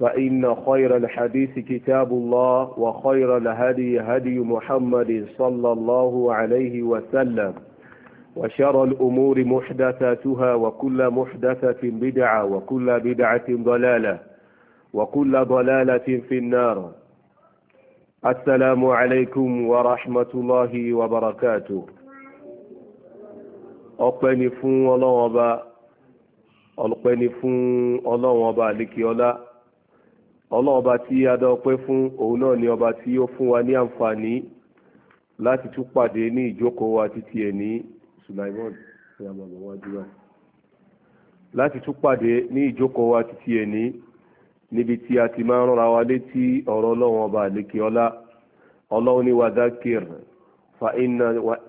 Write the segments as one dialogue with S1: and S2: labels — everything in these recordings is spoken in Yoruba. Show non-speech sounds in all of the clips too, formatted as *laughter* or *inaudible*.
S1: فإن خير الحديث كتاب الله وخير الهدي هدي محمد صلى الله عليه وسلم وشر الأمور محدثاتها وكل محدثة بدعة وكل بدعة ضلالة وكل ضلالة في النار السلام عليكم ورحمة الله وبركاته أقني فون الله وبا أقني فون الله وبا ọlọ́ọba tí adá ọpẹ́ fún òun náà ni ọba tí ó fún wa ní àǹfààní láti tún pàdé ní ìjókòó wa títí ẹ̀ ní Sulaiman ní àmàmà wájú wa láti tún pàdé ní ìjókòó wa títí ẹ̀ ní níbi tí a ti máa ń rọra wa létí ọ̀rọ̀ ọlọ́run ọba àlékè ọlá ọlọ́run ní wadhakir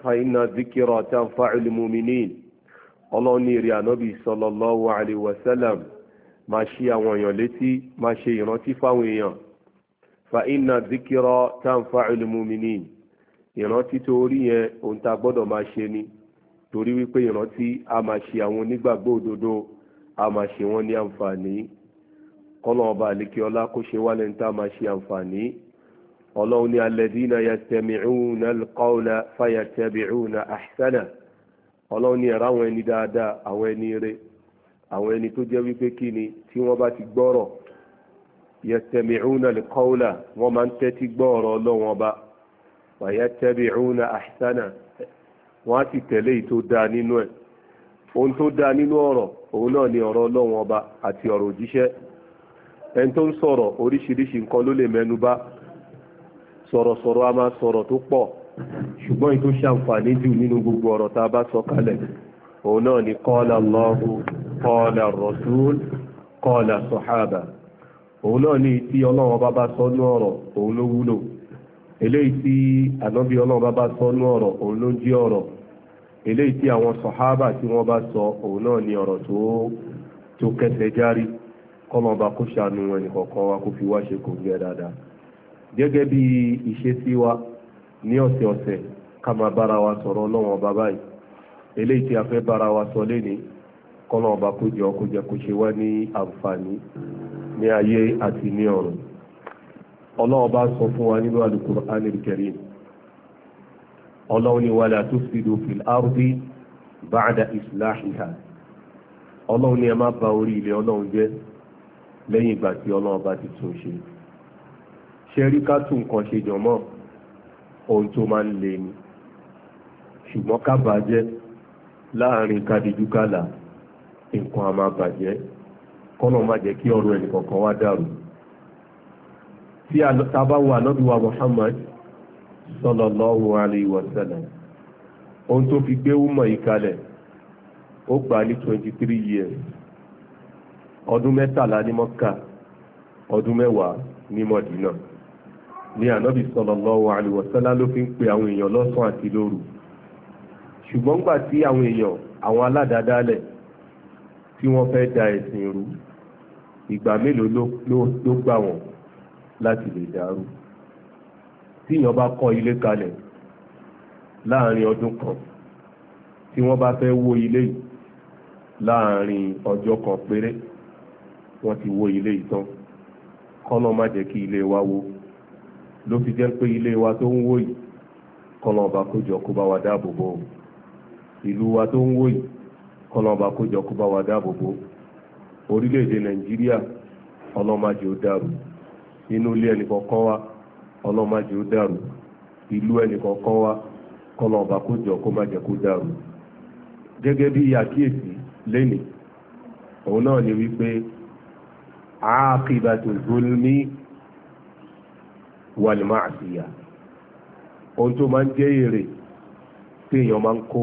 S1: fa inna dhikra tanfa'ul mu'minin ọlọ́run ní ìrìn ànábì sallallahu alaihi wasallam máa ṣe àwọn èèyàn létí máa ṣe ìrántí fáwọn èèyàn fa inna zikirọ tanfa'ul mu'minin ìrántí tó rí yẹn ohun tá a gbọ́dọ̀ máa ṣe ni torí wípé ìrántí a máa ṣe àwọn onígbàgbọ́ òdodo a máa ṣe wọ́n ní àǹfààní kọ́lọ̀ ọba àlékiọlá kó ṣe wá lẹ́ni tá a máa ṣe àǹfààní ọlọ́run ní alladhina yastami'una alqawla fayattabi'una ahsana ọlọ́run ní ẹ̀rọ àwọn ẹni dáadáa àwọn ẹni rẹ̀ àwọn ẹni tó jẹ́ wípé kí ni tí wọ́n bá ti gbọ́rọ̀ yastami'una alqawla wọ́n máa ń tẹ́tí gbọ́ọ̀rọ̀ ọlọ́wọ́n ọba wa yattabi'una ahsana wọ́n á sì tẹ̀lé èyí tó dáa nínú ẹ̀ ohun tó dáa nínú ọ̀rọ̀ òun náà ni ọ̀rọ̀ ọlọ́wọ́n ọba àti sọ̀rọ̀sọ̀rọ̀ a máa sọ̀rọ̀ tó pọ̀ ṣùgbọ́n èyí tó ṣàǹfààní jù nínú gbogbo ọ̀rọ̀ tá bá sọ kalẹ̀ òun náà ni qala Allahu kọ́ọ̀lá rọ̀súl kọ́ọ̀lá sọ̀hábà òun náà ní tí ọlọ́run bá bá sọ́nú ọ̀rọ̀ òun ló wúlò eléyìí tí ànábì ọlọ́run bá bá sọ́nú ọ̀rọ̀ òun ló jí ọ̀rọ̀ eléyìí tí àwọn sọ̀hábà tí wọ́n bá sọ òun náà ní ọ̀rọ̀ tó tó kẹsẹ̀ járí kọ́lọ́ba kó ṣàánú ẹnìkọ̀ọ̀kan wa kó fi wá ṣe kò gẹ́ dáadáa gẹ́gẹ́ bí ìṣesí wa ní ọ̀sẹ̀ọ̀sẹ̀ ká máa bára wa sọ̀rọ̀ ọlọ́run ọba báyìí eléyìí tí a fẹ́ bára wa sọ lénìí kọ́nà ọba kó jọ kó jẹ kó ṣe wá ní àǹfààní ní ayé àti ní ọ̀run ọlọ́run bá sọ fún wa nínú Al-Qur'an al-Karim ọlọ́run ni wala tufsidu fil ardi ba'da islahiha ọlọ́run ni ẹ má ba orí ilẹ̀ ọlọ́run jẹ́ lẹ́yìn ìgbà tí ọlọ́run ti tún ṣe ṣe rí ká tún nǹkan ṣe jọ mọ́ ohun tó máa ń le ni ṣùgbọ́n ká bàjẹ́ láàrin kadijúkàlà nǹkan a máa bàjẹ́ kọ́nà máa jẹ́ kí ọ̀rọ̀ ẹnì kọ̀ọ̀kan wá dàrú tí a bá wo ànábì Muhammad sallallahu alayhi ohun tó fi gbé wúmọ̀ yìí kalẹ̀ ó gbà ní years ọdún mẹ́tàlá ní Mọ́kà ọdún mẹ́wàá ní Mọ́dínà ni ànábì sallallahu alayhi wa ló fi ń pe àwọn èèyàn lọ́sàn àti lóru ṣùgbọ́n gbà tí àwọn èèyàn àwọn tí wọ́n fẹ́ da ẹ̀sìn rú ìgbà mélòó ló gbà wọ́n láti lè dàrú tíyàn bá kọ́ ilé kalẹ̀ láàrin ọdún kan tí wọ́n bá fẹ́ wó ilé yìí láàrin ọjọ́ kan péré wọ́n ti wó ilé yìí tán kọ́nà má jẹ́ kí ilé wa wó ló fi jẹ́ pé ilé wa tó ń wó yìí kọ́nà ọba kójọ kó bá wa dáàbò bò ìlú wa tó ń wó yìí kọlọ́ọ̀bá kójọ kó bá wa dáàbòbò orílẹ̀-èdè nàìjíríà ọlọ́màjì ó dàrú inú ilé ẹnìkọ̀ọ̀kan wa ọlọ́màjì ó dàrú ìlú ẹnìkọ̀ọ̀kan wa kọlọ́ọ̀bá kójọ kó má jẹ́ kó dàrú gẹ́gẹ́ bí àkíyèsí lẹ́nì òun náà ni wípé àákìbàtò zulmi wàlìmọ́ àṣìyà ohun tó máa ń jẹ́ èrè téèyàn máa ń kó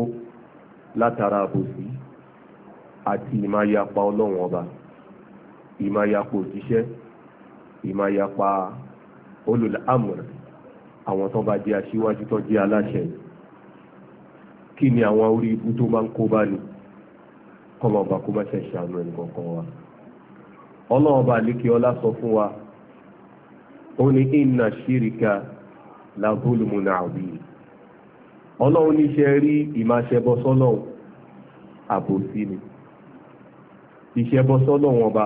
S1: látara àbòsí àti ìmáyapa ọlọ́run ọba ìmáyapa òjíṣẹ́ ìmáyapa olùlà àwọn tó bá jẹ́ aṣíwájú tó jẹ́ aláṣẹ kí ni àwọn orí ibú tó máa ń kó bá ní kọ́mọ ọba kó má ṣe ṣàánú ẹnì kọ̀ọ̀kan wa ọlọ́run ọba àlékè ọlá sọ fún wa ó ní inna ṣíríkà lábúlùmùnà àbí ọlọ́run rí àbòsí ni. ìṣẹ́bọ sọ́lọ̀ wọn ba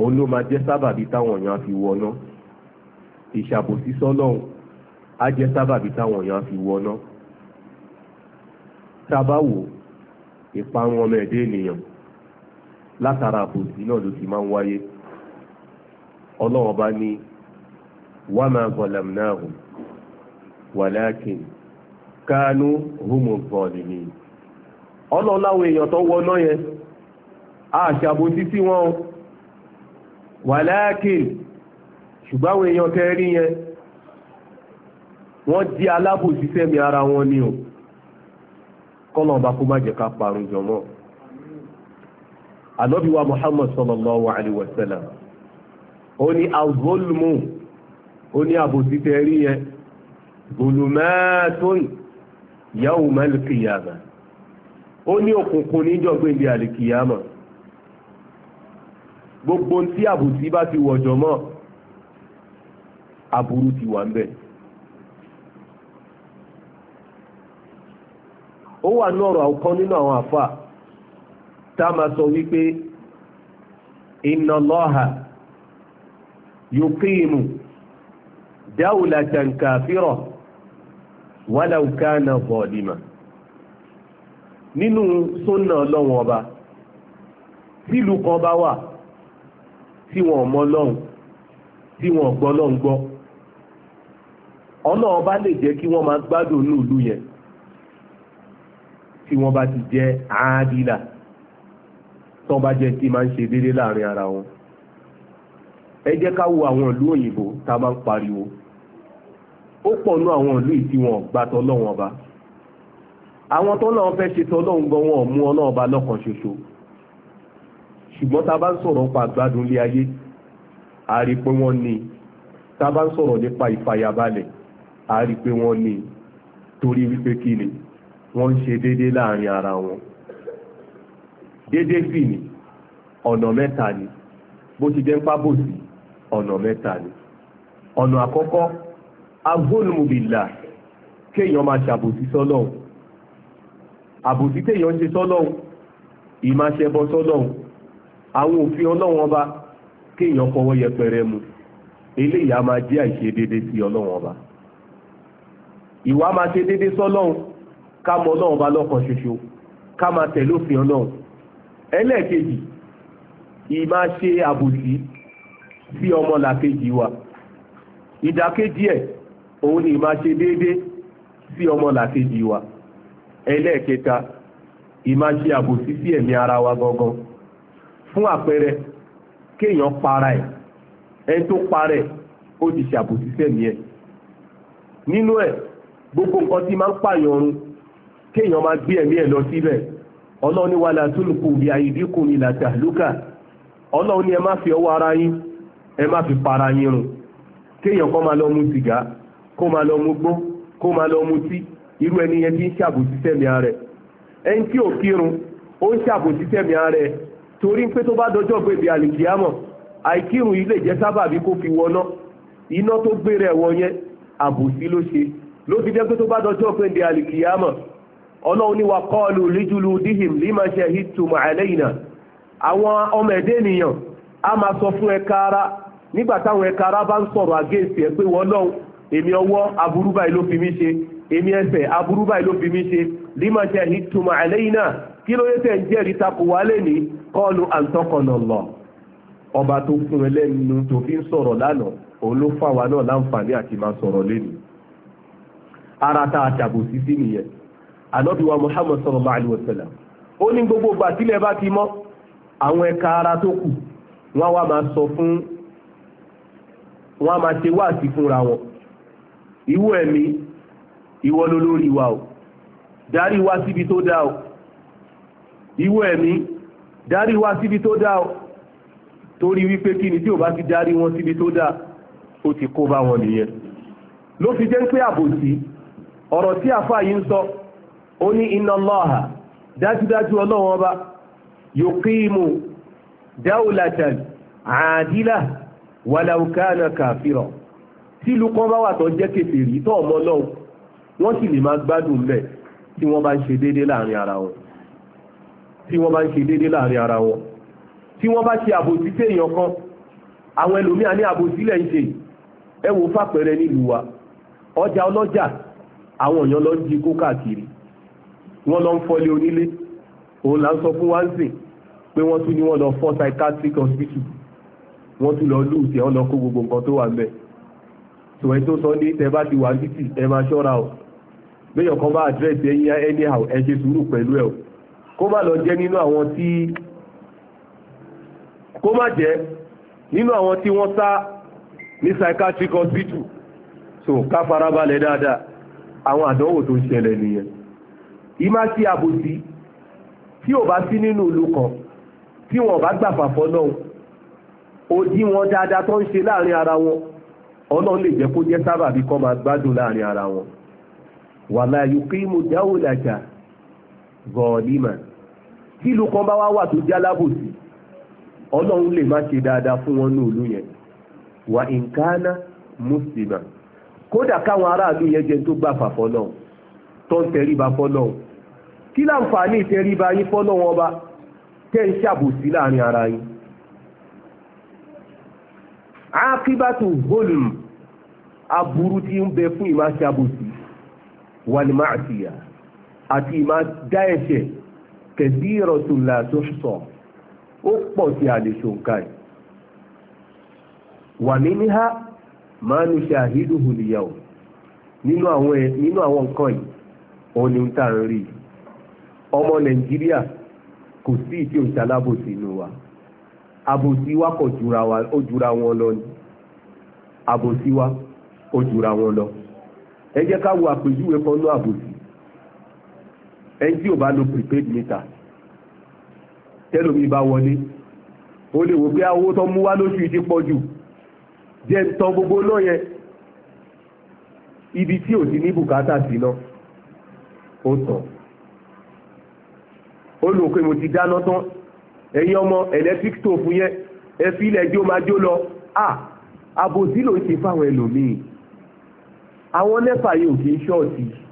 S1: òun ló máa jẹ́ sábàbí táwọn èèyàn fi wọná ìṣàbòsí sọ́lọ̀ á jẹ́ sábàbí táwọn èèyàn fi wọná tábàwò ìparun ọmọ ẹ̀dẹ́ ènìyàn látara àbòsí náà ló ti máa ń wáyé ọlọ́wọ́n bá ní wàmà gọ̀làmnáhùn wàlákìn kánú hùmù gọ̀ọ̀lì ni ọlọ́láwọ̀ èèyàn tó wọná yẹn àṣàbòsí sí wọn wàláàkìn ṣùgbọ́n àwọn èèyàn tẹ́ rí yẹn wọ́n di alábòsí sẹ́mi ara wọn ni o kọ́nà ọba kó má jẹ́ ká parun jọmọ́ ànábìwá Muhammad sallallahu alaihi wasallam ó ní azolmu ó ní àbòsí tẹ́ rí yẹn zulumatun yawmal qiyamah ó ní òkùnkùn níjọ́ gbèndé àlìkìyàmà gbogbo tí àbùtí bá ti wọ̀jọ̀ mọ́ aburú ti wà ń bẹ̀. ó wà ní ọ̀rọ̀ ọ̀kan nínú àwọn àfà tá a máa sọ wípé inna Allaha yuqimu dawlatan kafira walau kana zalima nínú sunna ọlọ́wọ́n ọba tílu kan bá wà tí wọn mọ lọ́hùn tí wọn gbọ́ lọ́hùn gbọ́ ọ̀nà ọba lè jẹ́ kí wọ́n máa gbádùn ní ìlú yẹn tí wọ́n bá ti jẹ́ àádìlà tí wọ́n bá jẹ́ tí máa ń ṣe déédéé láàrin ara wọn ẹ jẹ́ ká wo àwọn ìlú òyìnbó tá a máa ń pariwo ó pọ̀ nú àwọn ìlú yìí tí wọ́n gbà tọ́lọ́wọ́n ọba àwọn tọ́lọ́wọ́n fẹ́ ṣe tọ́lọ́wọ́n gan wọn mú ọlọ́ọ̀ba lọ́kàn ṣoṣo ṣùgbọ́n tá a bá ń sọ̀rọ̀ nípa àgbádùn ilé ayé a rí pé wọ́n ni, tá a bá ń sọ̀rọ̀ nípa ìfàyàbalẹ̀ a rí pé wọ́n ní torí wípé kí ni wọ́n ń ṣe déédé láàrin ara wọn déédé sì ni ọ̀nà mẹ́ta ni bó ti jẹ́ ń pábòsì ọ̀nà mẹ́ta ni ọ̀nà àkọ́kọ́ agbóhùnmùbìlà kéèyàn máa ṣàbòsí sọ́lọ́hun àbòsí téèyàn ṣe sọ́lọ́hun ìmáṣẹbọ sọ́lọ́hun àwọn òfin ọlọ́run ọba kéèyàn fọwọ́ yẹpẹrẹ mu eléyìí a máa jẹ́ àìṣedéédé sí ọlọ́run ọba ìwà máa ṣe déédé sọ́lọ́run ká mọ ọlọ́run ọba lọ́kan ṣoṣo ká máa tẹ̀lé òfin ọlọ́run ẹlẹ́ẹ̀kejì ìmáa ṣe àbòsí sí ọmọ làkejì wa ìdàkejì ẹ̀ òun ni ìmáa ṣe déédé sí ọmọ làkejì wa ẹlẹ́ẹ̀kẹta ìmáa ṣe àbòsí sí ẹ̀mí ara wa gangan fún àpẹẹrẹ kéèyàn para ẹ̀ ẹni tó para ẹ̀ ó ti ṣàbòsí sẹ́mi ẹ̀ nínú ẹ gbogbo nǹkan tí máa ń pààyàn ọrùn kéèyàn máa gbé ẹ̀mí ẹ̀ lọ síbẹ̀ ọlọ́run ní wàhálà tó lù kù bí àyídínkù ní làtà lùkà ọlọ́run ní ẹ má fi ọwọ́ ara yín ẹ má fi para yín rùn kéèyàn kọ́ máa lọ mu sìgá kó máa lọ mu gbó kó máa lọ mu tí irú ẹni yẹn ti ń ṣàbòsí sẹ́mi ara ẹ̀ ẹni tí ò kírun ó ń ṣàbòsí sẹ́mi ara ẹ̀ torí pé tó bá dọjọ́ pé bí alìkìyàmọ̀ ilé jẹ́ fi wọná iná tó gbére ẹ̀wọ̀n yẹn àbòsí ló ṣe ló fi jẹ́ pé tó bá dọjọ́ pé bí alìkìyàmọ̀ ọlọ́run lima shahidtum alayna àwọn ọmọ ẹ̀dẹ́ ènìyàn a máa sọ fún ẹ̀ka ara nígbà táwọn ẹ̀ka ara bá ń sọ̀rọ̀ àgéèsì kí ló yẹ tẹ́ ń jẹ́rìí ọba tó fún ẹ tó fi ń sọ̀rọ̀ lánàá òun ló náà láǹfààní àti ara ta a ṣàbòsí sí nìyẹn ànábì wa Muhammad sallallahu alaihi ó ní gbogbo ìgbà ti mọ́ àwọn ara tó kù wọ́n wá ma sọ ìwọ ẹ̀mí darí wa síbi tó dáa torí wípé kí ni tí ò bá ti darí wọn síbi tó dáa ó ti kó bá wọn nìyẹn ló fi jẹ́ pé àbòsí ọ̀rọ̀ tí àfáà yìí ń sọ ó ní inna Allaha dájúdájú ọlọ́wọ́n ọba yuqimu dawlatan àdílà walau kana kafira tí ìlú kan bá wà tó jẹ́ kèfèrí tó ọmọ ọlọ́run wọ́n sì lè máa gbádùn bẹ́ẹ̀ tí wọ́n bá ń ṣe déédéé láàrin ara wọn tí wọ́n bá ń ṣe déédéé láàrin ara wọn tí wọ́n bá ṣe àbòsí sí èèyàn kan àwọn ẹlòmíà ní àbòsí lẹ̀ ń ṣe ẹ wò fàpẹẹrẹ nílùú wa ọjà ọlọ́jà àwọn èèyàn lọ ń jí kó káàkiri wọ́n lọ ń fọ́lé onílé òun là ń sọ fún wáńsì pé wọ́n tún ní wọ́n lọ fọ́ psychiatric hospital wọ́n tún lọ lù tẹ́ wọ́n lọ kó gbogbo nǹkan tó wà ń bẹ̀ tòun tó sọ ní tẹ bá ti wà títì ẹ máa ṣọ́ra o béèyàn kan bá àdírẹ́sì ẹ̀yìn anyhow ẹ ṣe sùúrù pẹ̀lú ẹ̀ o kó má lọ jẹ́ nínú àwọn tí kó má jẹ́ nínú àwọn tí wọ́n sá ní psychiatric hospital so ká farabalẹ̀ dáadáa àwọn àdánwò tó ń ṣẹlẹ̀ nìyẹn ìmá sí àbòsí tí ò bá sí nínú ìlú kan tí wọn bá gbà fàfọ́ náà òdí wọn dáadáa tó ń ṣe láàrin ara wọn ọlọ́run lè jẹ́ kó jẹ́ sábàbí kó máa gbádùn láàrin ara wọn wàlá yuqimu dáwò làjà gọ̀ọ́límà tí ìlú kan bá wá wà tó jálábòsí ọlọ́run lè má ṣe dáadáa fún wọn ní ìlú yẹn wà nǹkanná mùsùlùmá kódà káwọn aráàlú yẹn jẹ tó gbà fà fọlọ́run tó ń tẹríba fọlọ́run kí láǹfààní ìtẹríba yín fọlọ́run ọba tẹ́ ń ṣàbòsí láàrin ara yín. akíbátù holm aburú tí ń bẹ fún ìmáṣàbòsí wà ní máa ṣìyà àti ìmáṣá dá ẹ̀ṣẹ̀ kẹ̀bí ìrọ̀tùlà tó sọ ó pọ̀ sí àlèṣò nǹkan ẹ̀ wà ní níhá máa ń ṣe àhídùhù nìyàwó nínú àwọn nǹkan yìí òun ni ń tà ń rí ọmọ nàìjíríà kò sí ìtí òṣà lábòsí inú wa àbòsí wa kò jura wọn lọ ni àbòsí wa ó jura wọn lọ ẹ jẹ́ ká wo àpèjúwe kan ní àbòsí ẹni tí ò bá lo prepaid meter tẹ́lómi bá wọlé ó lè wò pé owó tó mú wá lóṣù ti pọ̀ jù jẹ́ ń tan gbogbo náà yẹn ibi tí ò ti ní bùkátà sí náà ó tàn ó lò pé mo ti dáná tán ẹ̀yin ọmọ electric stove yẹn ẹ fi ilẹ̀ jó máa jó lọ à àbòsí ló ń ṣe fáwọn ẹlòmíì àwọn nẹ́pà yìí ò kì í ṣọ́ọ̀tì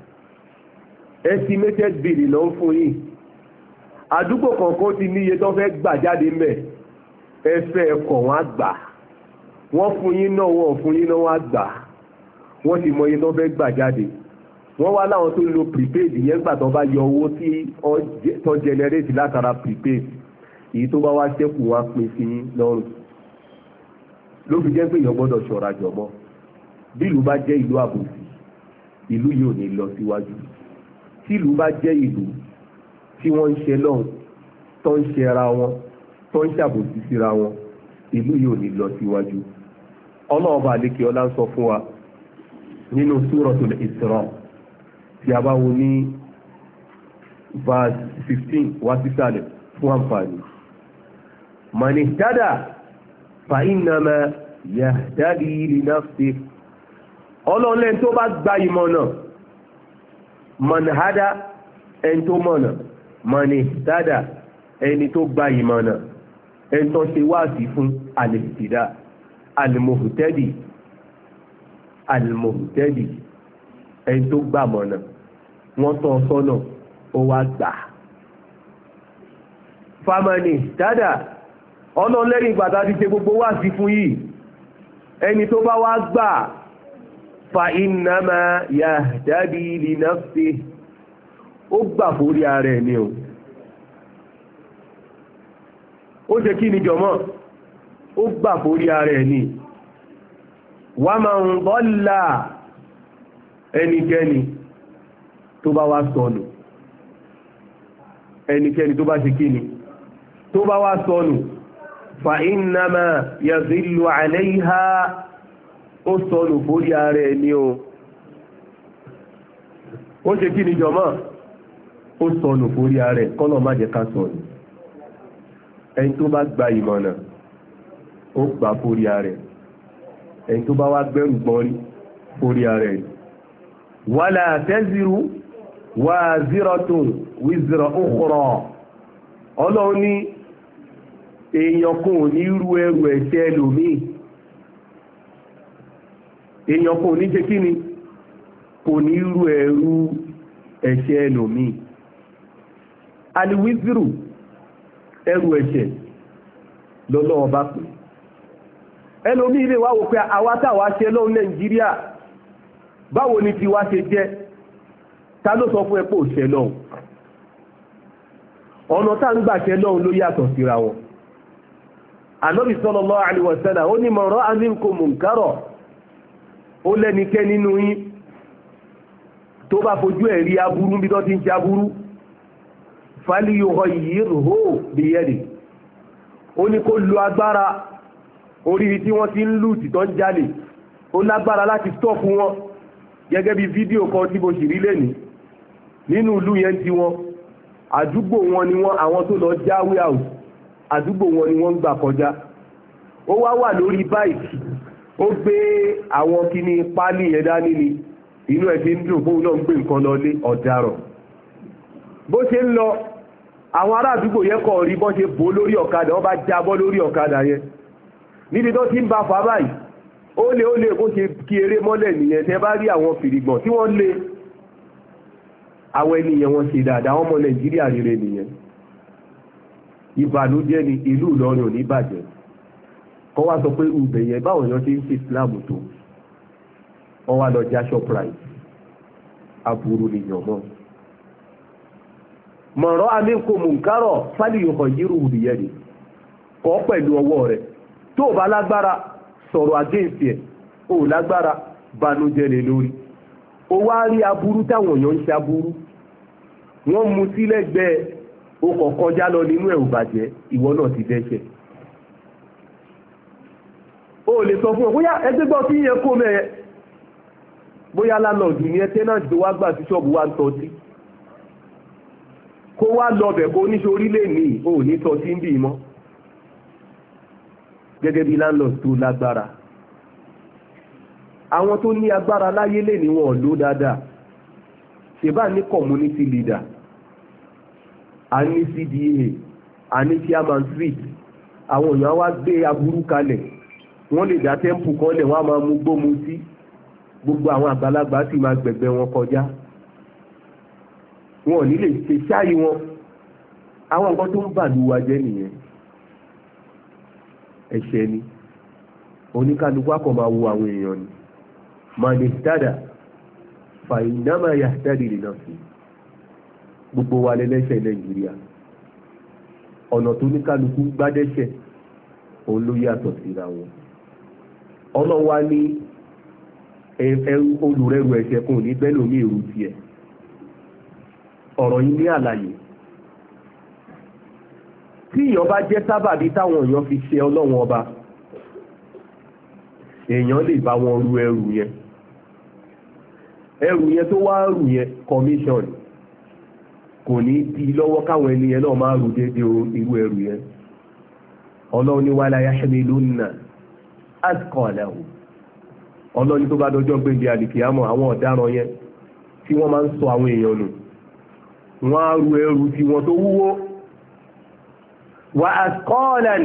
S1: estimated bill ló ń fún yìí àdúgbò kọ̀ọ̀kan ti níye tó fẹ́ gbà jáde mẹ́ ẹ fẹ́ ẹ̀kọ́ wọn àgbà wọ́n fún yín náà wọ́n fún yín náà wọ́n àgbà wọ́n ti mọ iye tó fẹ́ gbà jáde wọ́n wá láwọn tó lo prepaid yẹn gbà tó bá yọ owó tí tó generate látara prepaid èyí tó bá wá ṣẹ́kù wá pín sí lọ́rùn ló fi jẹ́ pé èèyàn gbọ́dọ̀ ṣọ́ra jọ̀mọ́ bí ìlú bá jẹ́ ìlú àbòsí ìlú yìí ò ní lọ síwájú tílù bá jẹ́ ìlú tí wọ́n ń ṣe lọ́hùn tó ń ṣe ara wọn tó ń ṣàbòsí síra wọn ìlú yìí ò ní lọ síwájú ọlọ́run bá lékè ọlá ń sọ fún wa nínú Suratul Isra tí a bá wo ní verse fifteen wá sísàlẹ̀ fún àǹfààní man ihtada fa innama yahtadi li nafsihi ọlọ́run lẹ́ni tó bá gba ìmọ̀ náà manhada ẹni tó mọ̀nà mọ̀nì dáadáa ẹni tó gba ìmọ̀nà ẹni tó ṣe wáàsí fún àlèkìtìdá àlèmọ̀hùtẹ́dì àlèmọ̀hùtẹ́dì ẹni tó gbà mọ̀nà wọ́n tọ́ sọ́nà ó wá gbà fámánì dáadáa ọlọ́lẹ́yìn gbàtà ti ṣe gbogbo wáàsí fún yìí ẹni tó bá wá gbà فإنما يهتدي لنفسه ó gbà fórí ara ẹ̀ ni o ó ṣe kí ni jọmọ́ ó gbà fórí ara ẹ̀ ni wà máa ń bọ́lá ẹnikẹ́ni tó bá wá sọnù ẹnikẹ́ni tó bá ṣe kí ni tó bá wá sọnù fa innama yazillu alayha ó sọnù borí ara ẹni o ó ṣe kí ni jọmọ́ ó sọnù borí ara ẹ̀ kọ́nà má jẹ́ ká sọnù ẹni tó bá gba ìmọ̀nà ó gbà borí ara ẹ̀ ẹni tó bá wá gbẹ́rù gbọ́n borí ara ẹ̀ wàlà tẹ́zìrú wà zírọ̀tún wízírọ̀ òkúrọ̀ ọlọ́run ní èèyàn kò ní rú ẹrù ẹ̀ṣẹ̀ lòmíì èèyàn kò ní ṣe kí ni kò ní irú ẹrú ẹ̀ṣẹ̀ ẹlòmíì aliwiziru ẹrù ẹ̀ṣẹ̀ lọ́lọ́wọ́ bá pè ẹlòmíì ilé wa pé ṣe lọ́wọ́ nàìjíríà báwo ni ṣe jẹ́ ta ló sọ fún ẹ pé lọ́wọ́ ọ̀nà tá ń lọ́wọ́ ló yàtọ̀ síra wọn ó ní mọ̀rọ̀ ó lẹ́nikẹ́ nínú yín tó bá fojú ẹ̀ rí aburú bí tó ti ń ṣe aburú fàlíyòhọ yìí rò bìyẹ̀rì ó ní kó lo agbára oríire tí wọ́n ti ń lù tìtọ́ ń jalè ó lágbára láti stọ́ọ̀fù wọn gẹ́gẹ́ bí fídíò kan tí mo sì rí lẹ́nìí nínú ìlú yẹn ti wọn àdúgbò wọn ni wọn àwọn tó lọ jáwé àwù àdúgbò wọn ni wọ́n ń gbà kọjá ó wá wà lórí báìkì ó gbé àwọn kíní pálí yẹn dání ni inú ẹ̀ ti ń dùn bóun náà ń gbé nǹkan lọ lé ọ̀daràn bó ṣe ń lọ àwọn ará àdúgbò yẹn kọ̀ rí bọ́n ṣe bò lórí ọ̀kadà wọ́n bá jábọ́ lórí ọ̀kadà yẹn níbi tó ti ń ba fà báyìí ó lè ó lè bó ṣe kí eré mọ́lẹ̀ nìyẹn tẹ́ bá rí àwọn fìrìgbọ̀n tí wọ́n lé àwọn ènìyàn wọn ṣe dáadáa àwọn ọmọ nàìjíríà rere nìyẹn ìbànújẹ́ ni ìlú ìlọrin ò ní bàjẹ́ kọ́ wá sọ pé ubẹ̀ yẹn báwọn èèyàn ṣe ń ṣe Islam tó wọ́n wá lọ já Shoprite aburú nìyàn mọ́ mọ̀rọ̀ amínkù mùnkárọ̀ fálìyàn yírù wùdìyẹ́ kọ́ pẹ̀lú ọwọ́ rẹ̀ tó bá lágbára sọ̀rọ̀ lagbara ẹ̀ ò lágbára banújẹ́ lè lórí ó wá rí aburú táwọn èèyàn ń wọ́n mu sílẹ̀gbẹ́ o kọ̀ kọjá lọ nínú ẹ̀ ò ó lè sọ fún ọ bóyá ẹgbẹ́gbọ́ sí yẹn kó mẹ́ẹ̀ bóyá lálọ́ọ̀dù ni ẹ tẹ́nàtì tó wá gbà sí ṣọ́ọ̀bù wa ń tọ́tí kó wá lọ́bẹ̀ kó níṣe orílẹ̀ ní ò ní tọ́tí ń bì mọ́ gẹ́gẹ́ bí landlord tó lágbára àwọn tó ní agbára láyé lè ní wọn ló dáadáa ṣèbá ní community leader a ní cda a ní chairman street àwọn èèyàn wá gbé aburú kalẹ̀ wọ́n lè dá tẹ́ǹpù kan lẹ̀ wọ́n á máa mú gbómu sí gbogbo àwọn àgbàlagbà sì máa gbẹ̀gbẹ́ wọn kọjá wọn ò ní lè ṣe ṣáàyí wọn àwọn nǹkan tó ń bàlú wa jẹ́ nìyẹn ẹ̀ṣẹ̀ ni oníkálukú akọ̀ máa wo àwọn èèyàn ni mani dada fàìnàmà yàtàdì lè náà sí gbogbo wa lẹ́lẹ́ṣẹ̀ nàìjíríà ọ̀nà tó oníkálukú gbádẹ́ṣẹ̀ òun ló yàtọ̀ síra wọn ọlọ́run wá ní olùrẹ́rù ẹ̀ṣẹ̀ kún ní bẹ́lòmí èrò tiẹ̀ ọ̀rọ̀ yìí ní àlàyé tí èèyàn bá jẹ́ sábàbí táwọn èèyàn fi ṣe ọlọ́run ọba èèyàn lè bá wọn ru ẹrù yẹn ẹrù yẹn tó wá rù yẹn commission kò ní di lọ́wọ́ káwọn ẹni yẹn náà máa rù déédéé irú ẹrù yẹn ọlọ́run ní wàhálà yáṣẹ́ mi lónìí náà azkọ̀ọ̀lẹ́wò ọlọ́ni tó bá dọjọ́ gbéǹde àlìkìyàmọ̀ àwọn ọ̀daràn yẹn tí wọ́n máa ń sọ àwọn èèyàn nù wọ́n á ru ẹrù tí wọ́n tó wúwo wà azkọ́ọ̀lẹ́n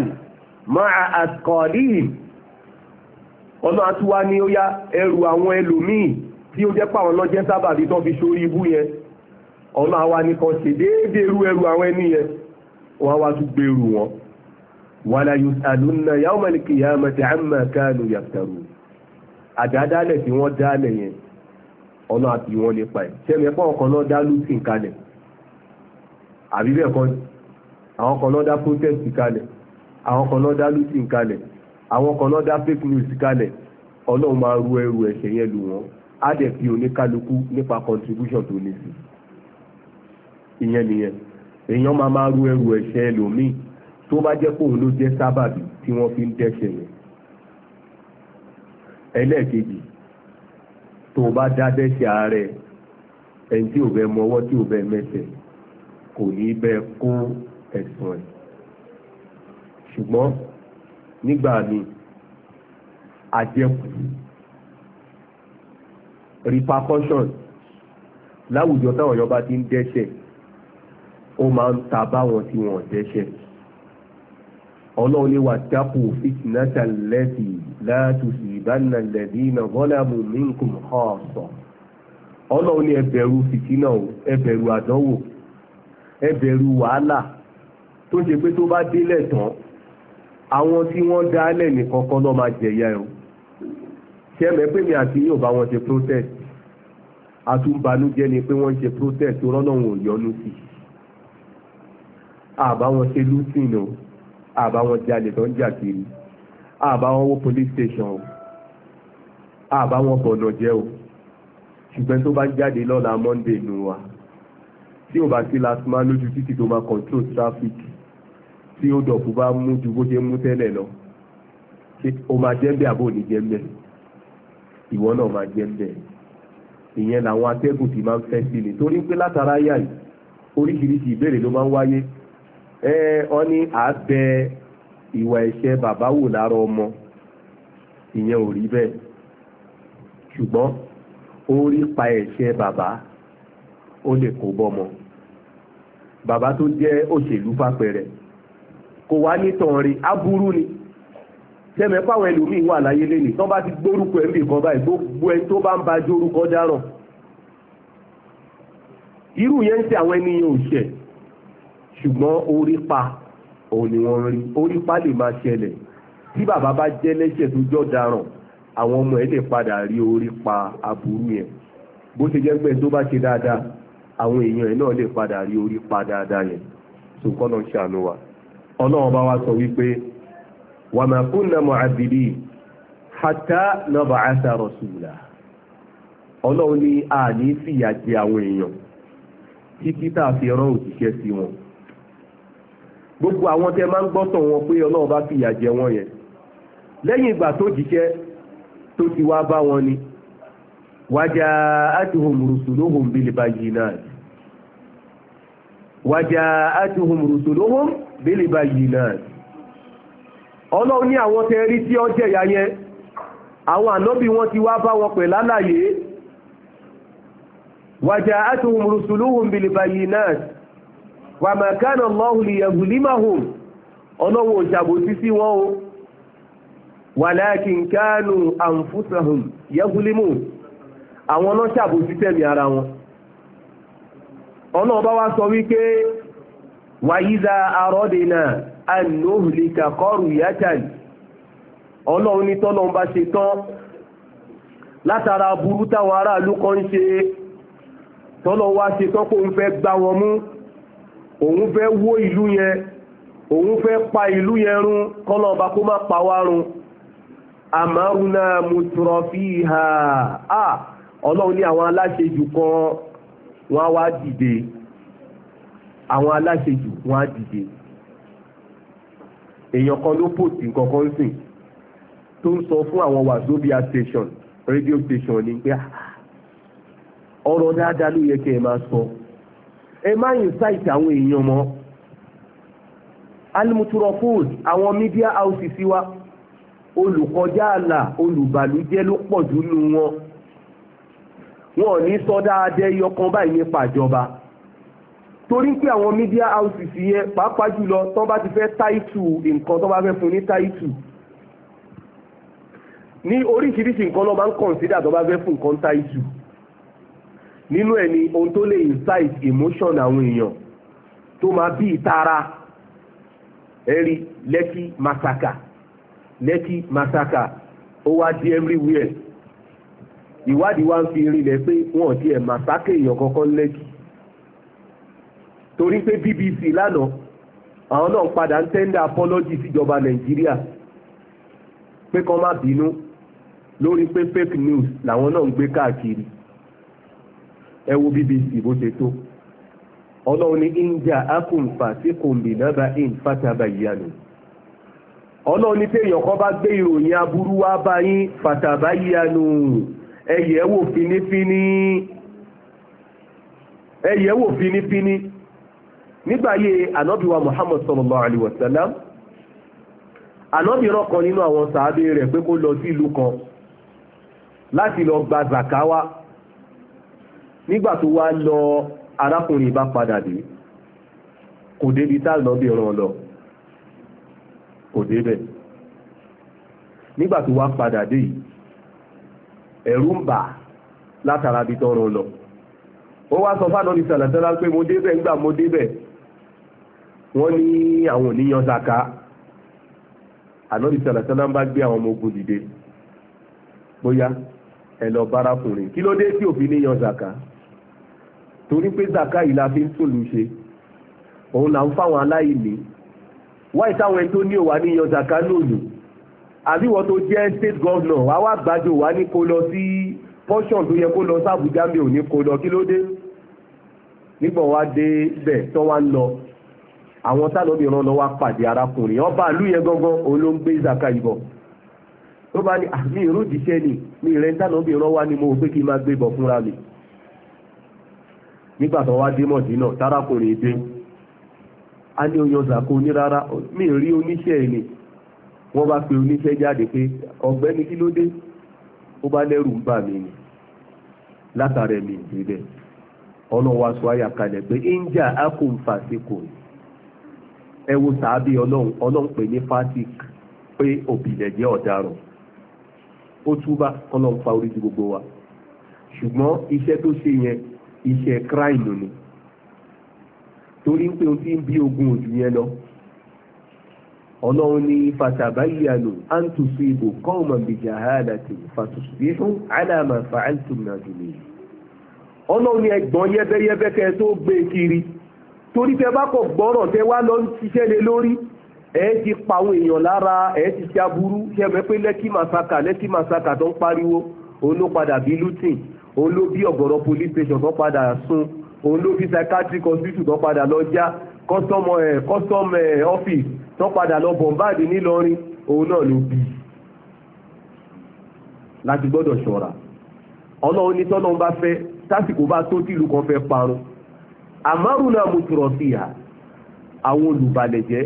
S1: mọ́ azkọ̀ọ̀lẹ́yìn ọlọ́ àtúwá ní ó yá ẹrù àwọn ẹlòmíì tí ó jẹ́ pàwọn lọ́jẹ́ sábàbí tó fi sórí ibú yẹn ọlọ́ àwa nìkan ṣèdéédéé ru ẹrù àwọn ẹni yẹn wọ́n á wá tún gbèrú wọn wàlá yusalunna yawmal qiyamati amma kanu yaftarun àdádálẹ̀ tí wọ́n dálẹ̀ yẹn ọ̀nà àti wọn nípa ẹ̀ sẹ́mi ẹ̀pọ̀ ọkọ̀ náà dá lùsìn kalẹ̀ àbí bẹ́ẹ̀ kọ́ àwọn kan náà dá protest kalẹ̀ àwọn kan náà dá lùsìn kalẹ̀ àwọn kan náà dá fake news kalẹ̀ ọlọ́run máa ru ẹrù ẹ̀ṣẹ̀ yẹn lù wọ́n á dẹ̀ fi oníkálukú nípa contribution tó ní sí ìyẹn nìyẹn èèyàn máa máa ru ẹrù ẹ̀ṣẹ̀ ẹlòmíì tó bá jẹ́ pòun ló jẹ́ sábàbí tí wọ́n fi ń dẹ́ṣẹ̀ yẹn ẹlẹ́ẹ̀kejì tó bá dá dẹ́ṣẹ̀ ààrẹ ẹni tí ò bẹ mọwọ́ tí ò bẹ mẹsẹ̀ kò ní bẹ kó ẹ̀sùn ẹ̀ ṣùgbọ́n nígbà míì àjẹkù repercussion láwùjọ táwọn èèyàn bá ti ń dẹ́ṣẹ̀ ó máa ń ta báwọn tí wọ́n dẹ́ṣẹ̀ ọlọ́run ní wàtàkù fitnata lẹ́tì láti ìbánà lẹ́dí iná bọ́lámù minkum khassa ọlọ́run ní ẹ bẹ̀rù fìtínà o ẹ bẹ̀rù àdánwò ẹ bẹ̀rù wàhálà tó ṣe pé tó bá délẹ̀ tán àwọn tí wọ́n dálẹ̀ nìkan kan lọ́ máa jẹ̀yà o ṣé mẹ́ pé mi àti yóò bá wọn ṣe protest àtúbanújẹ́ ni pé wọ́n ṣe protest rọ́lọ́run ò yọnu sí àbá ṣe lúsìn o àbáwọn jalè tó ń jà kiri àbáwọn wó police station o àbáwọn bọ̀nà jẹ́ o ṣùgbọ́n tó bá jáde lọ́la monday nù wa tí ò bá sí last man lójú títì tó máa control traffic tí ó dọ̀fù bá mú ju bó ṣe mú tẹ́lẹ̀ lọ o máa jẹ́ bẹ́ẹ̀ àbò ní jẹ́ bẹ́ẹ̀ ìwọ náà máa jẹ́ bẹ́ẹ̀ ìyẹn làwọn atẹ́gùn ti máa ń fẹ́ sí torí pé látara yà yìí oríṣiríṣi ìbéèrè ló máa ń wáyé ọ ní àbẹ ìwà ẹ̀ṣẹ̀ bàbá wò lára ọmọ ìyẹn ò rí bẹ́ẹ̀ ṣùgbọ́n orí pa ẹ̀ṣẹ̀ bàbá ó lè kó bọ́mọ bàbá tó jẹ́ òṣèlú fàpẹrẹ kò wá nítorí rí aburú ni tẹ́mẹ̀ páwọn ẹlòmíín wà láyé lẹ́nìí tó bá ti gbórúkọ ẹ̀ nbì kan báyìí gbogbo ẹni tó bá ń ba jórúkọ dáràn irú yẹn ń ṣe àwọn ẹni yẹn ò ṣẹ̀ ṣùgbọ́n orí pa òun ni rí orí pa lè máa ṣẹlẹ̀ tí bàbá bá jẹ́ lẹ́ṣẹ̀ tó jọ́ daràn àwọn ọmọ ẹ̀ lè padà rí orí pa aburú yẹn bó ṣe jẹ́ pé tó bá ṣe dáadáa àwọn èèyàn ẹ̀ náà lè padà rí orí dáadáa yẹn ṣùgbọ́n náà ṣàánú wa ọlọ́run bá wá sọ wípé wa ma kunna mu'azzibin hatta nab'atha rasula ọlọ́run ní àní fìyà jẹ àwọn èèyàn títí tá a fi rán òṣìṣẹ́ sí wọn gbogbo àwọn tẹ máa ń gbọ́tọ̀ wọn pé ọlọ́run bá fìyà jẹ wọn yẹn lẹ́yìn ìgbà tó jíṣẹ́ tó ti wá bá wọn ni wájà átìhùn rùsùlóhùn bílíbáyìnáàtì wájà átìhùn rùsùlóhùn bílíbáyìnáàtì ọlọ́run ní àwọn tẹ rí tí ó jẹ̀yà yẹn àwọn ànábì wọn ti wá bá wọn pẹ̀ lálàyé wájà átìhùn rùsùlóhùn bílíbáyìnáàtì wà mà kánà lọ́hùn ọlọ́wọ́ o àǹfùsàhùn límù àwọn ara wọn wa sọ wípé wàyíza àrọ́dìnà ànóhùlìkà kọrù yátàlì ọlọ́run ní tọ́lọ́run bá ṣe tán látara burú táwọn aráàlú kan ṣe wá ṣe tán kó ń fẹ́ gbá wọn òun fẹ́ wó ìlú yẹn òun fẹ́ pa ìlú yẹn run kọ́nà ọba kó má pa wá run àmárùnà mùtúrọ̀fíhà à ọlọ́run ní àwọn aláṣejù kan wọ́n á wá dìde àwọn aláṣejù wọ́n á dìde èèyàn kan ló pòtì nǹkan kan sìn tó ń sọ fún àwọn wazobia station radio station ni pé ọ̀rọ̀ dáadáa ló yẹ kí ẹ máa sọ. So ẹ má incite àwọn èèyàn mọ́ alimuturofos àwọn media houses wa olùkọjá àlà olùbàlújẹ́ ló pọ̀ jù nù wọn wọn ò ní sọdá adé yọkan báyìí nípa ìjọba torí pé àwọn media houses yẹn pàápàá jùlọ tó bá ti fẹ́ táìtù nǹkan tó bá fẹ́ fún ní táìtù ní oríṣiríṣi nǹkan ló máa ń kọ̀ǹsídà tó bá fẹ́ fún nǹkan táìtù nínú ẹ̀ ni ohun tó lè incite emotion àwọn èèyàn tó máa bí ìtara ẹ̀rí lẹ́kí masaka lẹ́kí masaka ó wá di everywhere ìwádìí wá ń fi rinlẹ̀ pé wọ́n ti ẹ̀ masaka èèyàn kankan lẹ́kí torí pé BBC lánàá àwọn náà padà ń tẹ́ndà apology síjọba nàìjíríà pé kán má bínú lórí pé fake news làwọn náà ń gbé káàkiri ẹ wo bbc bó ṣe tó ọlọ́run ní india akunfa tí kò mì náà in fataba ìyanu ọlọ́run ní téèyàn kan bá gbé ìròyìn aburú wá bá yín fataba ìyanu ẹ yẹ̀ wò finifini nígbàyé ànábíwa muhammad sallallahu alaihi wasallam ànábí rọ́kan nínú àwọn sàábé rẹ̀ pé kó lọ sí ìlú kan láti lọ gba zakawa nígbà tó wá lọ arákùnrin bá padà dé kò débi tá lọ bí ọ̀rọ̀ lọ kò débẹ̀ nígbà tó wá padà dé yìí ẹ̀rù ń bà látara bí tọrọ lọ ó wá sọ fáànà ní sàlàsàlà pé mo débẹ̀ ńgbà mo débẹ̀ wọ́n ní àwọn oníyan zaka ànábì sàlàsàlà ń bá gbé àwọn ọmọ ogun dìde bóyá ẹ lọ bárakùnrin kí ló dé tí òfin níyan zaka torí pé zaka yìí la fi ń tòlù ṣe òun là ń fáwọn aláìní wáyé táwọn ẹni tó ní òwà níyan zaka lòlù àbí wọ́n tó jẹ́ state governor wá wá gbàjọ wá ní kó lọ sí portion tó yẹ kó lọ sábùjá mi ò ní kó lọ kí ló dé nígbà wá dé bẹ̀ tó wá ń lọ àwọn tálọ́bì ràn lọ wá pàdé arákùnrin ọba ìlú yẹn gangan òun ló ń gbé zaka ìbọn tó bá ní àmì ah, ìrúdìṣẹ́ ni mi ìrẹ́ntánọ́bì ràn wá ni mo pé kí n máa gbé bọ̀ fúnra mi nígbàtọ̀ wá dé mọ̀dínà tárákùnrin dé a ní oyan zàkó ní rárá mi rí oníṣẹ́ ni wọ́n bá pe oníṣẹ́ jáde pé ọ̀gbẹ́ni kí ló dé ó bá lẹ́rù ń bà mí ni látàrẹ mi ìdílẹ̀ ọlọ́wọ́ aṣọ àyàkalẹ̀ pé india akun fasiko ẹ wo sàábì ọlọ́run ọlọ́run pè ní fatik pé òbílẹ̀ jẹ́ ọ̀daràn ó túbá ọlọ́run fa orí ju gbogbo wa ṣùgbọ́n iṣẹ́ tó ṣe yẹn iṣẹ́ crime ni torí pé o ti ń bí ogun òjò yẹn lọ ọlọ́run ní fatabayyanu an tusibu qawman bijahalatin fatusbihu ala ma fa'altum nadimin ọlọ́run ní ẹgbọ́n yẹ́bẹ́yẹ́bẹ́ kẹ́ tó gbé e kiri torí tẹ bá kọ̀ gbọ́rọ̀ tẹ wá lọ ṣiṣẹ́ lé lórí ẹ ti pa àwọn èèyàn lára ẹ ti ṣe aburú ṣe mẹ́pẹ́ lẹ́kí màsáka lẹ́kí màsáka tó ń pariwo òun ló lutin òun ló bí ọ̀gọ̀rọ̀ police station tó padà sún òun ló bí psychiatric hospital tó padà lọ já custom eh, custom eh, office tó padà lọ bọ̀m̀báàdì nílọrin òun náà ló bí láti gbọ́dọ̀ ṣọ́ra ọlọ́run ní tọ́lọ́run bá fẹ́ tásìkò bá tó tìlú kan fẹ́ parun àmárùnà mùtúrọ̀ sí ìhà àwọn olùbalẹ̀jẹ́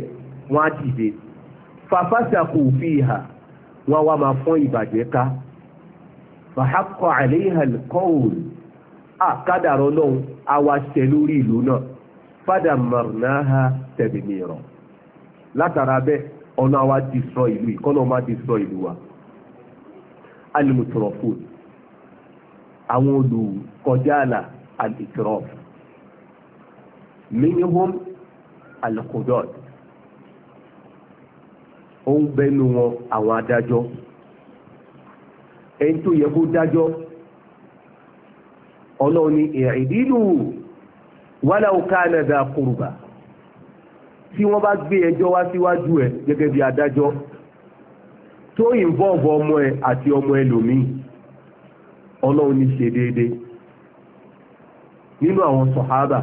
S1: wọn á dìde fàfàṣà kò fi ìhà wọn á wá máa fọ́n ìbàjẹ́ ká fàhákọ̀ àléhàlkọ́ọ̀lù àkádàrọ̀ náà awàṣẹ lórí ìlú náà fádà mọ̀rànáhà tẹ̀bìnìrọ̀ látara bẹ́ẹ̀ ọ̀nà àwa destroy ìlú ìkọ́nà ọmọ destroy ìlú wa alimutrofun àwọn olùkọjá àlà alitrof minimum ó ń bẹnu wọn àwọn adájọ́ ẹni tó yẹ kó dájọ́ ọlọ́run ni ìrìndínú wàláwù kánàdà kùrùbà tí wọ́n bá gbé ẹjọ́ wá síwájú ẹ gẹ́gẹ́ bí adájọ́ tó ìnvọ́ọ̀bù ọmọ ẹ àti ọmọ ẹlòmíì ọlọ́run ní ṣe déédéé nínú àwọn sọ̀hábà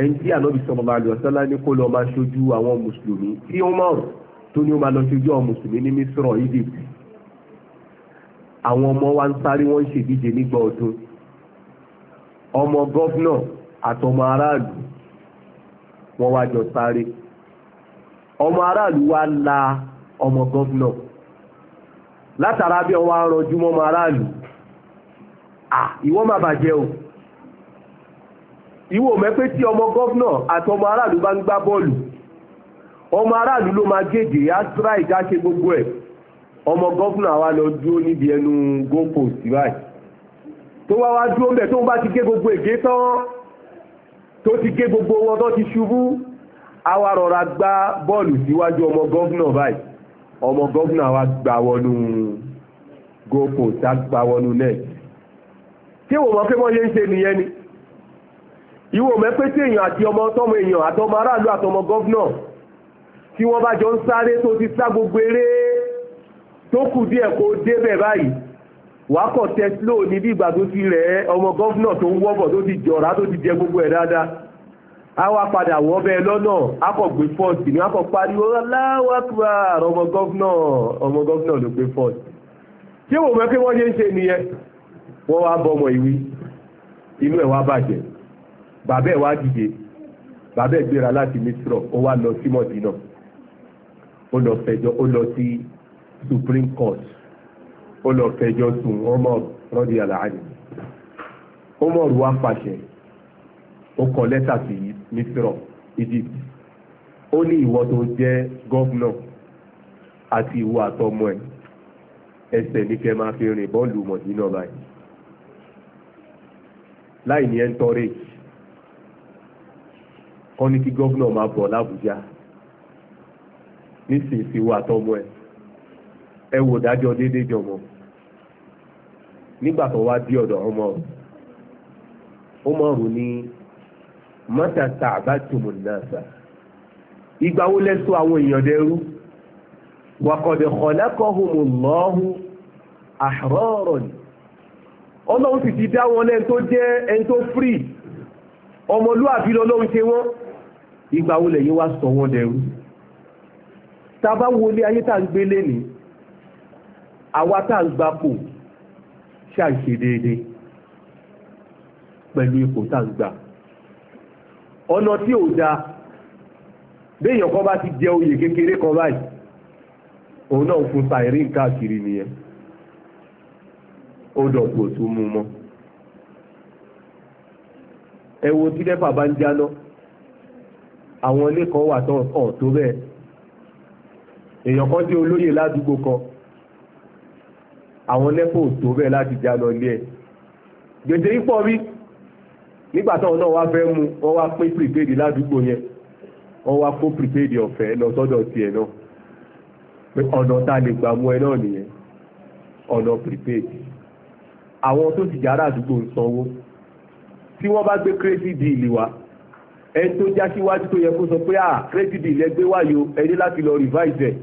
S1: ẹni tí ànábì sallallahu alaihi wasallam ní kó lọ máa ṣojú àwọn mùsùlùmí tí ó mọ̀rọ̀ tó ní ó máa lọ ṣojú àwọn mùsùlùmí ní mísírọ̀ Egypt àwọn ọmọ wa ń sáré wọ́n ń ṣèdíje nígbà ọdún ọmọ gọ́fúnà àtọmọ aráàlú wọ́n wá jọ sáré ọmọ aráàlú wá la ọmọ gọ́fúnà látara bí ọwọ́ arànjú mọ́ ọmọ aráàlú à ìwọ́n má bàjẹ́ o ìwọ mẹ́pẹ́ tí ọmọ gọ́fúnà àtọmọ aráàlú bá ń gbá bọ́ọ̀lù ọmọ aráàlú ló máa gègé á tíráì dá ṣe gbogbo ẹ̀ ọmọ gọ́fúnà wa lọ dúró níbi ẹnu goalpost báyìí tó wá wá dúró mẹ́ tó ń bá ti gé gbogbo ègé tán tó ti gé gbogbo wọn tó ti ṣubú àwa rọra gbá bọ́ọ̀lù síwájú ọmọ gọ́fúnà báyìí ọmọ gọ́fúnà wa gbà wọnú goalpost á gbà wọnú net tí wò pé wọ́n yé ń ṣe nìyẹn ni ìwò mẹ́pẹ́ tí èèyàn àti ọmọ tọ́mọ èèyàn àtọmọ aráàlú àtọmọ gọ́fúnà tí wọ́n bá jọ ń sáré tó ti sá gbogbo eré tó kù díẹ̀ kó débẹ̀ báyìí wàá kọ̀ teslo níbi ìgbà tó ti rẹ̀ ọmọ gọ́fúnà tó ń wọ́bọ̀ tó ti jọ̀rá tó ti jẹ gbogbo ẹ̀ dáadáa a wá padà wọ́ bẹ́ẹ̀ lọ́nà a kọ̀ gbé fọ́ọ̀sì ni a kọ̀ pariwo Allahu Akbar ọmọ gọ́fúnà ọmọ gọ́fúnà ló gbé fọ́ọ̀sì ṣé wò mọ́ pé wọ́n ṣe ń ṣe nìyẹn wọ́n wá bọmọ ìwí inú ẹ̀ wá bàjẹ́ bàbá ẹ̀ wá dìde bàbá ẹ̀ gbéra láti Misrọ̀ ó wá lọ sí Mọ̀dínà ó lọ fẹjọ́ ó lọ sí Supreme Court ó lọ fẹjọ́ sùn Umar rọ́dí aláàánì Umar wá pàṣẹ ó kọ lẹ́tà sí Misro Egypt ó ní ìwọ tó jẹ́ gọ́vnà àti ìwọ àtọmọ ẹ̀ ẹsẹ̀ ní kẹ́ máa fi rìn bọ́ọ̀lù mọ̀dínà báyìí láì ní ẹntọ́rẹ́jì kọ́ ní kí gọ́vnà máa bọ̀ lábújá nísinsìnyí wà tọ́mọ ẹ̀ ẹ wò dájọ́ déédéé jọmọ nígbà tó wá bí ọ̀dọ̀ ọmọ ọmọ rò ní mọ́tàtà àbátùmù nàṣà ìgbà wo lẹ́sọ àwọn èèyàn dẹrú wàkọ̀dẹ̀ kọ̀lákọ̀hùn lọ́hùn àrọ́ọ̀rọ̀ ni ọlọ́run sì ti dá wọn lẹ́n tó jẹ́ ẹni tó free ọmọlúwàbí lọ́lọ́run ṣe wọ́n ìgbà wo lẹ́yìn wá sọ wọ́n dẹrú tá wọlé ayé tá à ń gbélé nìí àwa tá à ń gbapò ṣàìṣe déédéé pẹ̀lú ipò tá à ń gbà ọ̀nà tí ò dáa béèyàn kan bá ti jẹ oyè kékeré kan báyìí òun náà fún sàìrín káàkiri nìyẹn ó dọ̀pọ̀ tó mú mọ́ ẹ tí nẹ́fà bá ń jáná àwọn ilé kan wà tó bẹ́ẹ̀ èèyàn kan dé olóyè ládùúgbò kan àwọn lẹ́kọ̀ọ́ tó bẹ́ẹ̀ láti já lọ ilé ẹ̀ gbèdé ipò rí nígbà táwọn náà wá fẹ́ mú wọ́n wá pín prepaid ládùúgbò yẹn wọ́n wá kó prepaid ọ̀fẹ́ lọ sọ́dọ̀ tiẹ̀ náà pé ọ̀nà tá a lè gbà mú ẹ náà nìyẹn ọ̀nà prepaid àwọn tó ti jára àdúgbò ń sanwó tí wọ́n bá gbé crazy deal wá ẹni tó já síwájú tó yẹ kó sọ pé ah crazy deal ẹgbẹ́ wáyò ẹni láti lọ revise ẹ̀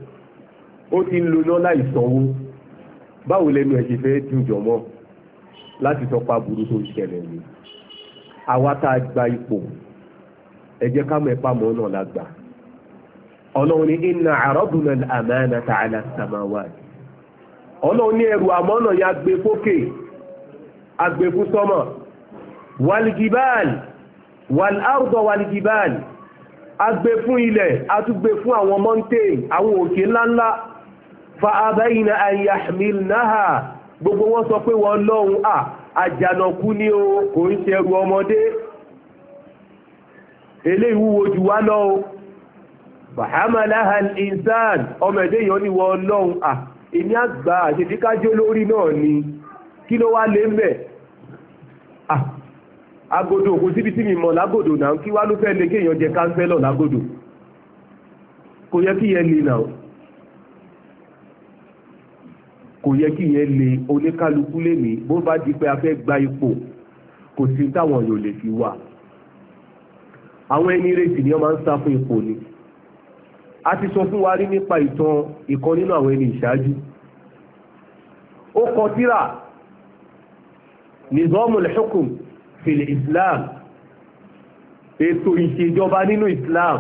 S1: ó ti ń lo náà láì sanwó báwo lẹ́nu ẹ̀ ṣe fẹ́ dùjọ mọ́ láti tọpa burú tó ṣẹlẹ̀ ni àwa tá a gba ipò ẹ jẹ́ ká mọ̀ ẹ̀pá mọ́ náà lágbà ọlọ́run ní inna àrọ́dùnà àmàna tààlà sàmáwá ọlọ́run ní ẹrù àmọ́nà ya gbé fókè agbé fún sọ́mọ̀ wàlìgìbáàlì wàlárùdọ̀ wàlìgìbáàlì ilẹ̀ atúgbé àwọn mountain àwọn òkè ńláńlá fa abayna an yahmilnaha gbogbo wọn sọ pé wọn lọ́hùn à àjànàkú ni o kò ń ṣẹrù ọmọdé eléyìí wúwo jù wá lọ o fahamalaha al-insan ọmọ ẹ̀dẹ́ yọ ni wọn lọ́hùn à èmi àgbà àṣetìkájọ́ lórí náà ni kí ló wá lé mbẹ̀ agodo kò síbi tí mi mọ̀ lágòdò náà kí wá ló fẹ́ lè kéèyàn jẹ káńsẹ́lọ̀ lágòdò kò yẹ kí yẹn lè náà kò yẹ kí yẹn lè oníkálukú lèmi bó bá di pé a fẹ́ gba ipò kò sí táwọn yóò lè fi wà àwọn ẹni retí ni wọ́n máa ń sá fún ipò ni a ti sọ fún wa rí nípa ìtàn ìkan nínú àwọn ẹni ìṣáájú ó kọ tírà nizamul hukum fil islam ètò ìṣèjọba nínú islam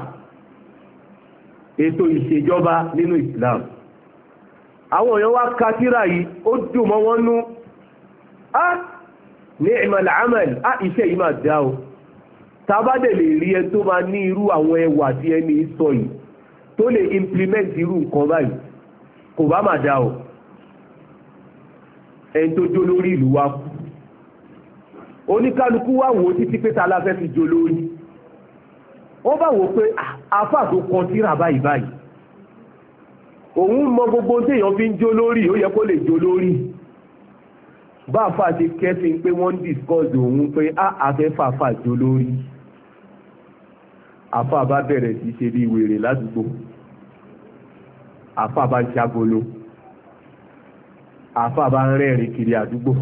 S1: ètò ìṣèjọba nínú islam àwọn èèyàn wá ka tírà yìí ó dùn mọ́ wọn nú á ní ìmọ̀lẹ̀ amẹ́lì á iṣẹ́ yìí máa dá o tàbádẹ̀ lè rí ẹ tó máa ní irú àwọn ẹwà tí ẹni sọ yìí tó lè implement irú nǹkan báyìí kò bá máa dá o ẹni tó jó lórí ìlú wa kú oníkálukú wá wò ó títí pé ta la fẹ́ fi jó lórí wọ́n bá wò ó pé àáfà tó kan tírà báyìí báyìí òun mọ gbogbo tí èèyàn fi ń jó lórí ó yẹ kó lè jó lórí báàfà ti kẹ́sìn pé wọ́n ń discuss òun pé á afẹ́fàfà jó lórí àfà bá bẹ̀rẹ̀ sí ṣe bí wèrè ládùúgbò àfà bá ń ṣagolo àfà bá ń rẹ́rìn kiri àdúgbò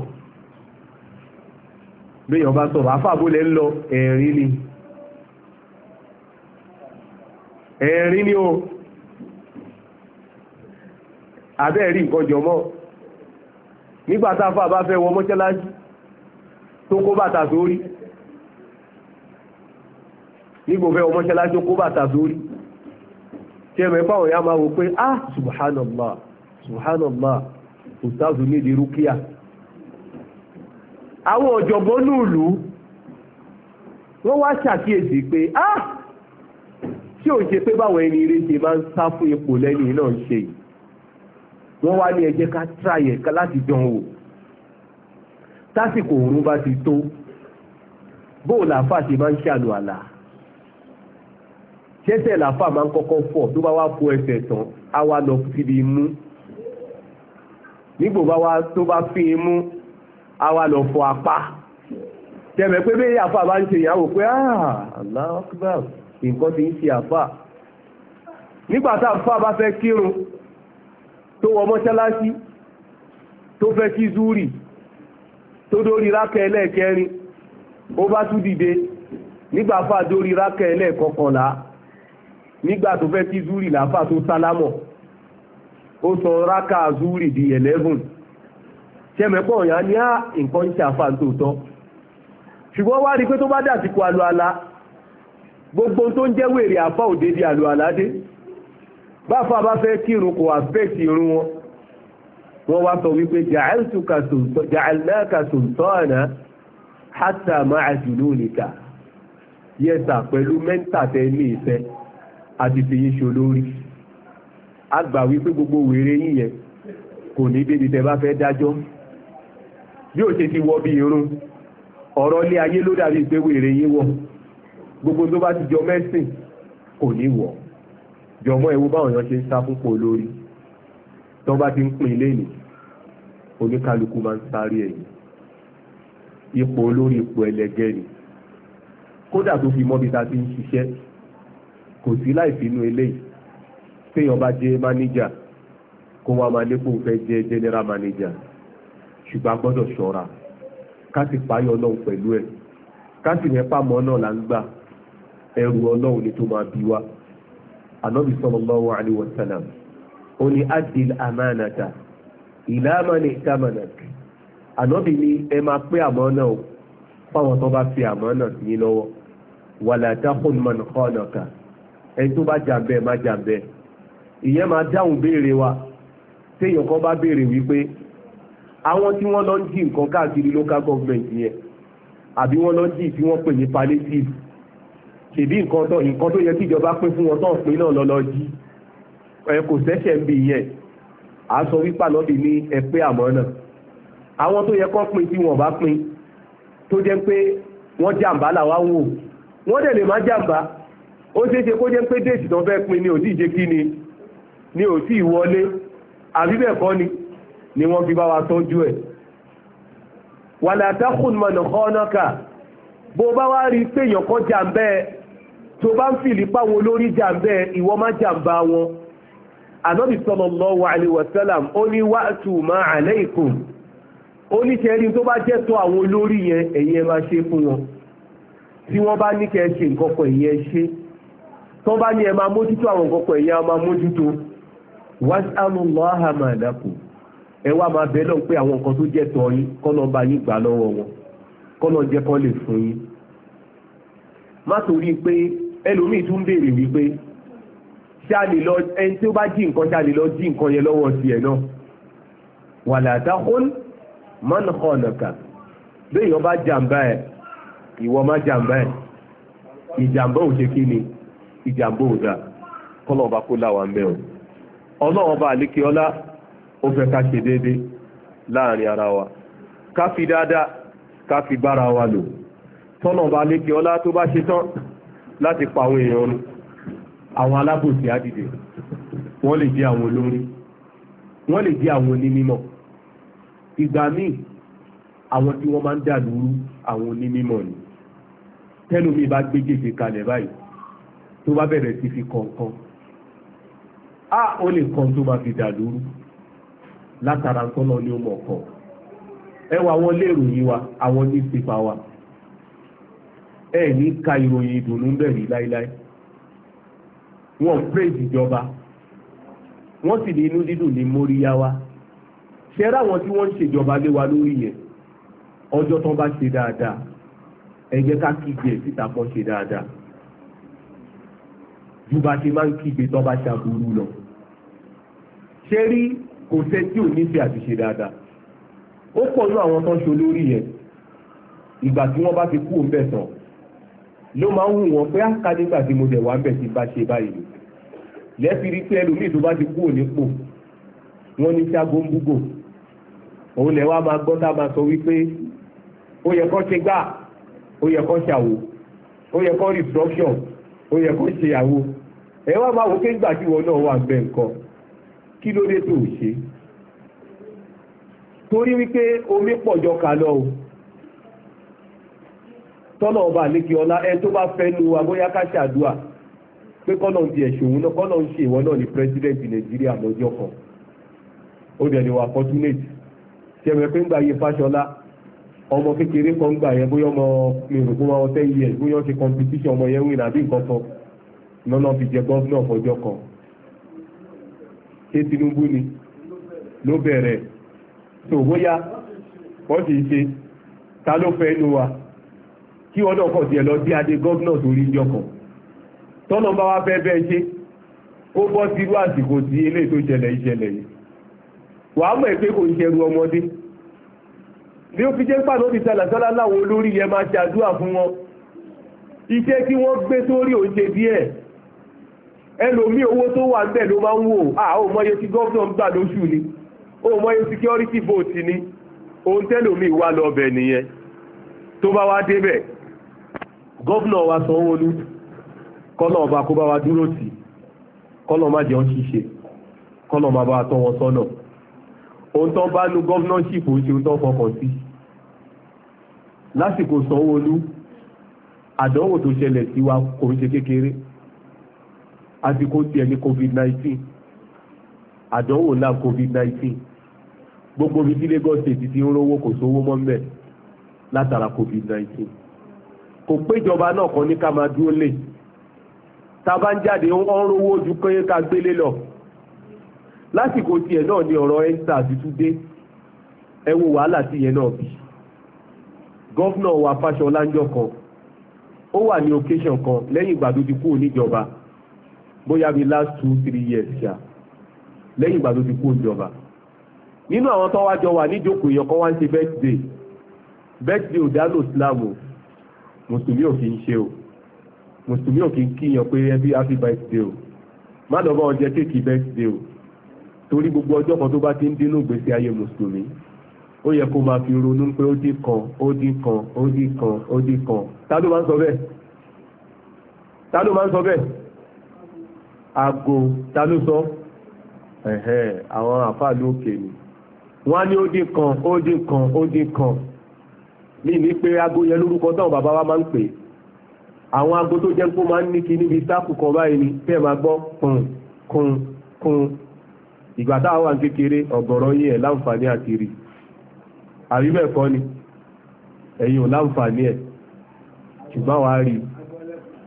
S1: béèyàn bá sọ̀rọ̀ àfà bó lẹ́ ń lọ ẹ̀rín ni ẹ̀rín ni o àbẹ́ẹ̀rí nǹkan jọmọ́ nígbà táfà bá fẹ́ wọ mọ́ṣáláṣí tó kó bàtà sórí nígbò fẹ́ wọ mọ́ṣáláṣí tó kó bàtà sórí tí ẹ̀mẹ̀ pàwọn ya máa wò pé ah subhanallah subhanallah ustaz nídi rúkíà àwọn ọ̀jọ̀gbọ́n nùlù wọ́n wá ṣàkíyèsí pé ah tí ò ṣe pé báwọn ẹni eré ṣe máa ń sá fún ipò lẹ́yìn náà ṣe yìí wọ́n wá ní ẹjẹ́ ká tíráyẹ̀ ká láti dán wò tásìkò òun bá ti tó bóò làáfà ṣe máa ń ṣàlù àlà ṣẹ́sẹ̀ làáfà máa ń kọ́kọ́ fọ̀ tó bá wá fọ ẹsẹ̀ tán á wá lọ síbi imú nígbò bá wá tó bá fi imú á wá lọ fọ apá tẹ̀mẹ̀ pé bẹ́ẹ̀ àfà bá ń ṣe ìyàwó pé ah, Allahu Akbar nǹkan ti ń ṣe àfà nígbà tá àfà bá fẹ́ kírun tó wọ mọ́ṣáláṣí tó fẹ́ kí zúrì tó dórí rákẹ́ ẹlẹ́ẹ̀kẹrin ó bá tún dìde nígbà fà dórí rákẹ́ ẹlẹ́ẹ̀kọkànlá nígbà tó fẹ́ kí zúrì láfà tó sálámọ̀ ó sọ rákà zúrì di eleven ṣẹ́mẹ̀pọ̀ yàn ní à ah, nǹkan ń ṣàfà tòótọ́ ṣùgbọ́n wá rí pé tó bá dàsìkò àlọ́ àlá gbogbo tó ń jẹ́ wèrè àfà òde àlọ́ àlá báfà bá fẹ́ kírun kò àspẹ́kì irun wọn wọ́n wá sọ wípé jàálùnáka sultana hátà máa jùlọ nìka yẹsà pẹ̀lú mẹ́ńtà tẹ ní ìfẹ́ àti fìyí ṣolórí a gbà wípé gbogbo wèrè yíyẹn kò ní débi tẹ bá fẹ́ dájọ́ bí ó ṣe ti wọ bí irun ọ̀rọ̀ ilé ayé ló dàbí pé wèrè yín wọ̀ gbogbo tó bá ti jọ mẹ́sìn kò ní wọ̀ jọmọ́ ẹ̀wọ́ báwọn èèyàn ṣe ń sá fúnpọ̀ olórí tó bá ti ń pín ilé oníkálukú máa ń sáré ẹ̀yìn ipò olórí ipò ẹlẹgẹ́ ni kódà tó fi mọ́bi ta ti ń ṣiṣẹ́ kò sí láìfínú eléyìí téèyàn bá jẹ́ máníjà kó wá máa lépo fẹ́ jẹ́ general manager ṣùgbọ́n a gbọ́dọ̀ ṣọ́ra ká sì páyọ̀ ọlọ́run pẹ̀lú ẹ̀ ká sì mẹ́pàmọ́ náà là ń gbà ẹrù ọlọ́run ni tó máa bí wa anabi sallallahu alayhi wa sallam ó ní adil amanata ìlàmánì tamanak anabi ní ẹ máa pé àmọ́ náà fáwọn tó bá fi àmọ́ náà sí yín lọ́wọ́ wàlá takun man khanaka ẹni tó bá jàǹbẹ́ má jàǹbẹ́ ìyẹn máa dáhùn béèrè wa téèyàn kan bá béèrè wípé àwọn tí wọ́n lọ ń jí nǹkan káàkiri local government yẹn àbí wọ́n lọ ń jí tí wọ́n pè ní palliative ṣèbí nǹkan tó nǹkan tó yẹ kí ìjọba pín fún wọn tó ń pín náà lọ́lọ́ jí ẹ kò sẹ́sẹ̀ ń bì yẹn à ń sọ wípé àlọ́bì ní ẹ pé àmọ́ náà àwọn tó yẹ kó pín tí wọn bá pín tó jẹ́ pé wọ́n jàǹbá làwa ń wò wọ́n dẹ̀ lè má jàǹbá ó ṣeé ṣe kó jẹ́ pé déètì tán fẹ́ pín ni ò tí ì jẹ́ kí ni ni ò tí ì wọlé àbí bẹ́ẹ̀ kọ́ ni ni wọ́n fi bá wa tọ́jú ẹ̀ wàlàtàkùn kọ́ náà kà bó bá wá rí pé èèyàn kan jàǹbá tó bá ń fìlì páwọn olórí jàǹbẹ́ ìwọ má jàǹbá wọn ànábì sallallahu alaihi wasallam ó ní wa'tu ma alaykum ó ní kẹrin tó bá jẹ́ tó àwọn olórí yẹn ẹ̀yin ẹ máa ṣe fún wọn tí wọ́n bá ní kẹ́ ẹ ṣe nǹkan kan ẹ̀yin ṣe tó bá ní ẹ máa mójútó àwọn nǹkan kan ẹ̀yin ẹ máa mójútó was'alullaha ma lakum ẹ wá máa bẹ́ẹ̀ lọ́n pé àwọn nǹkan tó jẹ́ tọ́ yín kọ́nà bá yín gbà lọ́wọ́ wọn kọ́nà jẹ́ kọ́ lè fún yín má torí pé ẹlòmíì tún béèrè wípé ṣé a lè lọ ẹni tí ó bá jí nǹkan ṣé a lè lọ jí nǹkan yẹn lọ́wọ́ tiẹ̀ náà wàlà àtàkùn mọ́nà ọ̀nàkà béèyàn bá jàǹbá ẹ̀ ìwọ má jàǹbá ẹ̀ ìjàǹbá ò ṣe kí ni ìjàǹbá ò dáa kọ́lọ̀ọ̀bá kó láwà ń bẹ̀ ọ́ ọlọ́ọ̀bá àlékè ọlá ó fẹ́ ká ṣe déédé láàrin ara wa ká fi dáadáa ká fi bára wa lò tọ́lọ̀ọ̀bá àlékè ọlá tó bá ṣe tán láti pa àwọn èèyàn ni àwọn alábòsí á dìde wọ́n lè di àwọn olórí wọ́n lè di àwọn onímímọ̀ ìgbà míì àwọn tí wọ́n máa ń dà àwọn onímímọ̀ ni tẹ́nu mi bá gbé gègé kalẹ̀ báyìí tó bá bẹ̀rẹ̀ sí fi kọ̀ọ̀kan á ó lè kan tó máa fi dà látara ńkọ́nà ni ó mọ̀ kọ̀ ẹ wà wọ́n lérò wa àwọn ní sípa wa ẹ ní ka ìròyìn ìdùnnú bẹ̀rẹ̀ láíláí wọ́n praise ìjọba wọ́n sì ní inú dídùn ní móríyá wa ṣe rá àwọn tí wọ́n ń ṣèjọba lé wa lórí yẹn ọjọ́ tán bá ṣe dáadáa ẹ jẹ́ ká kígbe síta kan ṣe dáadáa ju bá ṣe máa ń kígbe tán bá ṣàbùrú lọ ṣe rí kò sẹ́ tí ò nífẹ̀ẹ́ àti ṣe dáadáa ó pọ̀ ní àwọn tán ṣe olórí yẹn ìgbà tí wọ́n bá ti kú òun bẹ̀ tán ló máa ń wù wọ́n pé àkádégbà ah, tí mo dẹ̀ wá bẹ̀ tí bá ṣe báyìí lẹ́fi rí pé ẹlòmíì tó bá ti kúrò nípò wọ́n ní ṣágo ń búgò òun lẹ̀ wá máa gbọ́ tá a máa sọ wípé ó yẹ kó ṣe gbà ó yẹ kó ṣàwò ó yẹ kó restruction ó yẹ kó ṣe ẹ wá máa wò pé nígbà tí wọn náà wà bẹ́ẹ̀ nǹkan kí ló dé tó ṣe torí wípé omi pọ̀jọ kà lọ tọ́nà ọba àlékè ọlá ẹ tó bá fẹ́ nu agbóyá ká ṣàdúà pé kọ́nà ti ẹ̀ náà kọ́nà ń ṣe ìwọ náà ní president nàìjíríà lọ́jọ́ kan ó dẹ̀ lè wà fortunate ṣẹ̀wẹ̀ pé ọmọ kékeré kan gbà yẹn bóyá ọmọ mi rò fún wọn ten years bóyá competition ọmọ yẹn win àbí nǹkan kan lọ́nà fi jẹ gọ́ọ̀nà fọjọ́ kan ṣé Tinubu ni ló bẹ̀rẹ̀ tó bóyá wọ́n ti wa. kí wọ́n náà kọ̀ sí ẹ̀ lọ sí adé gọ́vnà torí ń jọkọ̀ tọ́nà bá wá fẹ́ bẹ́ẹ̀ ṣe ó bọ́ sí irú àsìkò tí eléyìí tó ṣẹlẹ̀ ìṣẹlẹ̀ yìí wàá mọ̀ pé kò ń ṣẹrú ọmọdé ní ó fi jẹ́ pàdé ó ti sálà sálà láwọn olórí yẹn máa ṣe àdúrà fún wọn iṣẹ́ tí wọ́n gbé sórí ò ṣe díẹ̀ ẹlòmí owó tó wà ń bẹ̀ ló máa ń wò á ò mọye tí gọ́ọ̀nà ń gbà lóṣù ni ó mọye security vote ni ohun tẹ́lòmí wà lọ́bẹ̀ nìyẹn tó bá wá débẹ̀ gọ́vnà wa Sanwó-Olú kọ́lọ̀ ọba kó bá wa dúró tì kọ́lọ̀ má jẹun ṣíṣe kọ́lọ̀ má bá wa tọ́ wọn sọ́nà ohun tó bá nu gọ́vnọ́ṣìp ń ṣe ohun fọkàn sí lásìkò Sanwó-Olú àdánwò tó ṣẹlẹ̀ sí wa kò ń ṣe kékeré àsìkò tiẹ̀ ní COVID-19 àdánwò ńlá COVID-19 gbogbo ibi tí Lagos state ti ń rówó kò sówó mọ́ mbẹ̀ látara COVID-19 kò péjọba náà kan ní ká máa dúró lè tá a bá ń jáde ó ń rówó ojú kéré ká gbélé lọ lásìkò tiẹ̀ náà ni ọ̀rọ̀ ẹ́ńtà tuntun dé ẹ wo wàhálà tí yẹn náà bí gọ́fúnà wa Fáṣọlá ńjọ́ kan ó wà ní occasion kan lẹ́yìn ìgbà tó ti kú oníjọba bóyá bíi last two three years ṣá lẹ́yìn ìgbà tó ti kú oníjọba nínú àwọn tó wá jọ wà níjókòó yẹn kan wá ń ṣe birthday birthday ò dá lò Islam o mùsùlùmí ò kí ń ṣe o mùsùlùmí ò kí ń kíyàn pé happy happy birthday o má lọ bá wọn jẹ kéèkì birthday o torí gbogbo ọjọ́ kan tó bá ti ń dínú ìgbésí ayé mùsùlùmí ó yẹ kó máa fi ronú pé ó dín kan ó dín kan ó dín kan ó dín kan ta ló máa ń sọ bẹ́ẹ̀ ta ló máa ń sọ bẹ́ẹ̀ aago ta ló sọ àwọn àfáà lókè ni wọ́n á ní ó dín kan ó dín kan ó dín kan mi ní pé aago yẹn lórúkọ táwọn bàbá wa máa ń pè àwọn aago tó jẹ́ pé máa ń ní kí níbi sáàkù kan báyìí ni tẹ́ ẹ̀ máa gbọ́ kùn kùn kùn ìgbà táwọn wà kékeré ọ̀gọ̀rọ̀ yìí ẹ̀ láǹfààní àti rí àbí bẹ́ẹ̀ ni ẹ̀yin ò láǹfààní ẹ̀ ṣùgbọ́n wàá rí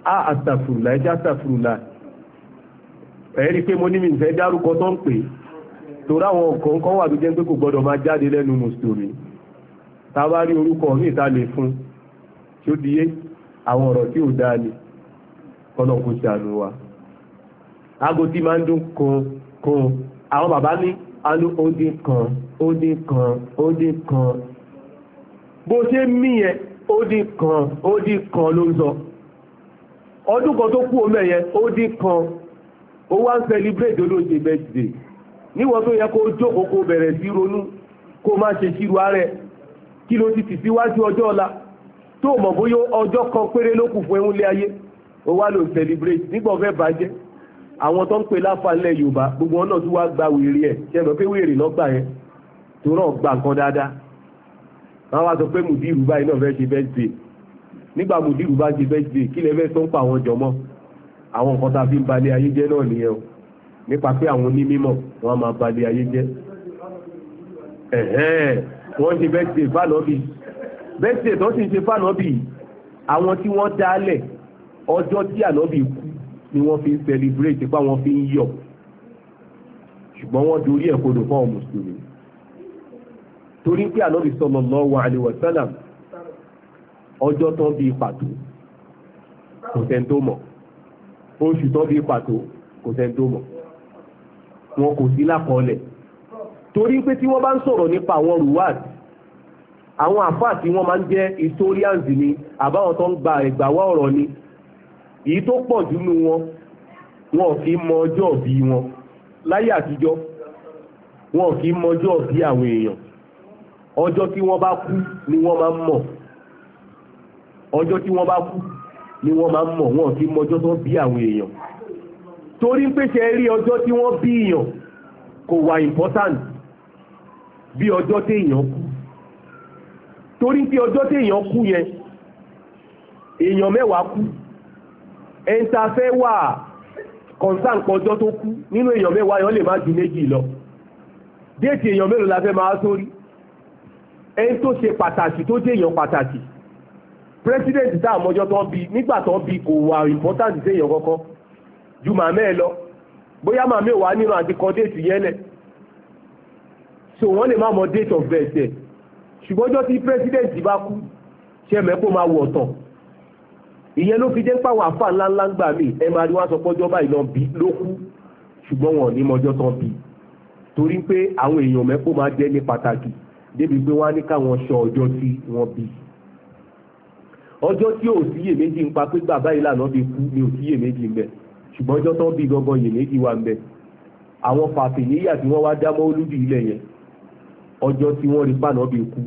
S1: a àtàfùrùlà ẹjá àtàfùrùlà ẹ̀rí pé mo ní mi ìfẹ́ dárúkọ tó ń pè torí àwọn nǹkan wà tó jẹ́ pé kò gbọ́dọ̀ máa jáde lẹ́nu mùsùlùmí tàbá rí orúkọ ní ìta lè fún tí ó díyé àwọn ọ̀rọ̀ tí ò dáa ni kọ́nà kò ṣe àánú wa aago tí máa ń dún kan kan àwọn bàbá ní alú ó dín kan ó dín kan ó dín kan bó ṣe mí yẹn ó kan ó kan ló ń sọ ọdún kan tó kú omi ẹ̀yẹ ó kan ó wá ń celebrate olóòṣè birthday níwọ̀n tó yẹ kó jókòó kó bẹ̀rẹ̀ sí ronú kó má ṣe ṣírò ààrẹ kí ló ti tì síwájú ọjọ́ ọ̀la tó mọ̀ bóyá ọjọ́ kan péré ló kù fún ẹ̀hún lé ayé ó wá lò celebrate nígbà ọ̀fẹ́ bàjẹ́ àwọn tó ń pè láfàlẹ̀ yorùbá gbogbo wọn náà tún wá gba wèrè ẹ̀ ṣe mọ̀ pé wèrè lọ́gbà yẹn tó náà gba nǹkan dáadáa wọ́n wá sọ pé mùdírù báyìí náà fẹ́ ṣe birthday nígbà mùdírù bá ṣe birthday kí lẹ fẹ́ sọ ń pa àwọn jọmọ́ àwọn nǹkan tá a fi ń balẹ̀ ayé jẹ́ náà nìyẹn o nípa pé àwọn onímọ̀ wọn máa balẹ̀ ayé jẹ́ wọ́n ṣe bẹ́tìdè fánọ́bì bẹ́tìdè tó sì ń ṣe fánọ́bì àwọn tí wọ́n dálẹ̀ ọjọ́ tí ànọ́bì kú ni wọ́n fi ń celebrate pa wọ́n fi ń yọ̀ ṣùgbọ́n wọ́n dorí ẹ̀ kodò fún àwọn mùsùlùmí torí pé ànọ́bì sallallahu alaihi wasallam ọjọ́ tán bí pàtó kò sẹ́ni tó mọ̀ oṣù tán bí pàtó kò sẹ́ni tó mọ̀ wọn kò sí lákọọ́lẹ̀ torí pé tí wọ́n bá ń sọ̀rọ̀ nípa àwọn rúwáàtì àwọn àfáà tí wọ́n máa ń jẹ́ historians ni àbáwọn tó ń gba ẹ̀gbàwá ọ̀rọ̀ ni èyí tó pọ̀ jù nínú wọn wọn kì í mọ ọjọ́ bí wọn láyé àtijọ́ wọn kì í mọ ọjọ́ bí àwọn èèyàn ọjọ́ tí wọ́n bá kú ni wọ́n máa ń mọ̀ ọjọ́ tí wọ́n bá kú ni wọ́n máa ń mọ̀ wọn kì í mọ ọjọ́ tó bí àwọn èèyàn torí pé ṣe rí ọjọ́ tí wọ́n bí èèyàn kò wà important bí ọjọ́ tí èèyàn kú torí pé ọjọ́ téèyàn kú yẹn èèyàn mẹ́wàá kú ẹni tá a fẹ́ wà kọ̀ǹsán pọ̀jọ́ tó kú nínú èèyàn mẹ́wàá yẹn lè má ju méjì lọ déètì èèyàn mélòó la fẹ́ máa sórí ẹni tó ṣe pàtàkì tó jẹ́ èèyàn pàtàkì pírẹsidẹ́ǹtì tá àmọ́jọ́ tó bí nígbà tó bí kò wà ìmpọ́tàǹtì séèyàn kọ́kọ́ ju màmá ẹ lọ bóyá màmá wà nínú àdìkọ́ déètì yẹn lẹ̀ so wọ́n lè má mọ date of birth yẹn ṣùgbọ́njọ́ tí pírẹsidẹ́ǹtì bá kú ṣe mẹ́kó máa wọ̀ ọ̀tọ̀ ìyẹn ló fi jẹ́ pàwọn àfà ńláńlá ń gbà mí ẹ máa rí wá sọ pọ́jọ́ báyìí lọ bí ló kú ṣùgbọ́n wọn ò ní mọjọ́ tán bí torí pé àwọn èèyàn mẹ́kó máa jẹ́ ní pàtàkì débi pé wọ́n á ní káwọn sọ ọjọ́ tí wọ́n bí ọjọ́ tí ò síyè méjì ń pa pé bàbá ìlànà bí kú ni ò síyè méjì ń bẹ ṣùgbọ́n ọjọ́ tán bí gangan yè wà ń bẹ àwọn fàfìníyà tí wọ́n wá dámọ́ olúbi ilẹ̀ yẹn ọjọ́ tí wọ́n rí pànọ́bì kú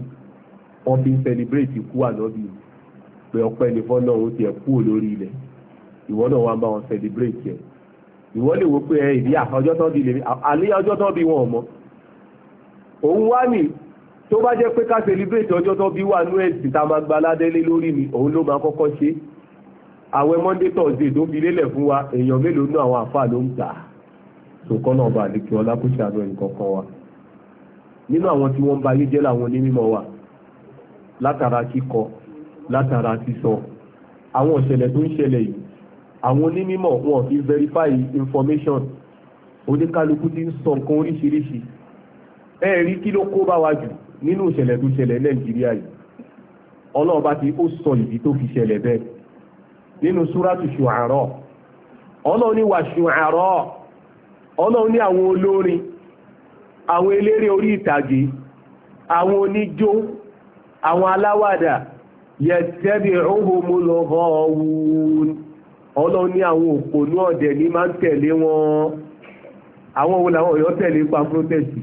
S1: wọ́n fi ń sẹlẹ̀bírèètì kú ànọ́bì pé ọpẹ́ ní fọ́nà òun ti ẹ̀ kú olórí ilẹ̀ ìwọ náà wàá bá wọn sẹlẹ̀bírèètì ẹ̀ ìwọ lè wo pé ẹ ìdí ọjọ́ tán bí lèmi àní ọjọ́ tán bí wọn ò mọ òun wá nì tó bá jẹ́ pé ká sẹlẹ̀bírèètì ọjọ́ tán bí wà nú ẹ̀sìn tá a máa gba aládélé lórí ni òun ló máa kọ́kọ́ ṣe àwẹ̀ monday thursday tó fi lélẹ̀ fún wa èèyàn mélòó nú àwọn àfáà ló ń gbà á tòkọ́ náà bá àlekè ọlá kó ṣàánú kọ̀ọ̀kan wa nínú àwọn tí wọ́n ń ba ayé jẹ́ làwọn onímọ̀ wa látara kíkọ látara sísọ àwọn ìṣẹ̀lẹ̀ tó ń ṣẹlẹ̀ yìí àwọn onímọ̀ wọn fi verify information oníkálukú ti ń sọ nǹkan oríṣiríṣi ẹ rí kí ló kó bá wa jù nínú ìṣẹ̀lẹ̀ tó ṣẹlẹ̀ nàìjíríà yìí ọlọ́ọ̀bá ti ó sọ ìdí tó fi ṣẹlẹ̀ bẹ́ẹ̀ nínú súrátù ṣùárọ̀ ọlọ́ọ̀ ní wà ṣùárọ̀ ọlọ́ọ̀ ní àwọn olórin àwọn eléré orí ìtàgé àwọn oníjó àwọn aláwàdà yẹtẹ́bí ọ̀hún ọlọ́run ní àwọn òpònú ọ̀dẹ̀ ní máa ń tẹ̀lé wọn àwọn wo làwọn ọ̀yọ́ tẹ̀lé pa protest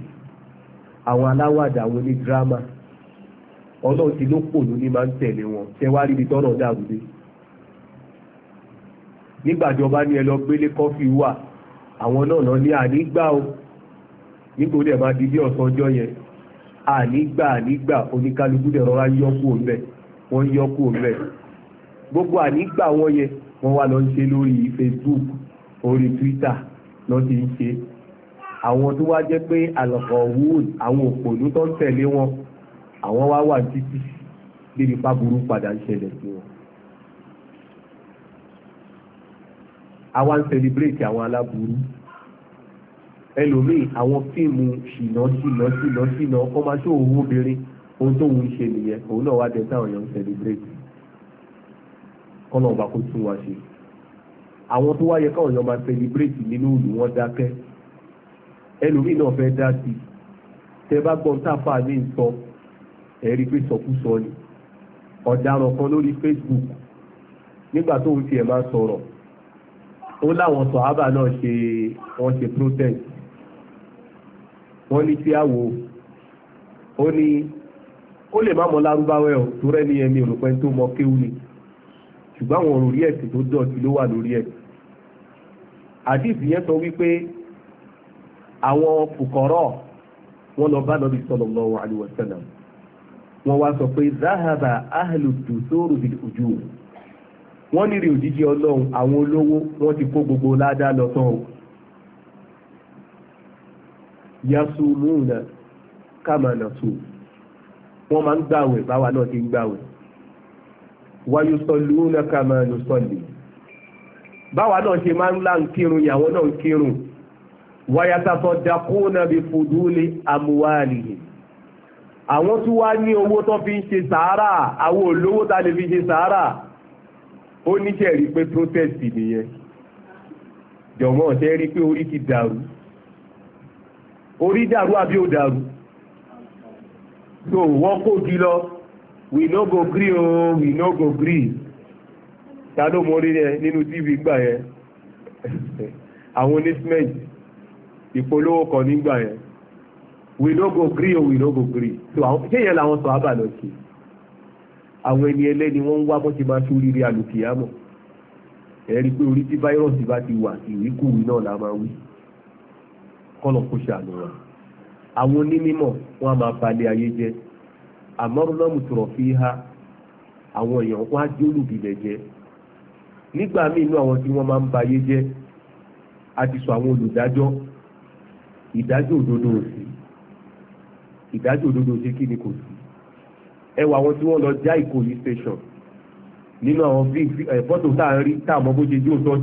S1: àwọn aláwàdà àwọn oní drama ọlọ́run ti ló pònú ní máa ń tẹ̀lé wọn tẹ́wàá rí ibi tọ́nà dàrú dé nígbàjọba ní ẹ kọfí wà àwọn náà lọ ní ànígbà o nítorí ẹ̀ bá di bí ọ̀sán ọjọ́ yẹn ànígbà ànígbà oníkálukú dẹ̀ rọra yọkú òmẹ wọ́n yọkú òmẹ gbogbo ànígbà wọn yẹn wọ́n wá lọ ń ṣe lórí Facebook orí Twitter lọ ti ń ṣe àwọn tó wá jẹ́ pé àlọ́kọ̀ọ́wùd àwọn òpònú tó ń tẹ̀lé wọn àwọn wá wà títí débi pàbùrú padà ń ṣẹlẹ̀ sí wọn. àwa ń celebrate àwọn aláburú ẹlòmíì àwọn fíìmù ṣìnà ṣìnà ṣìnà ṣìnà kọ́ máa ṣó owó obìnrin ohun tó wù ú ṣe nìyẹn òun náà wá dé táwọn èèyàn ń celebrate kọ́nà ọba kó tún wá ṣe àwọn tó wáyé káwọn èèyàn máa celebrate nínú ìlú wọn dákẹ́ ẹlòmíì náà fẹ́ dá sí i tẹ bá gbọ́n táfà ní ìsọ ẹ̀rí pé sọkúsọ ni ọ̀daràn kan lórí Facebook nígbà tó ń tiẹ̀ máa sọ̀rọ̀ ó láwọn sọ̀hábà náà ṣe wọ́n ṣe protest wọ́n ní tí a wò ó ní ó lè má mọ lárúbáwẹ́ ọ̀ tó rẹ́ ní ẹ̀mí olùpẹ́ tó mọ kéwú ni ṣùgbọ́n àwọn òrùrí ẹ̀sìn tó dọ̀tí ló wà lórí ẹ̀ àdìsí yẹn sọ wípé àwọn fùkọ̀rọ̀ wọ́n lọ bá Nabi sallallahu alaihi wasallam wọ́n wá sọ pé záhàbà áhàlùtù sóòrò bìí ojú wọ́n nírè òjíjì ọlọ́run àwọn olówó wọ́n ti kó gbogbo ládàá lọ tán o yasumuna kamanatu wọ́n máa ń gbàwẹ̀ báwa náà ti ń gbàwẹ̀ wayusọlùúnà kamanusọlì báwa náà ṣe máa ń lá ń kírun ìyàwó náà ń kírun wayatasọdakúnà bí fudúlé amúwáàlìyìn àwọn tó wá ní owó tó fi ń ṣe sàárà àwọn olówó tá lè fi ṣe sàárà ó níṣẹ́ rí pé protest nìyẹn jọ̀mọ́ ṣe rí pé orí ti dàrú orí dàrú àbí ò dàrú so wọ́n kó di lọ we no go gree o we no go gree ta ló mọ orí yẹn nínú tv gbà yẹn *laughs* àwọn onísmẹ́ǹtì ìpolówó kan nígbà yẹn we no go gree o we no go gree so ṣé yẹn làwọn sọ ábà lọ sí àwọn ẹni ẹlẹ́ni wọ́n ń wá bó ti máa ṣe oríire àlùkìyàmọ̀ ẹ̀rí pé orí tí fáírọ̀sì bá ti wà ìwíkúwìí náà la máa wí kọ́lọ̀ kó ṣàánú wa àwọn onímọ̀ wọn a máa balẹ̀ ayé jẹ́ àmọ́rúnlọ́mù tọ̀rọ̀ fi ha àwọn èèyàn wọn á jẹ́ olùbílẹ̀ jẹ́ nígbà míì inú àwọn tí wọ́n máa ń ba ayé jẹ́ a ti sọ àwọn olùdájọ́ ìdájọ́ òdodo òsì ìdájọ́ òdodo òsì kí ni kò sí ẹ àwọn tí wọ́n lọ já Ìkòyí station nínú àwọn fọ́tò tá à rí tá àmọ́ bó ṣe jó tọ́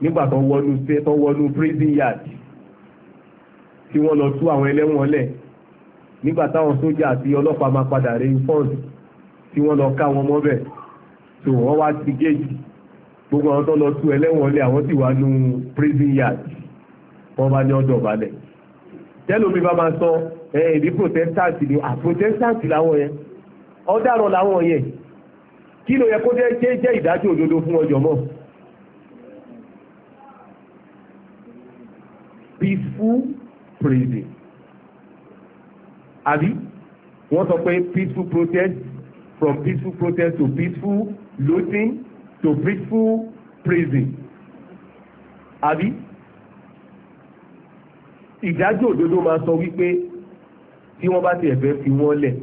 S1: nígbà tó wọnú ṣe tó wọnú prison yard tí wọ́n lọ tú àwọn ẹlẹ́wọ̀n lẹ̀ nígbà táwọn sójà àti ọlọ́pàá máa padà reinforce tí wọ́n lọ ká wọn mọ́bẹ̀ tó wọ́n wá sí géèjì gbogbo àwọn tó lọ tú ẹlẹ́wọ̀n lẹ̀ àwọn sì wá nú prison yard wọ́n bá ní ọ̀dọ̀ balẹ̀ tẹ́lómi bá máa sọ ẹ̀ẹ́dì protestant ni àprotestant ah, làwọn yẹn ọ̀daràn làwọn yẹn kí ló yẹ kó jẹ́ jẹ́ ìdájọ́ òdodo fún ọjọ́ mọ́ peaceful prison àbí wọ́n sọ pé peaceful protest from peaceful protest to peaceful looting to peaceful prison àbí ìdájọ́ òdodo máa sọ wípé tí wọ́n bá ti ẹ̀fẹ́ fi wọ́n lẹ̀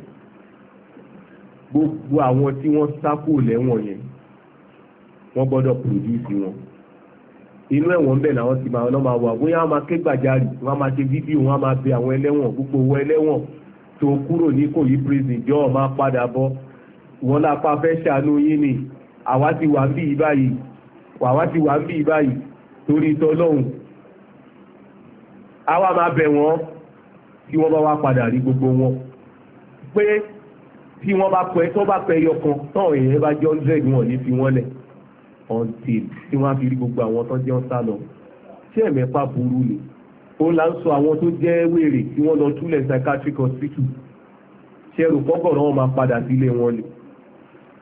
S1: gbogbo àwọn tí wọ́n sá lẹ́wọ̀n yẹn wọ́n gbọ́dọ̀ pòdúsì wọn inú ẹ̀wọ̀n bẹ́ẹ̀ làwọn ti máa máa wà bóyá wọn máa ké gbàjarì wọn máa ṣe fídíò wọn máa bẹ àwọn ẹlẹ́wọ̀n gbogbo owó ẹlẹ́wọ̀n tó kúrò ní kòyí prison jọ ọ máa padà bọ̀ wọn lápá fẹ́ ṣàánú yín ni àwa ti wà ń bí i báyìí àwa ti wà ń bí i báyìí torí tọlọ́hùn àwa máa bẹ̀ wọ́n tí wọ́n bá wá padà rí gbogbo wọn pé tí wọ́n bá pẹ́ tó bá pẹ́ yọkan tán èèyàn bá jọ hundred wọn until tí wọ́n á fi rí gbogbo àwọn tó jẹ́ ọ̀sá lọ tí ẹ̀mẹ́fà burú ni ó là ń sọ àwọn tó jẹ́ wèrè tí wọ́n lọ túlẹ̀ psychiatric hospital ṣẹ́rù kọ́gọ̀rọ̀ wọn máa padà sílé wọn ni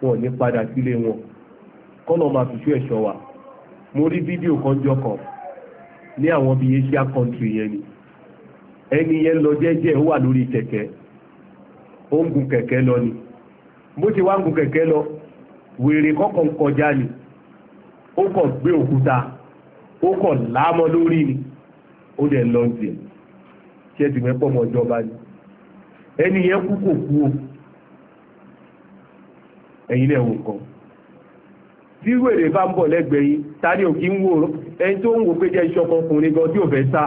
S1: wọn ní padà sílé wọn kọ́nà máa fi ẹ̀ṣọ́ wa mo rí fídíò kan jọ kan ní àwọn bíi Asia country yẹn ni ẹni yẹn lọ jẹ́jẹ́ ó wà lórí kẹ̀kẹ́ ó ń gun kẹ̀kẹ́ lọ ni bó ti wá ń gun kẹ̀kẹ́ lọ wèrè kọ́kàn kọjá ni ó kọ̀ gbé òkúta ó kọ̀ láàmọ́ lórí ni ó dẹ̀ lọ sí ẹ̀ ṣe ti mẹ́pọ̀ mọ́ ìjọba ni ẹni yẹn kú kò kú o ẹ̀yin náà wò kàn tí wèrè bá ń bọ̀ lẹ́gbẹ̀ẹ́ yìí ta ni ò kí ń wò ẹni tó ń wò pé jẹ́ iṣọ́ ọkùnrin gan tí ò fẹ́ sá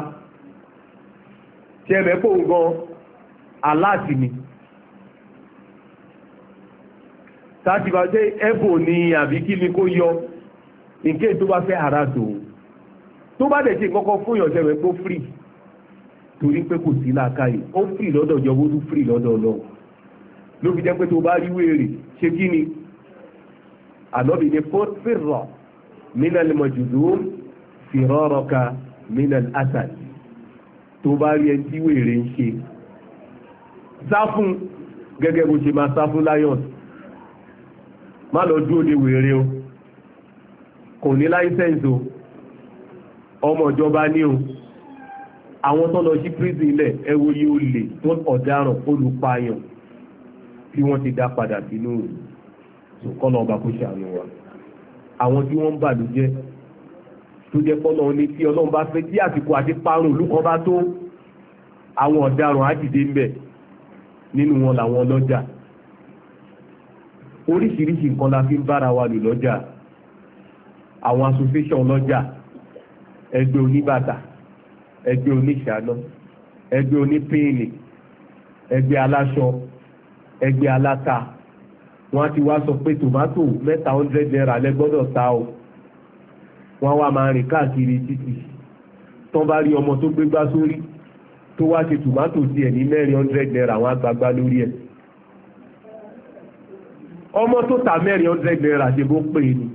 S1: ṣe mẹ́pọ̀ gan aláàtì ni tá a ti bá ṣe ẹ̀bùn ni àbí kí ni kó yọ nké tó bá fẹ́ ara tó tó bá dẹ̀ ṣe kọ́kọ́ fún ìyànjẹ́ rẹ̀ kó free torí pé kò sí làákàyè ó free lọ́dọ̀ jọ ó tún free lọ́dọ̀ lọ ló fi jẹ́ pé tó bá rí wèrè ṣe kí ni ànábì ni kó fìrọ̀ nínú ẹlẹ́mọ̀jùdù fìrọ̀rọ̀ka nínú asad tó bá rí ẹni tí wèrè ń ṣe sá fún gẹ́gẹ́ bó ṣe máa sá fún lion má lọ dúró de wèrè o kò ní láìsẹ́ǹsì o ọmọ ìjọba ní o àwọn tó lọ sí prison ilẹ̀ ẹwọ yìí ó lè tó ọ̀daràn olùpààyàn tí wọ́n ti dá padà sínú rẹ̀ kọ́nà ọba kó ṣàánú wa àwọn tí wọ́n ń bàlújẹ́ tó jẹ́ kọ́nà ní tí ọlọ́run bá fẹ́ tí àsìkò àti parun olùkọ́ bá tó àwọn ọ̀daràn á ń bẹ̀ nínú wọn làwọn ọlọ́jà oríṣiríṣi nǹkan la fi ń bára wa lò lọ́jà àwọn association ọlọ́jà ẹgbẹ́ oníbàtà ẹgbẹ́ oníṣàánà ẹgbẹ́ onípéèlì ẹgbẹ́ aláṣọ ẹgbẹ́ aláta wọ́n á ti wá sọ pé tòmátò mẹ́ta hundred naira lẹ gbọ́dọ̀ ta o wọ́n wá máa rìn káàkiri títì tán bá rí ọmọ tó gbégbá sórí tó wá ṣe tòmátò tiẹ̀ ní mẹ́rin hundred naira wọ́n á gbagbá lórí ẹ̀ ọmọ tó ta mẹ́rin hundred naira ṣe bó pè é ni.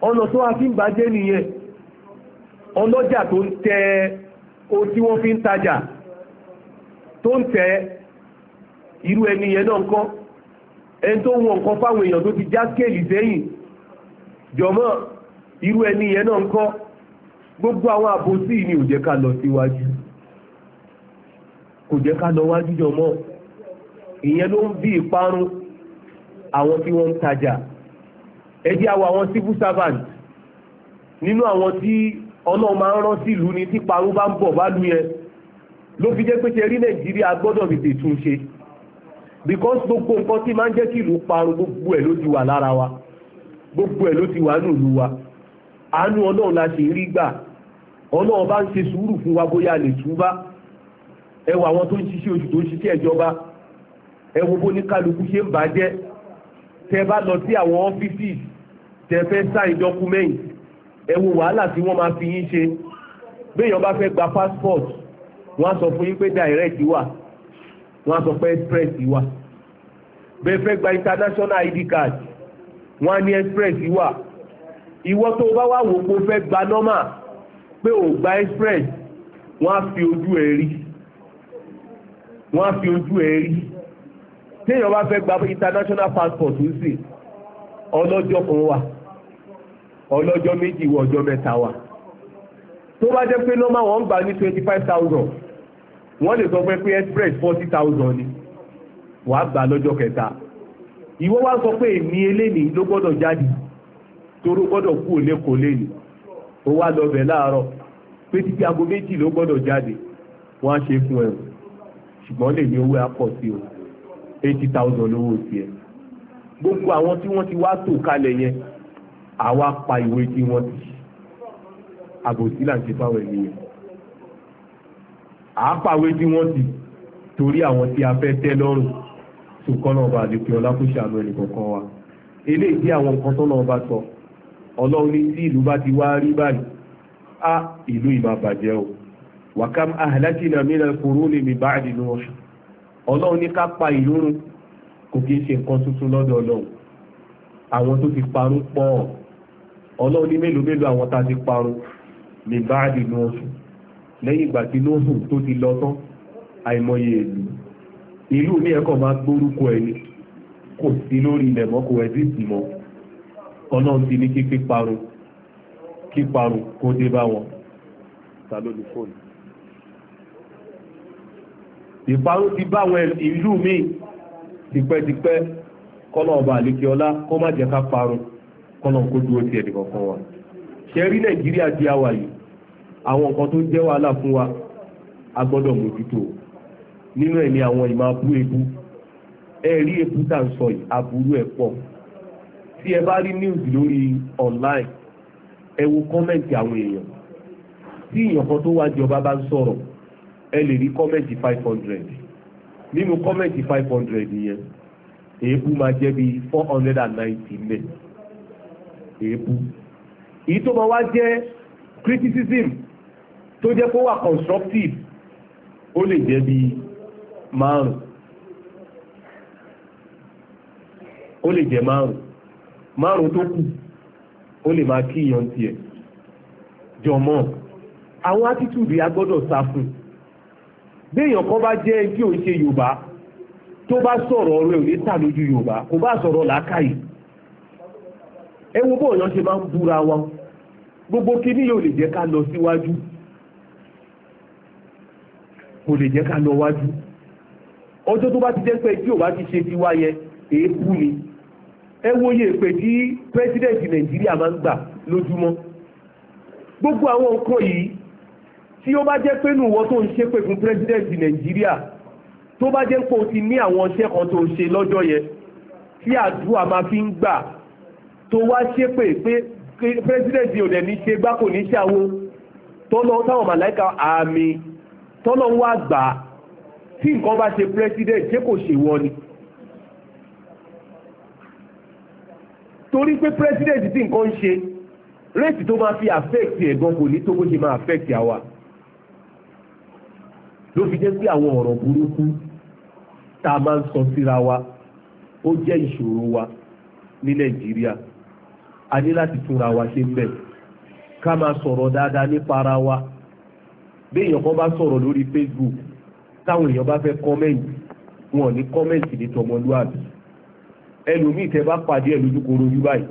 S1: ọ̀nà tó wá fi ń bàjẹ́ nìyẹn ọlọ́jà tó ń o tí wọ́n fi ń tajà tó ń tẹ irú ẹni náà kọ́ ẹni tó wọ nǹkan fáwọn èèyàn tó ti já skéèlì sẹ́yìn irú náà kọ́ gbogbo àwọn àbòsí ni ò jẹ́ lọ síwájú kò jẹ́ lọ wájú ìyẹn ló ń bí ìparun àwọn ẹjẹ́ àwọ̀ àwọn civil servant nínú àwọn tí ọlọ́run máa ń rán sí ìlú ni tí parun bá ń bọ̀ bá lu yẹn ló fi jẹ́ pé ṣe rí nàìjíríà gbọ́dọ̀ tètè tún ṣe because gbogbo nǹkan tí máa ń jẹ́ kí ìlú parun gbogbo ẹ̀ ló ti wà lára wa gbogbo ẹ̀ ló ti wà nù ìlú wa àánú ọlọ́run la ṣe rí gbà ọlọ́run bá ń ṣe sùúrù fún wa bóyá lè tún bá ẹ wo àwọn tó ń ṣiṣẹ́ oṣù tó ń ṣiṣẹ́ ìjọba ẹ wo bó ní kálukú ṣe ń bàjẹ́ tẹ bá lọ sí àwọn ọ́fíìsì tẹ́fẹ́ sáì dọ́kúmẹ́ǹtì ẹ wo wàhálà tí wọ́n máa fi yín ṣe béèyàn bá fẹ́ gba passport wọ́n á sọ fún yín pé direct wà wọ́n á sọ pé express wà bẹ́ẹ̀ fẹ́ gba international id card wọ́n á ní express wà ìwọ tó bá wà wò pé o fẹ́ gba normal pé ò gba express wọ́n á fi ojú ẹ̀ rí wọ́n á fi ojú ẹ̀ rí téèyàn bá fẹ́ gba international passport ń sè ọlọ́jọ́ kan wà ọlọ́jọ́ méjì wọ ọjọ́ mẹ́ta wa tó bá jẹ́ pé normal wọ́n ń gbà ní twenty five thousand wọ́n lè sọ pé pé express forty thousand ni wàá gbà lọ́jọ́ kẹta ìwọ wá sọ pé èmi eléyìí ló gbọ́dọ̀ jáde toró gbọ́dọ̀ kú òlé kò léyìí ó wá lọ bẹ̀ láàárọ̀ pé títí aago méjì ló gbọ́dọ̀ jáde wọ́n á ṣe fún ẹ̀ ṣùgbọ́n lè ní owó apọ̀ sí o eighty thousand lówó tiẹ̀ gbogbo àwọn tí wọ́n ti wá tò kalẹ̀ yẹn àwa pa ìwé tí wọ́n ti àbòsí là ń ṣe fáwọn ènìyàn à á pàwé tí wọ́n ti torí àwọn tí a fẹ́ tẹ́ lọ́rùn ṣùkọ́nà ọba àdìpẹ́ ọlákùsàánú ẹnì kọ̀ọ̀kan wa eléyìí tí àwọn nǹkan tọ́nà ọba sọ ọlọ́run ní tí ìlú bá ti wá rí báyìí á ìlú ìmà bàjẹ́ o wàkàm ahlakina mina al-quruni min ba'di Nuh ọlọ́run ní ká pa ìlú run kò kí ń ṣe nǹkan tuntun lọ́dọ̀ ọlọ́run àwọn tó ti parun pọ̀ ọ́ ọlọ́run ní mélòó mélòó àwọn tá a ti parun ní báàdì nọ́ọ̀sù lẹ́yìn ìgbà tí nọ́ọ̀sù tó ti lọ tán àìmọye ìlú ìlú ní ẹ̀kọ́ máa gbórúkọ ẹni kò sí lórí ilẹ̀ mọ́ kò ẹ̀dí ìsìnmọ́ ọlọ́run ti ní kí píparun kíparun kó dé bá wọn ìparun ti bá wọn ìlú míì tipẹ́tipẹ́ kọ́nà ọba àlékè ọlá kó má jẹ́ ká parun kọ́lọ̀ kó dúró ti ẹnì kọ̀ọ̀kan wa ṣe rí nàìjíríà di àwa yìí àwọn nǹkan tó jẹ́ wàhálà fún wa a gbọ́dọ̀ mójútó nínú ẹ̀ ní àwọn ìmọ̀ abú ebú ẹ rí ebú tá à ń sọ yìí aburú ẹ̀ pọ̀ tí ẹ bá rí news lórí online ẹ wo kọ́mẹ̀ntì àwọn èèyàn tí èèyàn kan tó wá jọba bá ń sọ̀rọ̀ ẹ lè rí kọ́mẹ̀ntì five hundred nínú kọ́mẹ̀ntì five hundred yẹn èébú máa jẹ́ bíi four hundred and ninety mẹ́ẹ̀. èébú èyí tó máa wá jẹ́ criticism tó jẹ́ kó wà constructive ó lè jẹ́ bí márùn ó lè jẹ́ márùn márùn tó kù ó lè máa kí ìyàn tiẹ̀ jọmọ́ àwọn attitude gbọ́dọ̀ sá fún béèyàn kan bá jẹ́ kí òun ṣe Yorùbá tó bá sọ̀rọ̀ ọ̀rọ̀ ò ní tà lójú Yorùbá ẹ wo bóòlù ṣe máa ń búra wa gbogbo kíní yóò lè jẹ́ ká lọ síwájú kò lè jẹ́ ká lọ wájú ọjọ́ tó bá ti jẹ́ pé tí ò bá ti ṣe tiwa yẹn èébú ni ẹ wo iye èpè tí pẹ́sidẹ̀ntì nàìjíríà máa ń gbà lójúmọ́ gbogbo àwọn nǹkan yìí tí ó bá jẹ́ pé nù wọ́n tó ń ṣépè fún pẹ́sidẹ̀ntì nàìjíríà tó bá jẹ́ pé o ti ní àwọn iṣẹ́ kan tó ṣe lọ́jọ́ yẹn tí àdúrà máa fi ń gbà tó wá ṣépè pé pírẹsidẹ́ǹtì ò dẹ̀ ṣe gbá kò ní ṣàwo tọ́lọ táwọn màláìka àmì tọ́lọ ń wá gbà tí nǹkan bá ṣe pírẹsidẹ́ǹtì ṣé kò ṣe wọ ni. torí pé pírẹsidẹ́ǹtì tí nǹkan ń ṣe rẹ́ẹ̀tì tó máa fi àfẹ́ẹ̀tì ẹ̀gbọ́n kò ní tó bó ṣe máa àfẹ́ẹ̀tì àwa ló fi jẹ́ pé àwọn ọ̀rọ̀ burúkú tá a máa ń sọ síra wa ó jẹ́ ìṣòro wa ní Nàìjíríà ani ní láti túnra wa ṣe ń bẹ̀ ká máa sọ̀rọ̀ dáadáa nípa ara wa bí èèyàn kan bá sọ̀rọ̀ lórí Facebook táwọn èèyàn bá fẹ́ kọ́mẹ́ǹtì wọn ò ní kọ́mẹ́ǹtì ní tọmọlúwàbí ẹlòmíì tẹ bá pàdé ẹ lójú báyìí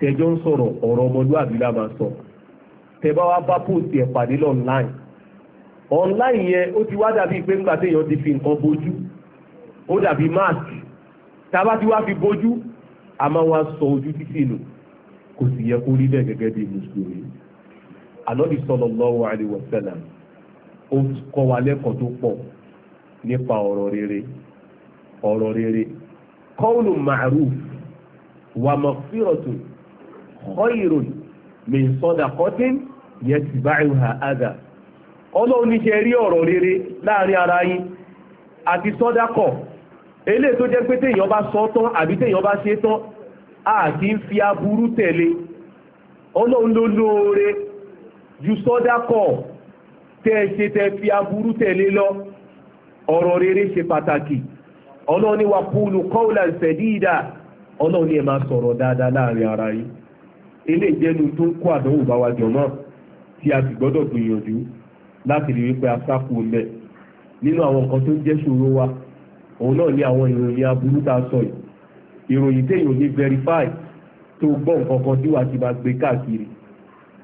S1: tẹjọ ń sọ̀rọ̀ ọ̀rọ̀ ọmọlúwàbí la máa sọ tẹ bá wá bá pòsì ẹ pàdé lọ́nláìn ọ̀nláìn yẹn ó ti wá dàbí pé ńgbà téèyàn ti fi nǹkan bojú ó dàbí máàkì tá a bá ti wá fi bojú a máa wá sọ ojú títì nù kò sì yẹ kó rí bẹ́ẹ̀ gẹ́gẹ́ bí mùsùlùmí alọ́dì sallallahu alaihi wasallam ó kọ́ wa lẹ́kọ̀ọ́ tó pọ̀ nípa ọ̀rọ̀ rere ọ̀rọ̀ rere qawlu ma'ruf wa maghfiratun khayrun min sadaqatin yatba'uha adha ọlọ́run ní ṣe rí ọ̀rọ̀ rere láàrin ara yín àti sọ́dà kọ̀ eléyìí tó jẹ́ pé téèyàn bá sọ tán àbí téèyàn bá ṣe tán a kì í fi aburú tẹ̀lé ọlọ́run ló lóore ju sọ́dákọ̀ tẹ́ ẹ ṣe tẹ́ fi aburú tẹ̀lé lọ ọ̀rọ̀ rere ṣe pàtàkì ọlọ́run ní wa kúlù kọ́ọ̀lá ṣẹ̀dídà ọlọ́run ni ẹ máa sọ̀rọ̀ dáadáa láàrin ara yín ilé ìjẹnu tó ń kó àdánwò bá wa jọ mọ́ tí a sì gbọ́dọ̀ gbìyànjú láti rí wípé a sá kú mẹ́ nínú àwọn nǹkan tó ń jẹ́ ṣòro wa òun náà ni àwọn ìròyìn aburú tá a sọ yìí ìròyìn téèyàn ò lè verify tó gbọ́ nǹkan kan tí wàá ti máa gbé káàkiri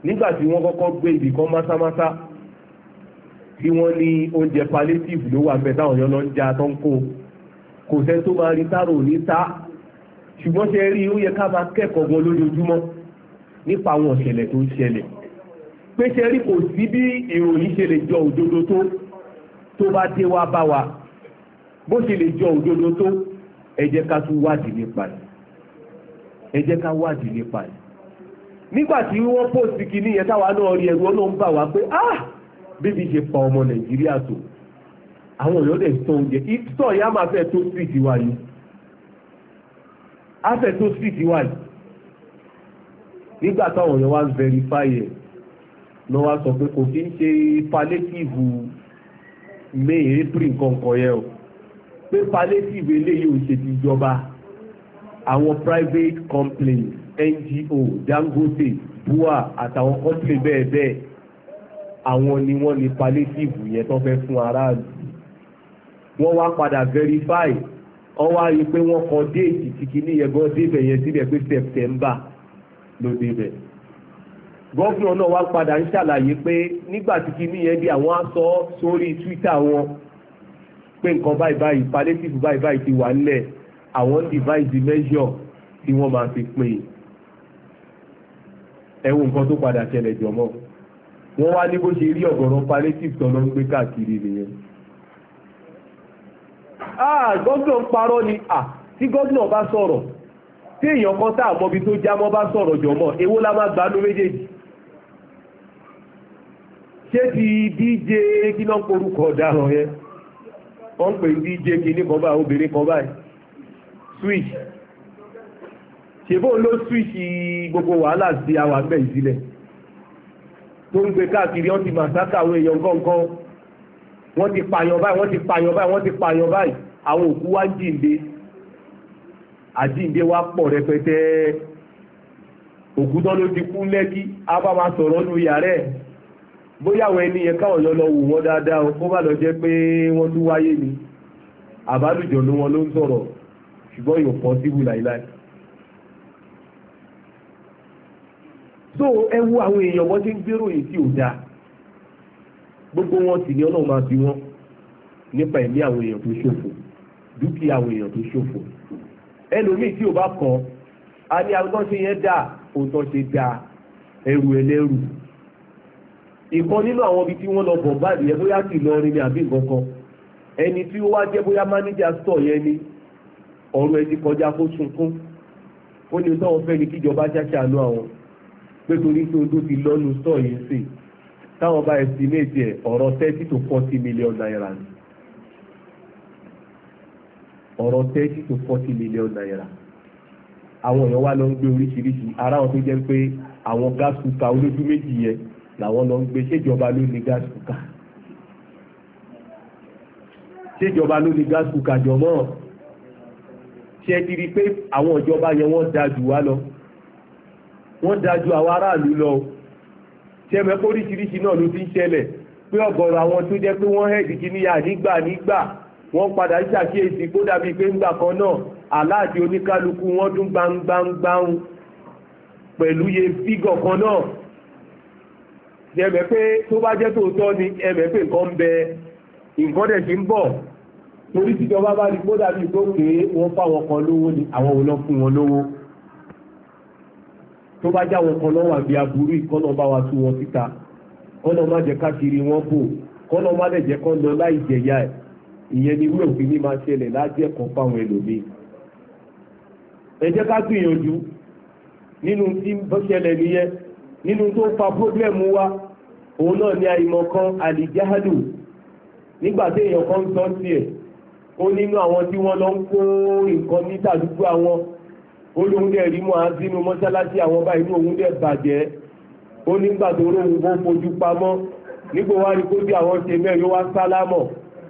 S1: nígbà tí wọ́n kọ́kọ́ gbé ibì kan másámásá tí wọ́n ní oúnjẹ palliative ló wà bẹ́ẹ̀ táwọn yọ́n lọ ń já tó ń kó kò sẹ́ni tó máa rí tárò ní ta ṣùgbọ́n ṣe rí ó yẹ ká máa kẹ́kọ̀ọ́ gan lójoojúmọ́ nípa àwọn ọ̀ṣẹ̀lẹ̀ tó ń ṣẹlẹ̀ pé ṣe rí kò sí bí ìròyìn ṣe lè jọ òdodo tó tó bá dé wá bá wa bó ṣe lè jọ òdodo tó ẹ jẹ́ ká tún wádìí nípa ẹ̀ ẹ jẹ́ ká wádìí nípa ẹ̀ nígbà tí wọ́n pòsì kìíní yẹn táwa náà rí ẹ̀rù ọlọ́run bà wá pé ah bíbí ṣe pa ọmọ nàìjíríà tó àwọn èèyàn dẹ̀ sọ oúnjẹ ìtọ́ ìyá máa fẹ́ tó street wa yìí á fẹ́ tó street wa yìí nígbà táwọn èèyàn wá verify ẹ̀ lọ́wọ́ sọ pé kò kí ń ṣe palliative may april kankan yẹn o pé palliative eléyìí ò ṣe ti jọba àwọn private companies NGO Dangote BUA àtàwọn company bẹ́ẹ̀ bẹ́ẹ̀ àwọn ni wọ́n ní palliative yẹn tó fẹ́ fún aráàlú wọ́n wá padà verify wọ́n wá rí i pé wọ́n kọ déètì tí kìíní yẹn gan débẹ̀ yẹn síbẹ̀ pé September ló débẹ̀ gọ́fúnà náà wá padà ń ṣàlàyé pé nígbà tí kìíní yẹn di àwọn á sọ sórí Twitter wọn pé nǹkan báyìí báyìí palliative báyìí báyìí ti wà nílẹ̀ àwọn device measure tí wọ́n máa fi pè é ẹ̀wọ̀n nǹkan tó padà ṣẹlẹ̀ jọ̀mọ́ wọ́n wá ní bó ṣe rí ọ̀gọ̀rọ̀ palliative tó lọ ń gbé káàkiri nìyẹn. Ah, gọ́dọ̀ ń parọ́ ni ah, tí gọ́dọ̀ bá sọ̀rọ̀ tí èèyàn kan tá àmọ́bi tó jámọ́ bá sọ̀rọ̀ jọ̀mọ́ èwo la máa gbà ló méjèèjì ṣé ti díje kí ló ń porúkọ ọ̀daràn yẹn wọ́n pè DJ kìíní kan báyìí obìnrin kan báyìí switch ṣèbó ló switch gbogbo wàhálà sí àwọn àgbẹ̀ ìsílẹ̀ tó ń gbé káàkiri wọ́n ti màsákà àwọn èèyàn gọ́ngọ́n wọ́n ti pààyàn báyìí wọ́n ti pààyàn báyìí wọ́n ti pààyàn báyìí àwọn òkú wá jíǹde àjíǹde wá pọ̀ rẹpẹtẹ òkú tán ló ti kú lẹ́kí a máa sọ̀rọ̀ nù yàrá ẹ̀ bóyá àwọn ẹni yẹn káwọn yọ lọ wù wọ́n dáadáa kó bá lọ jẹ́ pé wọ́n ló wáyé ni àbálùjọ̀ ló wọn ló ń sọ̀rọ̀ ṣùgbọ́n yóò pọ̀ síbù láìláì so ẹ wo àwọn èèyàn wọ́n ti ń gbérò yìí tí ò dáa gbogbo wọn sì ni ọlọ́run máa fi wọ́n nípa ẹ̀mí àwọn èèyàn tó ṣòfò dúkìá àwọn èèyàn tó ṣòfò ẹlòmíì tí ò bá kàn á ní àwọn tó ṣe yẹn dáa òótọ́ ṣe dáa ẹrù ẹlẹ́rù ìkan nínú àwọn ibi tí wọ́n lọ bọ̀ báyìí yẹn bóyá sì lọ rin ní àbí nǹkan kan ẹni tí ó wá jẹ́ bóyá mánéjà sọ̀ yẹn ni ọ̀rọ̀ ẹ ti kọjá kó sunkún ó ní sọ́wọ́ fẹ́ ni kíjọba ṣàṣàánú àwọn pé torí tí odó ti lọ́nu sọ̀ yìí sí táwọn bá estimate ẹ̀ ọ̀rọ̀ thirty to forty million naira ni ọ̀rọ̀ thirty to forty million naira àwọn èèyàn wá lọ ń gbé oríṣiríṣi ara wọn tó jẹ́ pé àwọn gas cooker olójú méjì yẹn làwọn lọ ń gbé ṣèjọba ló ní gas cooker ṣèjọba ló ní gas cooker jọmọ́ ṣe ti rí pé àwọn ìjọba yẹn wọ́n da jù wá lọ wọ́n da ju àwọn aráàlú lọ ṣẹ́mẹ́ póríṣiríṣi náà ló ti ń ṣẹlẹ̀ pé ọ̀gọ̀rọ̀ àwọn tó jẹ́ pé wọ́n hẹ́ẹ̀dì kìíníyà nígbà nígbà wọ́n padà ń ṣàkíyèsí kó dàbí pé ńgbà kan náà aláàjì oníkálukú wọ́n dún gbangbangbang pẹ̀lú iye fígọ̀ kan náà ẹ̀mẹ̀ pé tó bá jẹ́ tòótọ́ ni ẹ̀mẹ̀ pé nǹkan ń bẹ nǹkan dẹ̀ ti ń bọ̀ torí tíjọba bá rí kódà bíi tó pé wọ́n fáwọn kan lówó ni àwọn ò lọ fún wọn lówó tó bá jáwọn kan lọ́wọ́ àbí aburú ìkọ́nà bá wa tú wọn síta kọ́nà má jẹ́ káàkiri wọn bò kọ́nà má lẹ̀ jẹ́ kọ́ lọ láì jẹ̀yà ẹ̀ ìyẹn ni wíwẹ̀ òfin ní máa ṣẹlẹ̀ lájẹ́ kan fáwọn ẹlòmíì ẹ jẹ́ ká gbìyànjú nínú tí ń bọ́ nìyẹn nínú tó fa pọ́blẹ́mù wa òun náà ni àìmọ̀ kan àlìjáhádù nígbà tí èèyàn kan ń sọ sí ẹ̀ ó nínú àwọn tí wọ́n lọ ń kó nǹkan ní tàdúgbò àwọn ó lóun dẹ̀ rí mọ́ àzínú mọ́sálásí àwọn báyìí ní òun dẹ̀ bàjẹ́ ó nígbà tó lóun ó fojú pamọ́ nígbò wá rí kó bí àwọn ṣe mẹ́rin wá sálámọ̀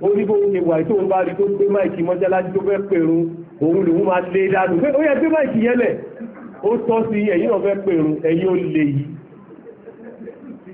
S1: ó ní bó ṣe wà tó ń bá rí tó gbé máìkì mọ́sálásí tó fẹ́ pèrun òun lòun máa lé dànù ó yẹ gbé máìkì yẹlẹ̀ ó tọ́ sí ẹ̀yìn náà fẹ́ pèrun ẹ̀yìn ó lè yìí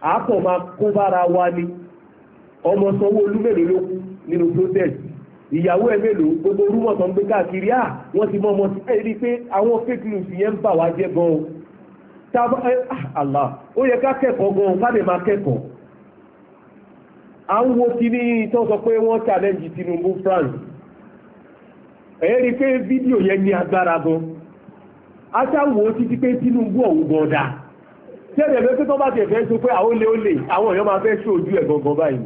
S1: àápọ̀ ma kó bára wa ni ọmọ sanwó nínú protest ìyàwó ẹ mélòó gbogbo orúmọ̀ tó ń gbé káàkiri à ah, wọ́n ti mọ́ ọmọ sí ẹ rí pé àwọn fake news yẹn ń bà wá jẹ́ gan-an tábà ẹ àlà ah, ó yẹ ká kẹ́kọ̀ọ́ gan-an ká lè máa kẹ́kọ̀ọ́ à Tinubu France rí pé fídíò yẹn ní agbára gan-an aṣáwó Tinubu ọ̀hún ṣẹ́rẹ̀ lọ́sí tó bá ti ẹ̀fẹ́ sọ pé àwọn olè olè àwọn èèyàn máa fẹ́ ṣe ojú ẹ̀ gangan báyìí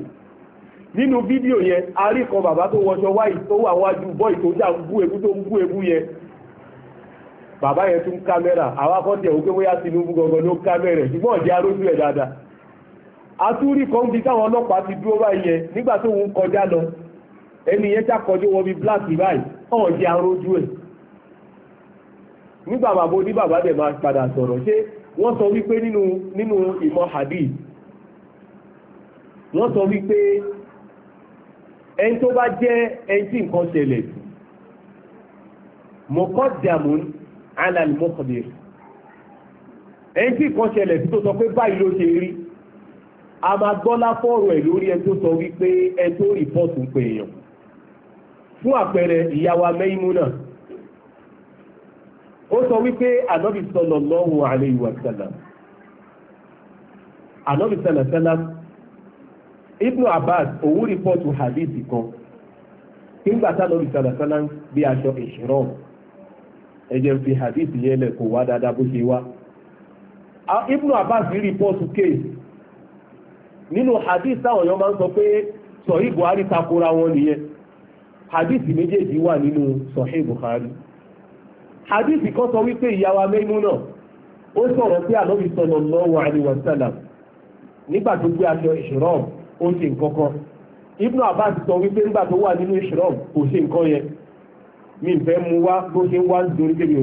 S1: nínú fídíò yẹn a rí kan bàbá tó wọṣọ wáyì tó wà wájú bọ́ì tó dá bú ebú tó ń bú ebú yẹn bàbá yẹn tún kámẹ́rà àwọn akọ́tẹ̀ òkè wọ́yá Tinubu gangan ló kámẹ́rà ṣùgbọ́n ọ̀dẹ́ arójú ẹ̀ dáadáa atúrí kan bí táwọn ọlọ́pàá ti dúró báyìí yẹn nígbà tó ń kọjá lọ ẹni yẹn já kọjú wọ bí black báyìí ọ̀dẹ́ arójú ẹ̀ nígbà bàbá oníbàbá dẹ̀ máa padà sọ̀rọ̀ ṣé wọ́n sọ wípé nínú nínú ìmọ̀ hadith wọ́n sọ wípé ẹni tó bá jẹ́ ẹni tí nǹkan ṣẹlẹ̀ mọ̀kọ́dàmún alàlùmọ́kọ̀dẹ̀ ẹni tí nǹkan ṣẹlẹ̀ tó sọ pé báyìí ló ṣe rí a máa gbọ́lá fọ́ọ̀rọ̀ ẹ̀ lórí ẹni tó sọ wípé ẹni tó rìpọ́ọ̀tù ń èèyàn fún àpẹẹrẹ ìyá wa náà ó sọ wípé ànábì sallallahu alayhi wa sallam ànábì sallallahu alayhi ibnu abbas òun rìpọ́tù hadith kan nígbà tánàbì sallallahu alayhi bí aṣọ ìṣirọ́ ẹ̀jẹ̀ fi hadith yẹn lẹ̀ kó wá dáadáa bó ṣe wá ibnu abbas rìpọ́tù kéèsì nínú hadith táwọn èèyàn máa ń sọ pé sọ̀hí buhari takora wọn nìyẹn hadith méjèèjì wà nínú sọ̀hí buhari. hadith kan sọ wípé ìyá wa náà. ó sọ̀rọ̀ pé ànábì sallallahu alaihi wasallam nígbà tó gbé aṣọ ó ṣe nǹkan kan sọ wípé nígbà tó wà nínú kò ṣe nǹkan yẹn mi fẹ́ mu wá bó ṣe ń wá nítorí pé mi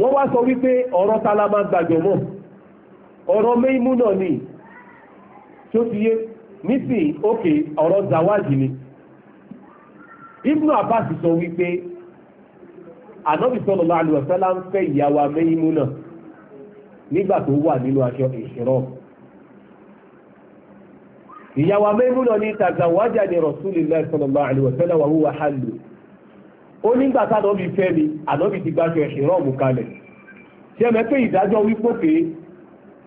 S1: wá sọ wípé ọ̀rọ̀ tala máa gbàjọ mọ́ ọ̀rọ̀ ni tó ti yé nísìnyí ókè ọ̀rọ̀ sọ wípé ànábì sallallahu alaihi wasallam ń fẹ́ ìyàwó amẹ́yìmú náà nígbà tó wà nínú aṣọ ìṣirọ́ ìyàwó amẹ́yìmú náà ní tàzàwájà ní Rasulullahi sallallahu alaihi wasallam wa huwa hallu ó nígbà tánàbì fẹ́ mi ànábì ti gbáṣọ ìṣirọ́ mú kalẹ̀ ṣe mẹ́ pé ìdájọ́ wípò pé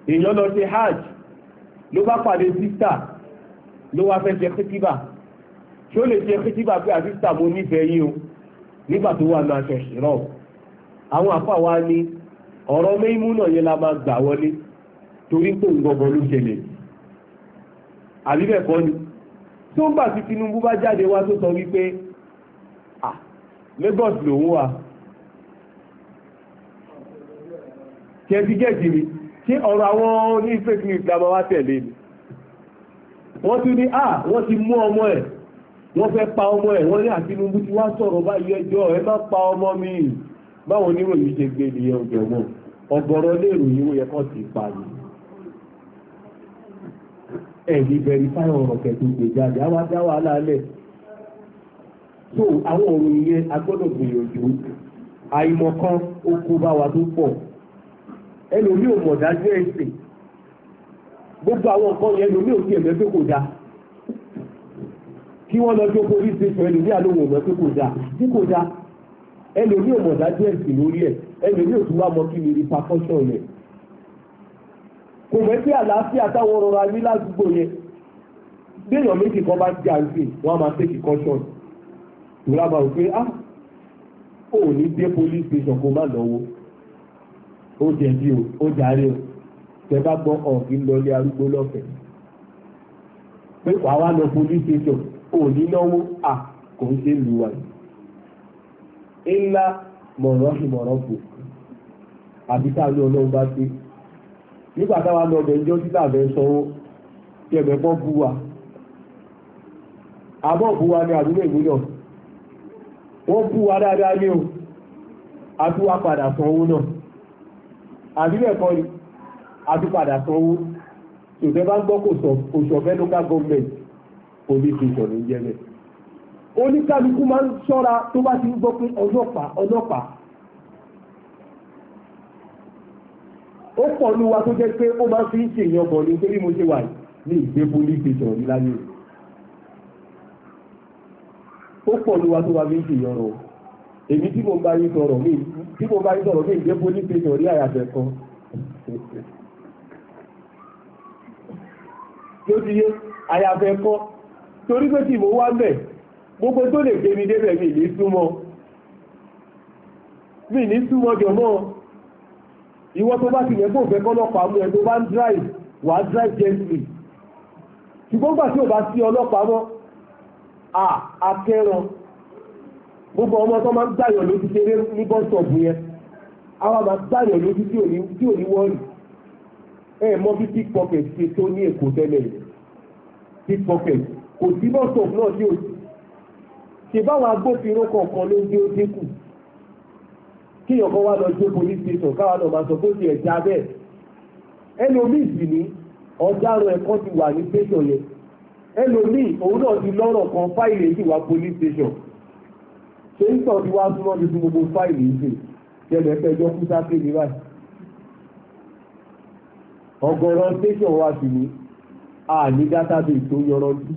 S1: èèyàn lọ ṣe hajj ló bá pàdé sísà ló wá fẹ́ ṣe kítíbà ṣó lè ṣe kítíbà pé àti sísà mo nífẹ̀ẹ́ yín o nígbà tó wà náà ṣẹ̀ṣìrọ̀ àwọn àfà wa ní ọ̀rọ̀ mímú náà yẹn la máa gbà wọlé torí pò ń gbọgbọ ló ṣẹlẹ̀ àbíbẹ̀kọ́ ni tó ń bà sí Tinubu bá jáde wá tó sọ wípé ah Lagos lòun wà kẹ́ẹ̀dígẹ́ẹ̀dì mi tí ọ̀rọ̀ àwọn ní fake news wá tẹ̀lé ni wọ́n tún ní ah wọ́n ti mú ọmọ ẹ̀ wọ́n fẹ́ pa ọmọ ẹ̀ wọ́n ní àtinúbú tí wá sọ̀rọ̀ báyìí ẹjọ́ ẹ má pa ọmọ mi báwọn oníròyìn ṣe gbé ní ọjọ́ mọ́ ọ̀gọ̀rọ̀ lè ròyìn ó yẹ kọ́ ti pa ni ẹ̀rí verify ọ̀rọ̀ kẹ̀tù gbé jáde àwọn adáwà alálẹ̀ so àwọn ọ̀rọ̀ ìyẹn agbọ́dọ̀ gbìyànjú àìmọ̀kan oko bá wa tó pọ̀ ẹlòmí ò mọ̀ dájú ẹ̀sìn gbogbo àwọn nǹkan yẹn lòmí ò tiẹ̀ mẹ́fẹ́ kò dáa kí wọ́n lọ jó borí ṣe fún ẹlòmí àlóhùn ọ̀nà pé kò dáa tí kò dáa ẹlòmí ò mọ̀ dájú ẹ̀sìn lórí ẹ̀ ẹlòmí ò tún wá mọ kí ni repercussion yẹn kò mọ̀ sí àlàáfíà táwọn rọra ní ládùúgbò yẹn béèyàn méjì kan bá jà sí wọn a máa take caution ìwúrà bá wò pé ah ò ní dé police station kó má lọ́wọ́ ó jẹ̀bi o ó jàre o tẹ bá gbọ́ ọ̀gbìn lọlé arúgbó lọ́fẹ̀ẹ́ pé wàá wá lọ police station òní náwó à kò ń ṣe lù wà yìí ńlá mọ̀rọ̀ ìmọ̀ràn kù àbí tá a ní ọlọ́run bá dé nígbà táwa lọ ọbẹ̀ ìjọ títà bẹ́ẹ̀ sanwó tí ẹ̀bẹ̀ pọ́ bú wa àbọ̀ bú wa ní àdúgbò ìmúlọ̀ wọ́n bú wa dáadáa ní o àtúwà padà sanwó náà àbílẹ̀ kan ni àtúpadà sanwó tòtẹ́ bá ń gbọ́ kò sọ fẹ́ local government oníkejì ló jẹ́ bẹ́ẹ̀ oníkálukú máa ń ṣọ́ra tó bá ti ń gbọ́ pé ọlọ́pàá ọlọ́pàá ó pọ̀ ní wa tó jẹ́ pé ó máa fi ń ṣe èèyàn bọ̀ ní torí mo ṣe wà ní ìgbé polisi jọ̀ ní láyé ó pọ̀ ní wa tó wà fi ń ṣe èèyàn rọ̀ èmi tí mo bá yín sọ̀rọ̀ mí tí mo bá yín sọ̀rọ̀ mí ìgbé polisi jọ̀ ní àyàfẹ́ kan ló ti àyàfẹ́ kan torí pé tí mo wá bẹ̀ gbogbo tó lè gbé mi débẹ̀ mi ní súnmọ́ mi ní súnmọ́ jọmọ́ ìwọ tó bá ti yẹ kó fẹ́ kọ́lọ́pàá mú ẹ tó bá ń drive wà á drive gently ṣùgbọ́n gbà tí ò bá sí ọlọ́pàá mọ́ à akẹ́ran gbogbo ọmọ tó máa ń gbàyàn lójú kéré ní bọ́sọ̀bù yẹn àwọn máa gbàyàn lójú tí ò ní wọ́ọ̀rì ẹ̀ mọ́ bí pickpocket ṣe tó ní èkó tẹ́lẹ̀ pickpocket kò sí bọ́sọ̀ náà ní òjì ṣe báwọn agbófinró kọ̀ọ̀kan ló gbé ó dínkù kí ọkọ̀ wá lọ gbé police station káwa náà máa sọ pé ó ti ẹ̀já bẹ́ẹ̀ ẹlòmíì sì ní ọ̀daràn ẹ̀kọ́ ti wà ní station yẹn ẹlòmíì òun náà ti lọ́rọ̀ kan fáìlì èyí wá police station ṣe ń sọ ti wá súnmọ́ ní fún gbogbo fáìlì yìí jẹ́lẹ̀ ẹgbẹ́jọ́ kú sáké ní báyìí ọ̀gọ̀rọ̀ station wa sì ní àní database tó yọrọ jù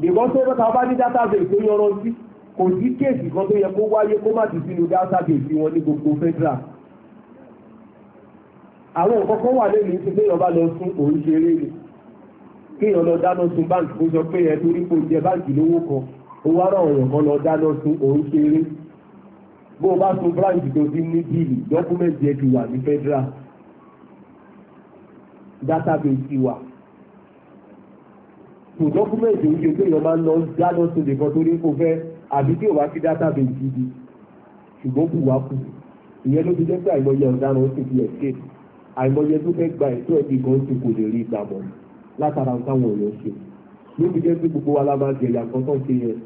S1: because tó bẹ́ta bá ní database tó yọrọ sí kò sí kéèsì kan tó yẹ kó wáyé kó má ti sínú database wọn ní gbogbo federal àwọn nǹkan kan wà lẹ́nu ní kéèyàn bá lọ sún òun ṣeré ni kéèyàn lọ dáná sun báǹkì kó sọ pé ẹ torí kó jẹ báǹkì lówó kan owó ara ọ̀yàn kan lọ dáná sun òun ṣeré bó o bá sun branch tó ti ní bíìlì dọ́kúmẹ̀ntì ẹ ti wà ní federal database ti wà kò dọ́kúmẹ̀ntì oúnjẹ tó yọ máa ń lọ dáná tó lè kan torí kò fẹ́ àbí tí ò bá fi dátà bẹ̀ gidi ṣùgbọ́n kù wá kù ìyẹn ló ti jẹ́ pé àìmọye ọ̀daràn ti fi ẹ̀ṣẹ̀ àìmọye tó fẹ́ gba ẹ̀tọ́ ẹ̀dí kan ti kò lè rí ìgbà mọ́ látara táwọn èèyàn ṣe ló fi jẹ́ pé gbogbo wa la máa jẹ ìyà kan tán ṣe yẹn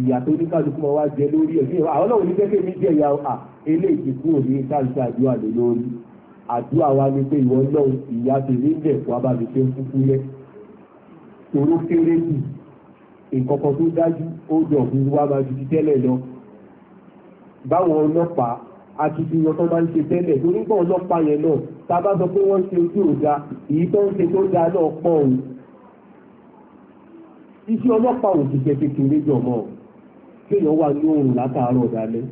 S1: ìyà tó ní kálukú máa wá jẹ lórí ẹ̀ àwọn náà ní kẹ́kẹ́ mi jẹ ìyà à eléyìí kúrò ní káàkiri àdúrà lé lórí àdúrà wa ni pé ìwọ náà ìyà tèmi ń bẹ̀ fún tòró kéré jù ìkọ̀kọ̀ tó dájú ó jọ fún wa máa ju ti tẹ́lẹ̀ lọ báwọn ọlọ́pàá akitiyan tó máa ń ṣe tẹ́lẹ̀ torí pé ọlọ́pàá yẹn náà tá a bá sọ pé wọ́n ṣe ojú òda èyí tó ń ṣe tó da náà pọ̀ o iṣẹ́ ọlọ́pàá ò sì jẹ́ kékeré jọ mọ́ ọ kéèyàn wà ní òòrùn látàárọ̀ dalẹ́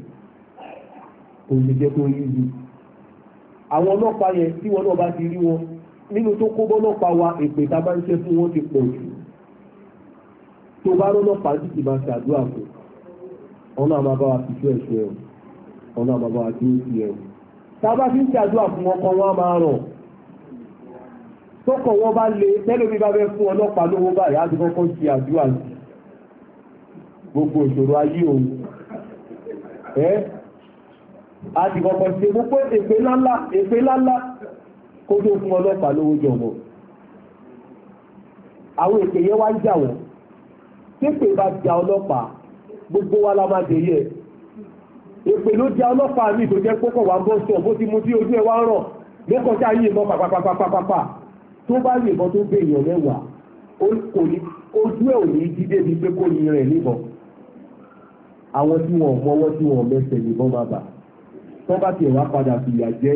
S1: kò sì jẹ́ kó rí ibi àwọn ọlọ́pàá yẹn tí wọn náà bá ti rí wọn nínú tó kó bọ́lọ́pàá wa èpè tá a bá ń ṣe fún wọn ti pọ̀ jù tó bá rọ́nà pàǹtìtì máa ṣàdúrà fún ọ̀nà àmàbáwa fìṣú ẹ̀ṣẹ̀ ẹ̀ ọ̀nà àmàbáwa tí ó ti ẹ̀ tábà fi ń ṣàdúrà fún ọkọ̀ wọn máa rọ̀ tọkọ̀ wọn bá le tẹ́lómi bá fẹ́ fún ọlọ́pàá lówó báyìí á ti kọ́kọ́ ṣe àdúrà sí gbogbo ìṣòro ayé òun ẹ́ a ti kọ́kọ́ ṣe gbogbo èpè lálá èpè lálá kó tó fún ọlọ́pàá lówó jọmọ́ àwọn èpè yẹn wá ń jà wọ́n tépè bá ja ọlọ́pàá gbogbo wa la máa dé yẹ èpè ló ja ọlọ́pàá mi tó jẹ́ pé kọ̀ wá bọ́ sọ bó ti mu tí ojú ẹ wá rọ̀ lẹ́kọ̀ọ́ tí a yìnbọn pàpàpàpàpà tó bá yìnbọn tó gbé èèyàn mẹ́wàá ojú ẹ ò ní dídé bíi pé kó yin rẹ̀ níbọn àwọn tí wọn mọwọ́ tí wọn mẹsẹ̀ níbọn máa bà tó bá tiẹ̀ wá padà fìyà jẹ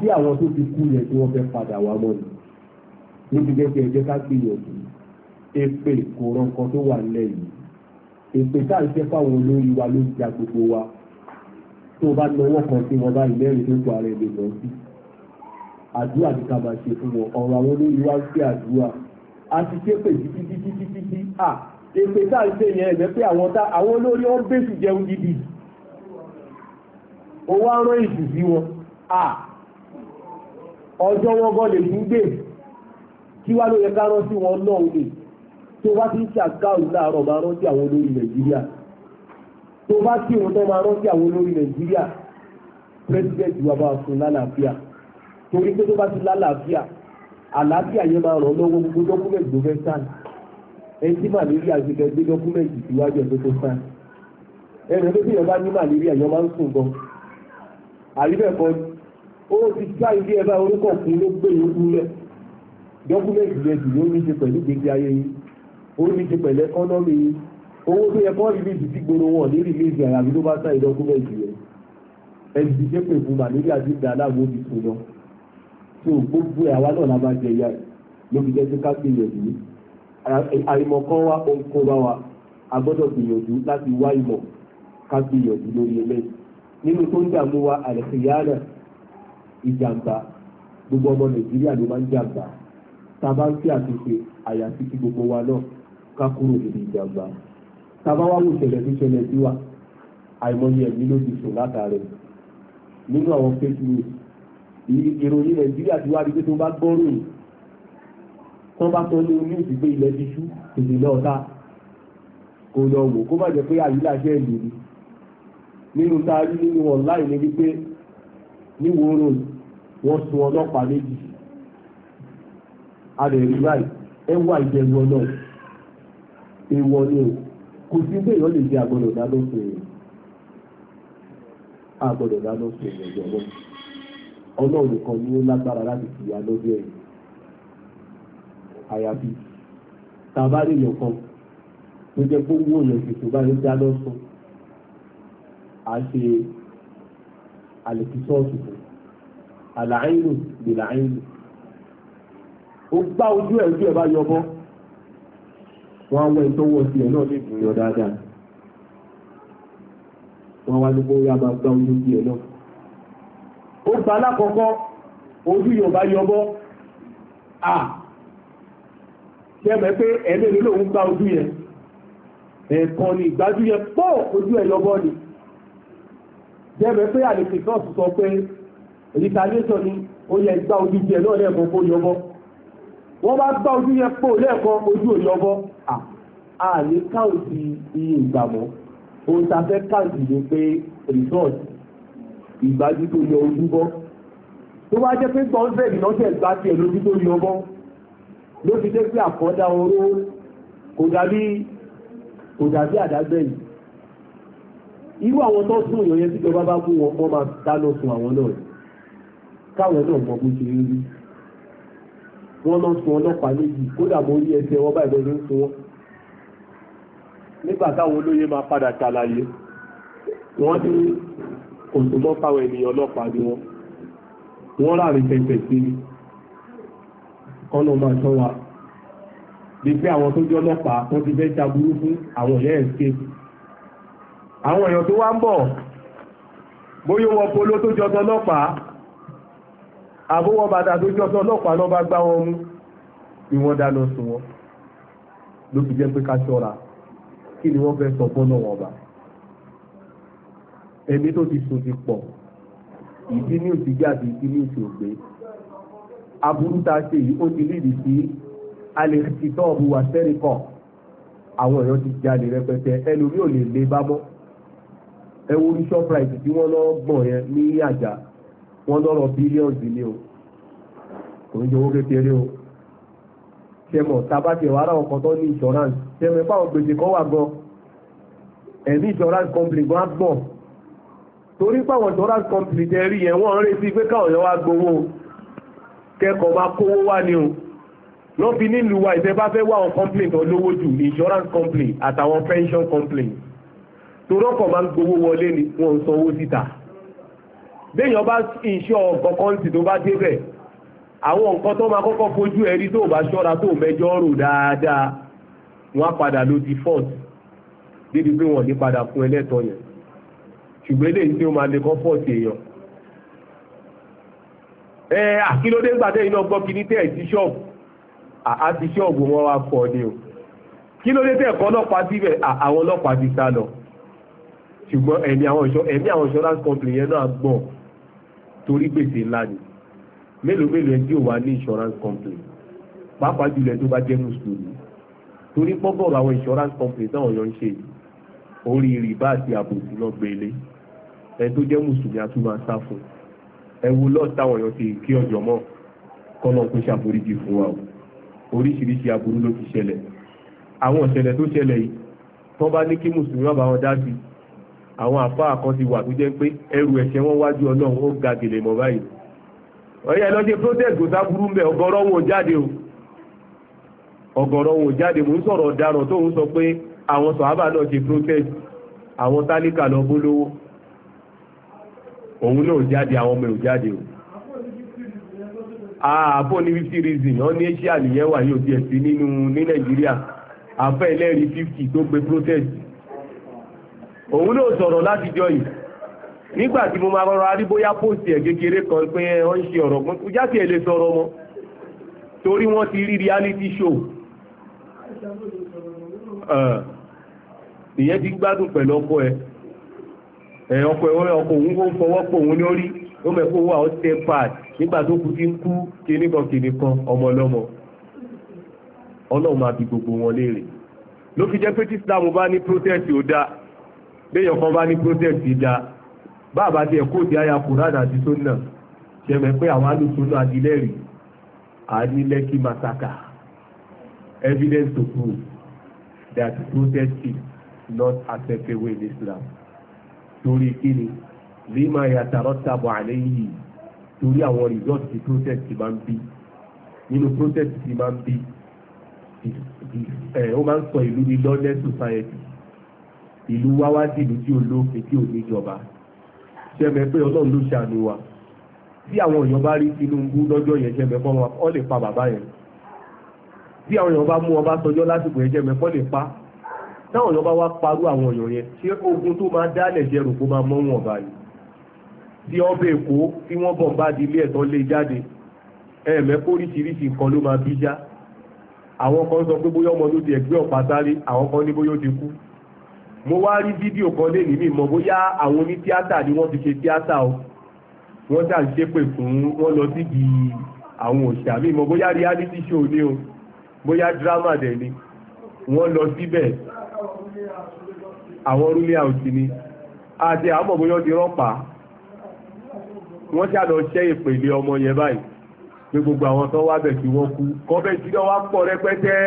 S1: tí àwọn tó ti kú yẹn tí wọ́n fẹ́ padà wá mọ́ ni níbi gẹ́gẹ́ ẹ̀jẹ̀ ká gbìyànjú Epe kò rọkan tó wà nílẹ̀ yìí èpè tá à ń ṣe fáwọn olórí wa ló ja gbogbo wa tó o bá náwó kan sí wọn báyìí mẹ́rin tó kọ ara ẹni lọ sí àdúrà ní ká máa ṣe fún wọn ọ̀rọ̀ àwọn olórí wa ń pè àdúrà a ti ṣépè títí títí títí tí à èpè tá à ń ṣe yẹn ẹ̀mẹ́ pé àwọn tá àwọn olórí wọn bẹ́sù jẹun gidi owó arán ìsù sí wọn à ọjọ́ wọn gan lè tún gbé kí wá ló yẹ ká rán sí wọn náà lè tó bá ti ń ṣàkáwù láàárọ̀ máa rántí àwọn olórí nàìjíríà tó bá kí òun tó máa rántí àwọn olórí nàìjíríà president wa bá fún lálàáfíà torí pé tó bá ti lálàáfíà àlàáfíà yẹn máa ràn lọ́wọ́ gbogbo dọ́kúmẹ̀tì ló fẹ́ sáà ẹni tí màlẹ́ríà ti fẹ́ gbé dọ́kúmẹ̀tì síwájú ẹ̀ tó tó sáà ẹni tó fi bá ní màlẹ́ríà yẹn máa ń sùn gan àríbẹ̀kọ ó ti ká ilé ẹ bá orúkọ fún ló gbé yín kú lẹ̀ dọ́kúmẹ̀tì yẹn sì ó ní ti pẹ̀lẹ́ kọ́nọ́mì owó tó yẹ kọ́ rìlíìsì sí gbòòrò wọn ní rìlíìsì àyàfi tó bá sáì dọ́kúmẹ̀ntì rẹ̀ ẹni ti ṣépè fún màlúùyà tí ń da aláàbò ti sùn lọ tí ò gbogbo àwa náà la máa jẹ ìyá ẹ̀ lóbi jẹ́ sí ká gbìyànjú àìmọ̀kan wa ó ń kó bá wa a gbọ́dọ̀ gbìyànjú láti wá ìmọ̀ ká gbìyànjú lórí eléyìí nínú tó ń dààmú wa àlẹ́kìyáàdà ìjàmbá gbogbo ọmọ nàìjíríà ló máa ń jàmbá tá a bá ń fi àtúnṣe àyàfi kí gbogbo wa náà ká kúrò níbi ìjàmbá tábà wá wò ṣẹlẹ̀ tó ṣẹlẹ̀ wa àìmọye ẹ̀mí ló ti sùn látàrí nínú àwọn fake news ìròyìn nàìjíríà ti wá rí pé tó bá gbọ́ròyìn tó bá sọ ní orí ìdìgbé ilẹ̀ ti ṣú tèmi náà ta kò lọ wò kó má jẹ́ pé àyílà ṣe ìlú ni nínú táàrí nínú online ni wípé níwòrò wọ́n sun ọlọ́pàá méjì a lè rí báyìí ẹ wà ìjẹun ọlọ́run èèwọ̀ ni o kò sí pé èèyàn lè jẹ àgbọ̀dọ̀ dáná fún èèyàn àgbọ̀dọ̀ dáná fún èèyàn jọ̀wọ́ ọlọ́run nìkan ni ó lágbára láti fìyà lọ́dún ẹ̀yìn àyàfi tàbá lè yàn kan tó jẹ́ pé owó èèyàn ṣètò báyìí dáná fún a ṣe àlèkísọ́ọ̀sì fún àlàáyìn lò lè làáyìn lò ó gbá ojú ẹ̀ ojú ẹ̀ bá yọ bọ́ wọ́n wọ́n ìtọ́wọ́ sí ẹ̀ náà lè dùn yọ dáadáa wọ́n wá ní bóyá a máa gbá ojú sí ẹ̀ náà ó gba alákọ̀ọ́kọ́ ojú yorùbá yọbọ́ à jẹ́mẹ̀ pé ẹ̀mẹ́ ló lòun gbá ojú yẹn ẹ̀ẹ̀kan ni ìgbájú yẹn pọ̀ ojú ẹ̀ yọbọ́ ni jẹ́mẹ̀ pé àlèkè náà sọ pé retaliation ni ó yẹ gbá ojú sí ẹ̀ náà lẹ́ẹ̀kan kó yọbọ́ wọ́n bá gbá ojú yẹn pọ̀ lẹ́ẹ̀kan ojú ò yọbọ́ a ní káùntì iye ìgbàmọ́ ohun tá a fẹ́ káùntì ni pé resort ìgbájú tó yọ ojú bọ́ tó bá jẹ́ pé gbọ́nfẹ̀ẹ́ ìlọ́sẹ̀ gbá tiẹ̀ lójú tó yọ bọ́ ló fi jẹ́ pé àkọ́dá oró kò dàbí kò dàbí àdágbẹ́ yìí irú àwọn tó sùn yọ yẹn tíjọba bá kú wọn kọ́ máa dáná sun àwọn náà káwọn náà mọ bó ṣe rí wọn lọ sun ọlọ́pàá méjì kódà mo rí ẹsẹ̀ wọn báyìí lọ́dún sun wọn nígbà táwọn olóyè máa padà ṣàlàyé wọ́n ní òṣùmọ́ fáwọn ènìyàn ọlọ́pàá ni wọ́n wọ́n láàrin tẹ̀tẹ̀ sí i kọ́nà máa tọ́ wa bí pé àwọn tó jẹ́ ọlọ́pàá wọ́n ti fẹ́ ṣàbúrú fún àwọn ìyá ẹ̀ṣẹ́ àwọn èèyàn tó wá ń bọ̀ bóyá wọn polo tó jọ tọlọ́pàá àbúwọ̀ bàtà tó jọ tọlọ́pàá lọ́ bá gbá wọn mú ìwọ̀n dáná sùn wọn ló fi jẹ́ pé ká ṣọ́ra kí ni wọ́n fẹ́ sọ fọ́nà wọn bá ẹni tó ti so ti pọ̀ ìdí ní òsì jáde ìdí ní òsì ògbé aburú ta ṣe yìí ó ti lídìí sí alẹ́ ìtọ́ ọ̀bù wà sẹ́rí kọ̀ àwọn èèyàn ti jalè rẹpẹtẹ ẹlòmí ò lè lé bá mọ́ ẹ wo ní shoprite tí wọ́n lọ́ọ́ gbọ̀n yẹn ní àjà wọ́n lọ́rọ̀ bílíọ̀nù ní o kò ń jẹ́ owó kékeré o tẹmọ̀ tàbátẹ̀ wà ara ọkọ̀ tó ní insurance tẹmọ̀ ìpáwọn gbèsè kan wà gan ẹ̀mí insurance company gan gbọ̀ torí páwọn insurance company tẹ rí yẹn wọ́n retí pé káwọn yẹn wá gbowó kẹ́kọ̀ọ́ máa kówó wá ní o lọ́ fi nílùú wa ìfẹ́ bá fẹ́ wá àwọn complain tó jù insurance complain àtàwọn pension complain torí ọkọ̀ máa ń gbowó wọlé ni wọ́n ń sanwó síta béèyàn bá insure ọkọ̀ kan tó bá débẹ̀ àwọn nǹkan tó máa kọ́kọ́ fojú ẹ̀rí tó bá ṣọ́ra tó mẹjọ rò dáadáa wọ́n á padà lo default débi pé wọ́n lè padà fún ẹlẹ́tọ̀ yẹn ṣùgbọ́n eléyìí tí ó máa lè comfort èèyàn ẹ àkílódé gbàdẹ́ iná gbọ́ kí tẹ́ ẹ̀ sí ṣọ́ọ̀bù àti ṣọ́ọ̀bù wọn wá kọ́ ni o kí ló dé tẹ́ẹ̀kọ́ ọlọ́pàá síbẹ̀ àwọn ọlọ́pàá ti sá lọ ṣùgbọ́n ẹ̀mí àwọn insurance company yẹn náà gbọ̀n torí gbèsè ńlá ni mélòó mélòó ẹni tí ní insurance company pàápàá jùlọ tó bá jẹ́ mùsùlùmí torí pọ́gọ́rọ̀ àwọn insurance company táwọn yọ ń ṣe yìí orí rìbá àti àbòsí náà gbélé ẹ tó jẹ́ mùsùlùmí a tún máa sá fún ẹ wo lọ́ọ̀ táwọn yọ ti kí ọjọ́ mọ́ kọ́nà kó ṣàforíjì fún wa o oríṣiríṣi aburú ló ti ṣẹlẹ̀ àwọn ìṣẹ̀lẹ̀ tó ṣẹlẹ̀ yìí tó bá ní kí mùsùlùmí wà bá wọn dá sí àwọn àfáà kan ti wà tó jẹ́ pé ẹrù ẹ̀ṣẹ̀ wọn wájú ọlọ́run ó ga gèlè mọ́ báyìí ọ̀yẹ́ lọ́jẹ́ protest kò sáburú ń bẹ̀ ọgọ́rọ́ wọn jáde o ọgọ́rọ́ wọn jáde mò ń sọ̀rọ̀ ọ̀daràn tó ń sọ pé àwọn sọ̀hábà náà ṣe protest àwọn tálíkà lọ bó lówó òun náà jáde àwọn ọmọ ẹ̀ o ah, àbò ní fifty reason wọ́n ní asia nìyẹn wà yóò tiẹ̀ sí nínú ní nàìjíríà àfẹ́ ẹlẹ́rìí fifty tó gbé protest òun náà sọ̀rọ̀ látijọ́ yìí nígbà tí mo máa rọra aríbóyá pòsì ẹ̀ kékeré kan pé wọ́n ń ṣe ọ̀rọ̀ pé kò jáde ẹ̀ mọ́ torí wọ́n ti rí reality show ìyẹn ti gbádùn pẹ̀lú ọkọ ẹ̀ ẹ̀ ọkọ ẹ̀ ọkọ òun kò ń fọwọ́ pọ̀ òun lórí ó mẹ́kọ́ wà ó tẹ pàd nígbà tó kú tí ń kú kíníkan kíníkan ọmọ ọlọ́mọ ọlọ́run máa bi gbogbo wọn léèrè ló fi jẹ́ pé tí Islam bá ní protest ò dáa béèyàn kan bá ní protest ì dáa bàbá tí ẹ̀kọ́ ti àyà kùránà àti sọ́nà ṣẹ̀mẹ̀ pé àwọn alùsọ́nà adilẹ́rì ànílẹ́kí masaka evidence to prove that protest is not acceptable in Islam torí kíni lima yàtàrọ́ tàbọ̀ àlẹ́ yìí torí àwọn result ti protest máa ń bí nínú protest ti máa ń bí ó máa ń sọ ìlú ní lawless society ìlú wáwá sí ìlú tí ó lófin tí ò níjọba ṣẹ́mẹ̀ pé ọlọ́run ló ṣàánú wa tí àwọn èèyàn bá rí Tinubu lọ́jọ́ yẹn ṣẹ́mẹ̀ kọ́ wọn ọ lè pa bàbá yẹn tí àwọn èèyàn bá mú ọba sọjọ́ lásìkò yẹn ṣẹ́mẹ̀ kọ́ lè pa táwọn èèyàn bá wá parú àwọn èèyàn yẹn ṣé ogun tó máa dálẹ̀ jẹ́ rògbò máa mọ́ wọn báyìí tí ọbẹ̀ èkó tí wọ́n bọ̀ bá di ilé ẹ̀tọ́ lé jáde ẹ̀ẹ̀mẹ́ kó oríṣiríṣi nǹkan ló máa bí já àwọn kan sọ pé bóyá ọmọ ló ti ẹ̀gbẹ́ ọ̀pá sáré àwọn kan ní bóyá ó ti kú mo wá rí fídíò kan lé ní mímọ̀ bóyá àwọn oní tíátà ni wọ́n ti ṣe tíátà o wọ́n dà ń ṣépè fún wọ́n lọ síbi àwọn òṣà mímọ̀ bóyá reality show ni o bóyá drama dẹ̀ ni wọ́n lọ síbẹ̀ àwọn rúlé àwòsí ni àti àmọ̀ bóyá ti rọ́pa wọ́n ṣá lọ ṣẹ́ ìpele ọmọ yẹn báyìí pé gbogbo àwọn tó wá bẹ̀ kí wọ́n kú kọ́bẹ̀ tí wọ́n wá pọ̀ rẹpẹtẹ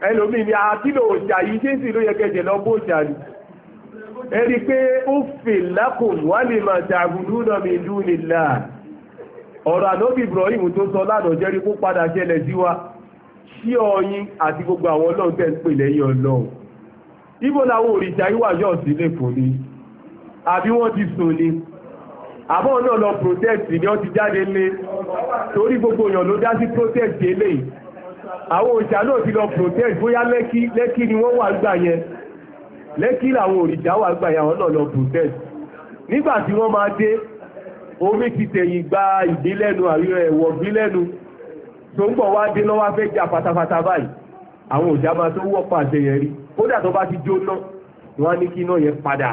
S1: ẹlòmí ni àkílò ah, òjà yìí ṣe ń sì ló yẹ kẹjẹ lọ bó òjà ni ẹni pé ó fè lákùn wà lè máa jàgùdú náà mi lú nílà ọ̀rọ̀ ànọ́bì Ibrahim tó sọ lánàá jẹ́rí kó padà ṣẹlẹ̀ sí wa sí ọyìn àti gbogbo àwọn ọlọ́run tẹ́ ń pè lẹ́yìn ọlọ́run ibo làwọn òrìṣà ìwà yọ̀ sí lẹ́kọ̀ọ́ ni àbí wọ́n ti sùn ni àbọ̀ náà lọ protest ni wọ́n ti jáde lé torí gbogbo èèyàn ló dá sí protest eléyìí àwọn òrìṣà náà ti lọ protest bóyá lẹ́kí lẹ́kí ni wọ́n wà gbà yẹn lẹ́kí làwọn òrìṣà wà gbà yẹn àwọn náà lọ protest nígbà tí wọ́n máa dé omi ti tẹ̀yìn gba ìgbélẹ́nu àríwá ẹ̀wọ̀ gbélẹ́nu tó ń bọ̀ wá dé lọ́wọ́ fẹ́ jà pátápátá báyìí àwọn òjá máa tó wọ́pọ̀ àṣẹ yẹn rí kódà tó bá ti jóná wọ́n á ní kí iná yẹn padà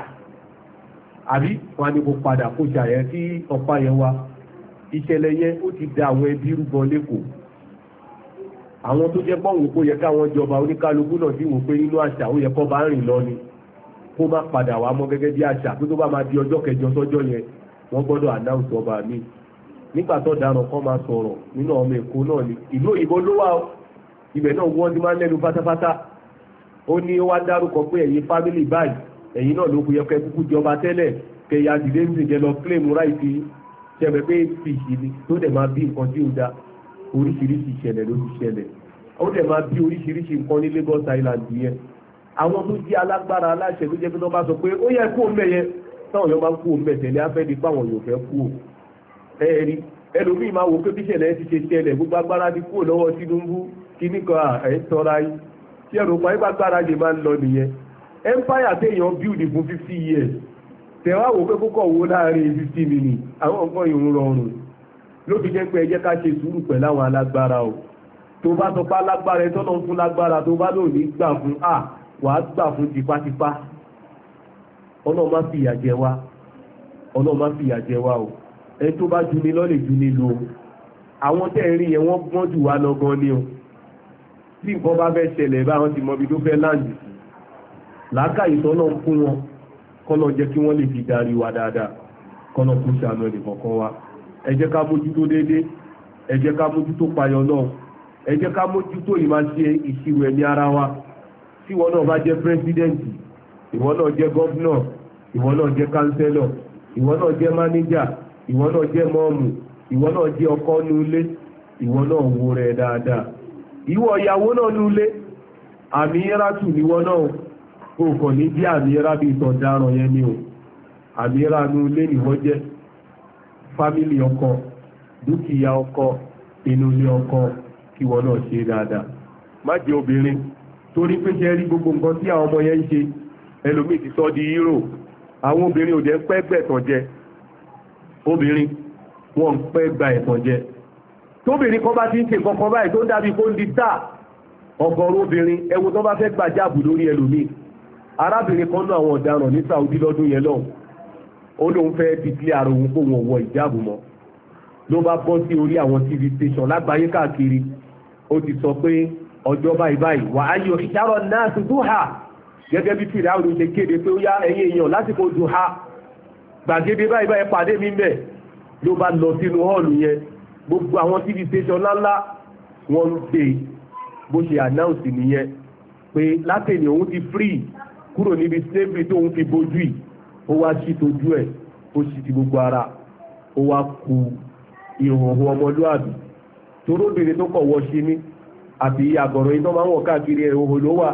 S1: àbí wọ́n á ní kó padà kó jà yẹn kí ọ̀pá yẹn wá ìṣẹ̀lẹ̀ yẹn ó ti da àwọn ẹbí rúbọ lẹ́kọ̀ọ́ àwọn tó jẹ́ bọ́ọ̀wù kó yẹ káwọn jọba oníkálukú náà sì wò pé nínú àṣà ó yẹ kó bá rìn lọ ni kó má padà wá mọ́ gẹ́gẹ́ bí àṣà pé tó bá máa di ọjọ́ kẹjọ sọ́jọ́ yẹn wọ́n gbọ́dọ̀ announce ọba mi nígbà tó daràn kọ́ máa sọ̀rọ̀ nínú ọmọ èkó náà ni ìlú òyìnbó ló wà ibẹ̀ náà wọ́n ti máa ń lẹ́nu pátápátá ó ní wá dárúkọ pé ẹ̀yin fámìlì báyìí ẹ̀yin náà oríṣiríṣi ìṣẹ̀lẹ̀ ló ti ṣẹlẹ̀ ó dẹ̀ máa bí oríṣiríṣi nǹkan ní Lagos Island yẹn àwọn tó jẹ́ alágbára aláṣẹ ló jẹ́ pé tó bá sọ pé ó yẹ kó mẹ́yẹ táwọn yóò máa kú omi ẹ̀tẹ̀lẹ́ afẹ́ di yóò fẹ́ kú ẹ̀rí ẹlòmíì máa wò pé bí ìṣẹ̀lẹ̀ ti ṣe ṣẹlẹ̀ gbogbo agbára ti kúrò lọ́wọ́ Tinubu kíní kan ẹ̀ tọ́ra yìí tí ẹ̀rọ pa ẹgbà lè máa lọ nìyẹn empire téèyàn build fún fifty years tẹ̀wá wò pé kókọ̀ wo láàrin fifty minutes àwọn nǹkan ìrùn rọrùn ló fi jẹ́ pé ẹ jẹ́ ká ṣe sùúrù pẹ̀lú àwọn alágbára o tó bá sọ pé alágbára ẹ tọ́nà ń fún lágbára tó bá lòun ní gbà fún à wàá gbà fún tipátipá ọlọ́run má fìyà jẹ wá ọlọ́run má fìyà jẹ wá o ẹ tó bá ju ni lọ́lẹ̀ ju ni lọ àwọn tẹ́ ẹ rí yẹn wọ́n gbọ́n jù wá lọ gan ni o tí nǹkan bá fẹ́ ṣẹlẹ̀ báwọn ti mọ ibi tó fẹ́ láǹdì sí làákàyè tọ́nà fún wọn kọ́nà jẹ́ kí wọ́n lè fi darí wa dáadáa kọ́nà kó ṣàánú ẹnì kọ̀ọ̀kan wa ẹ jẹ́ ká mójútó déédéé ẹ jẹ́ ká mójútó payọ̀ náà ẹ jẹ́ ká mójútó ìmá ṣe ìṣirò ẹ̀mí ara wa tí ìwọ náà bá jẹ́ pírẹ́sídẹ́ǹtì ìwọ náà jẹ́ gọ́fúnà ìwọ náà jẹ́ kánsẹ́lọ̀ ìwọ náà jẹ́ mánéjà ìwọ náà jẹ́ mọ́ọ̀mù ìwọ náà jẹ́ ọkọ nulé ìwọ náà wo rẹ̀ dáadáa ìwọ ìyàwó náà nulé àmì ìrátù níwọ náà o kò ní jẹ́ àmì ìrá bíi tọ̀daràn yẹn ni o àmì ìrá nulé nìwọ jẹ́ fámílì ọkọ dúkìá ọkọ inú ilé ọkọ kí wọn náà ṣe dáadáa má jẹ obìnrin torí pé ṣe rí gbogbo nǹkan tí àwọn ọmọ yẹn ń ṣe ẹlòmíì ti sọ di hero àwọn obìnrin ò dẹ̀ ń pẹ́ gbẹ̀tàn jẹ obìnrin wọn ń pẹ́ gba ẹ̀tàn jẹ tóbìnrin kan bá ti ń ṣe nǹkan kan báyìí tó ń dàbí kó ń di tà ọ̀gọ̀rọ̀ obìnrin ẹwo tó bá fẹ́ gbàjáàbù lórí ẹlòmíì arábìnrin kan náà àwọn ọ̀daràn ní Saudi lọ́dún yẹn lọ́hùn ó lóun fẹ́ fi clear ara òun kó wọn wọ ìjáàbù mọ́ ló bá bọ́ sí orí àwọn tv station lágbàáyé káàkiri ó ti sọ pé ọjọ́ báyìí báyìí wà á yọ ìṣàrọ̀ náà sí dúhà gẹ́gẹ́ bí fìrà òun ṣe kéde pé ó yá ẹ̀yin èèyàn lásìkò dúhà gbàgede báyìí báyìí pàdé mi ń bẹ̀ ló bá lọ sínú hall yẹn gbogbo àwọn tv station ńláńlá wọ́n ń gbé bó ṣe announce nìyẹn pé látẹ̀lé òun ti free kúrò níbi slavery tóun fi bójú yìí ó wá sí tójú e. ó sì ti gbogbo ara ó wá ku ìhòòhò ọmọlúàbí toróbìnrin tó kọ̀ wọ́ sí ní àti àgọ̀rọ̀ iná máa ń wọ̀ káàkiri ẹ̀ ló wà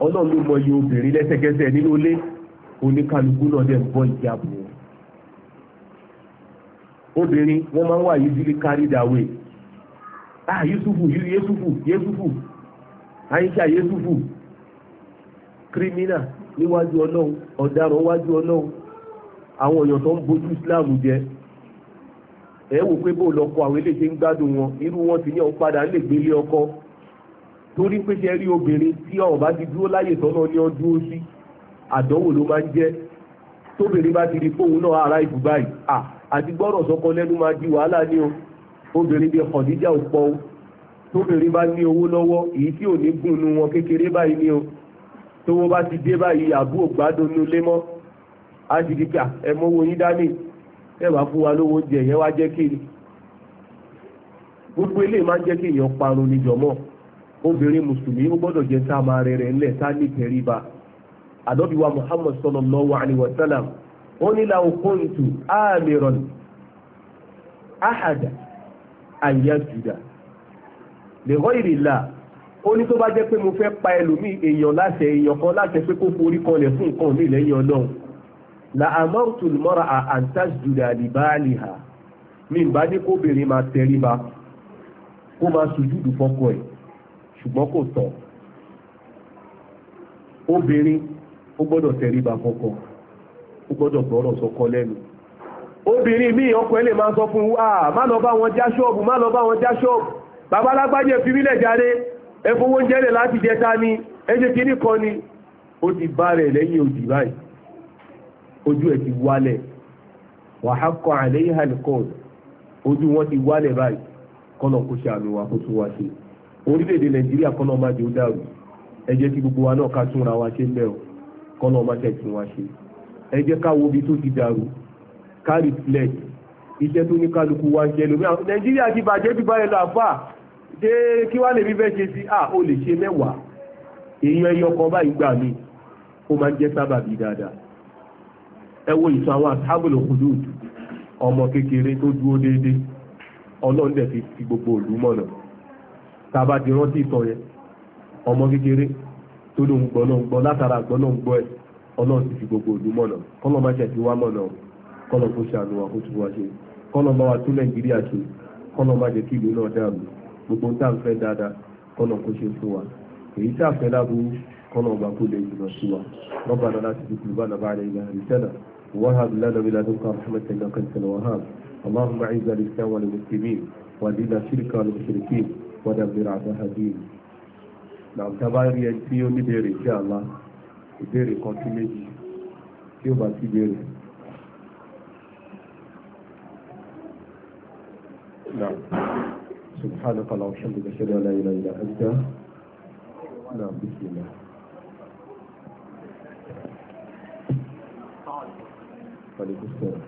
S1: ọlọ́run ló mọyì obìnrin lẹ́sẹ̀kẹsẹ̀ nínú ilé oníkálukú náà dẹ̀ ń bọ́ obìnrin wọ́n máa ń wà ah yusufu yusufu yusufu yusufu níwájú ọlọ́run ọ̀daràn wájú ọlọ́run àwọn èèyàn tó ń bojú islam jẹ ẹ wò pé bó lọkọ àwọn eléyìí ṣe ń gbádùn wọn irú wọn ti ní ọ̀hún padà ń lè gbélé ọkọ torí pé ṣe rí obìnrin tí ọ̀hún bá ti dúró láyè tọ́nà ní ọ dúró sí àdánwò ló máa ń jẹ́ tóbìnrin bá ti di fóun náà ara ìbùgbà yìí à àti gbọ́dọ̀ sọkọ lẹ́nu máa di wàhálà ní o obìnrin bíi Khadija ò pọ̀ o tóbìnrin bá ní owó lọ́wọ́ èyí tí ò ní gùn nu wọn kékeré báyìí ní o tó wọ́n bá ti dé báyìí àbú ògbádùn ní ilé mọ́ á ti di pé yín dání fún wa lówó wá jẹ́ gbogbo ilé máa ń jẹ́ kí parun ní jọ̀mọ́ obìnrin mùsùlùmí ó gbọ́dọ̀ jẹ́ tá a ńlẹ̀ muhammad ó ní ahada ó ní tó bá jẹ́ pé mo fẹ́ pa ẹlòmíì èèyàn láṣẹ èèyàn kan láṣẹ pé kó forí kanlẹ̀ fún nǹkan mi lẹ́yìn ọlọ́run la amọ́tò mọ́ra àǹtàṣùdà àdìbáàlìhà mi bá ní kóbìnrin máa tẹríba kó máa sùjúdù fọ́kọ ẹ̀ ṣùgbọ́n kò tọ́ obìnrin ó gbọ́dọ̀ tẹríba fọ́kọ ó gbọ́dọ̀ gbọ́rọ̀ sọ́kọ lẹ́nu obìnrin míì ọkọ ẹ̀ lè máa sọ fún wa ah, má lọ bá wọn já ṣọ́ọ̀bù má lọ bá wọn já ṣọ́ọ̀bù babalágbájẹ́ fi mílẹ̀ jáde ẹfowó jẹ́lẹ̀ láti jẹta ni ẹjẹ́ kìíní o ni ó ti bá rẹ̀ lẹ́yìn òdì báyìí ojú ẹ̀ ti wálẹ̀ wàhákọ̀ àlẹ́yìn halikọ́ọ̀lù ojú wọn ti wálẹ̀ báyìí kọ́nà kó ṣe àmì wa kó tún wá ṣe nàìjíríà wa wa ti ka bàjẹ́ bíbá àfáà ṣé kí wá lè bí bẹ́ẹ̀ ṣe sí à ó lè ṣe mẹ́wàá èyàn ẹyọ kan bá gbà mí ó máa ń jẹ́ sábàbí dáadáa ẹ ìtàn àwọn àtàbùlù ọmọ kékeré tó dúró déédé ọlọ́run dẹ̀ fi fi gbogbo òlú mọ̀nà ti rántí ìtàn yẹn ọmọ kékeré tó gbọ́ náà gbogbo òlú mọ̀nà kọ́lọ́ wá mọ̀nà kọ́lọ́ ṣàánú wa ṣe gbogbo tá à ń fẹ́ dáadáa kọ́nà kó ṣe fún wa èyí tá à fẹ́ láburú kọ́nà ọba kó lè jùlọ sí wa rọ́bàdàn láti fi kùlùbà nàbà rẹ̀ ìlà àrísẹ́nà wahab lana min ladunka rahmatan innaka antal wahhab اللهم اعز الاسلام والمسلمين ودنا الشرك والمشركين ودمر اعداء الدين náà tabarí ẹni tí ó níbèrè sí àlá ìbéèrè kan tí méjì tí سبحانك اللهم وبحمدك اشهد ان لا اله الا انت نعم بسم الله وعليكم السلام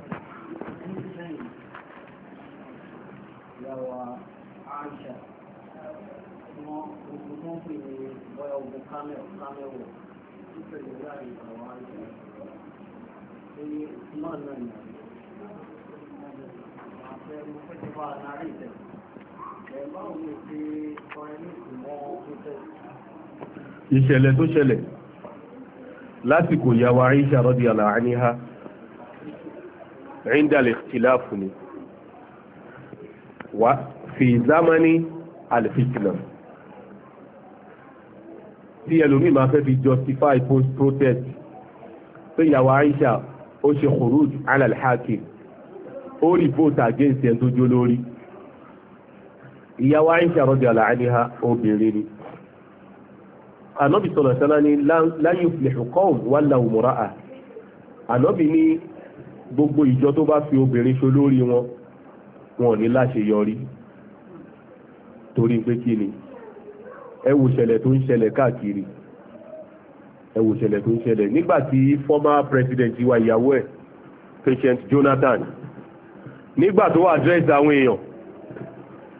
S1: Aisha, wọ́n ń pè ní bọ́ẹ̀ ogun kámẹ́rù kámẹ́rù nítorí láàrin àwọn Aisha. Ṣé náà náà ni? Àwọn afẹ́ mo fẹ́ ti bá a náà rí ìtẹ̀kùn ìṣẹ̀lẹ̀ tó ṣẹlẹ̀ lásìkò ìyàwó Aisha radiyallahu anha indal ikhtilafu ni wa fi zamani alfitna tí ẹlòmíì máa fẹ́ fi justify post protest pé ìyàwó Aisha ó ṣe khuruj ala al ó rí vote against ẹni tó jó lórí ìyàwó àìṣà radiyallahu anha obìnrin ni ànábì sọ̀rọ̀ sọ́nà ni la yuflihu qawm wallaw imra'a ànábì ní gbogbo ìjọ tó bá fi obìnrin ṣo lórí wọn wọn ò ní láṣeyọrí torí pé kí ni ẹ wo ìṣẹ̀lẹ̀ tó ń ṣẹlẹ̀ káàkiri ẹ wo tó ń ṣẹlẹ̀ nígbàtí former president wa ìyàwó ẹ̀ patient Jonathan nígbà tó wà address àwọn èèyàn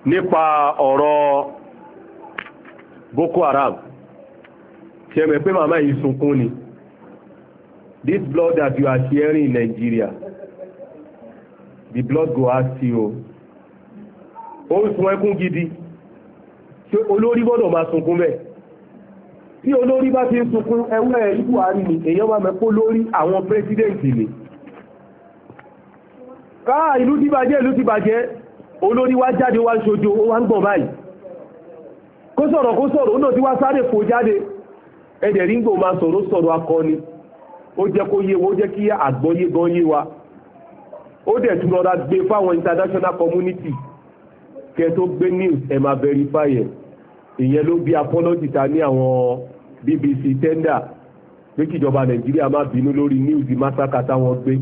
S1: nípa ọ̀rọ̀ Boko Haram tí ẹmẹ̀ pé màmá yìí sunkún ni this blood that you are sharing in Nigeria the blood go ask you ó sun ẹkún gidi ṣé olórí gbọ́dọ̀ máa sunkún bẹ́ẹ̀ tí olórí bá ti ń sunkún ẹwẹ́ ikú àárín ni èyàn wá mẹ́kó lórí àwọn pírẹsidẹ́ǹtì ni káà ìlú ti bàjẹ́ ìlú ti bàjẹ́ olórí wá jáde wá ń ṣojo ó wá ń gbọ̀n báyìí kó sọ̀rọ̀ kó sọ̀rọ̀ ó náà ti wá sáré fò jáde ẹ̀dẹ̀ rí ń gbò máa sọ̀rọ̀ sọ̀rọ̀ akọni ó jẹ́ kó yé wo jẹ́ kí àgbọ́yé gan yé wa ó dẹ̀ tún rọra gbé fáwọn international community kẹ tó gbé news ẹ̀ máa verify ẹ̀ ìyẹn ló bí apology ta ní àwọn BBC tender pé kíjọba nàìjíríà má bínú lórí news massacre táwọn gbé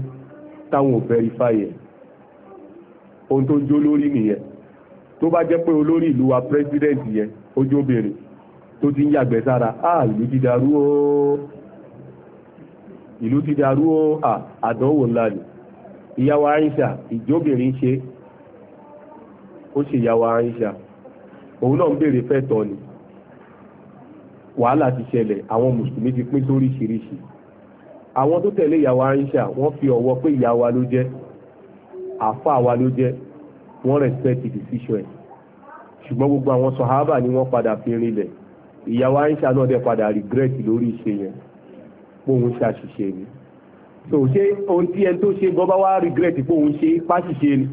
S1: táwọn verify ẹ̀ ohun tó jó lórí nìyẹn tó bá jẹ́ pé olórí ìlú wa president yẹn ó tó ti ń yàgbẹ́ sára ah ìlú ti dàrú o ìlú ti dàrú o ah àdánwò ńlá ni ìyàwó àyíṣà ìjóbìnrin ṣe ó ṣe ìyàwó àyíṣà òun náà ń béèrè fẹ́ tọ́ ni wàhálà ti ṣẹlẹ̀ àwọn mùsùlùmí ti pín sóríṣiríṣi àwọn tó tẹ̀lé ìyàwó àyíṣà wọ́n fi ọ̀wọ́ pé ìyàwó ló jẹ́ àfa àwa ló jẹ́ wọ́n respect the decision ẹ̀ ṣùgbọ́n gbogbo àwọn sọ̀hábà ni wọ́n padà fi rinlẹ̀ ìyàwó Aisha náà dẹ̀ padà regret lórí ìṣe yẹn póun ṣe àṣìṣe ni so ṣé ohun tí ẹni tó ṣe gan bá wá regret póun ṣe páṣìṣe ni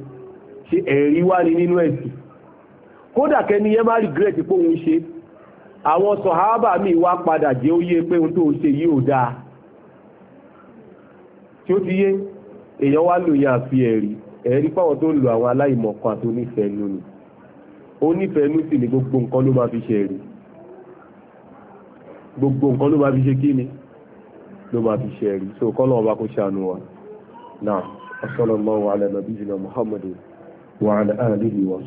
S1: ṣe ẹ̀rí wá ni nínú ẹ̀sìn kódà kẹ́ni yẹn má regret póun ṣe àwọn sọ̀hábà mi wá padà jẹ́ ó yé pé ohun tó ṣe yìí ò dáa tí ó ti yé èèyàn wá lòyìn àfi ẹ̀rí ẹ̀rí fáwọn tó ń lo àwọn aláìmọ̀kan àti onífẹ̀ẹ́nu ni onífẹ̀ẹ́nu sì ni gbogbo nǹkan ló máa fi ṣe rí gbogbo nǹkan ló máa fi ṣe kí so kọ́ lọ́wọ́ bá kó ṣàánú wa náà ala nabiyina muhammadu wa ala alihi wa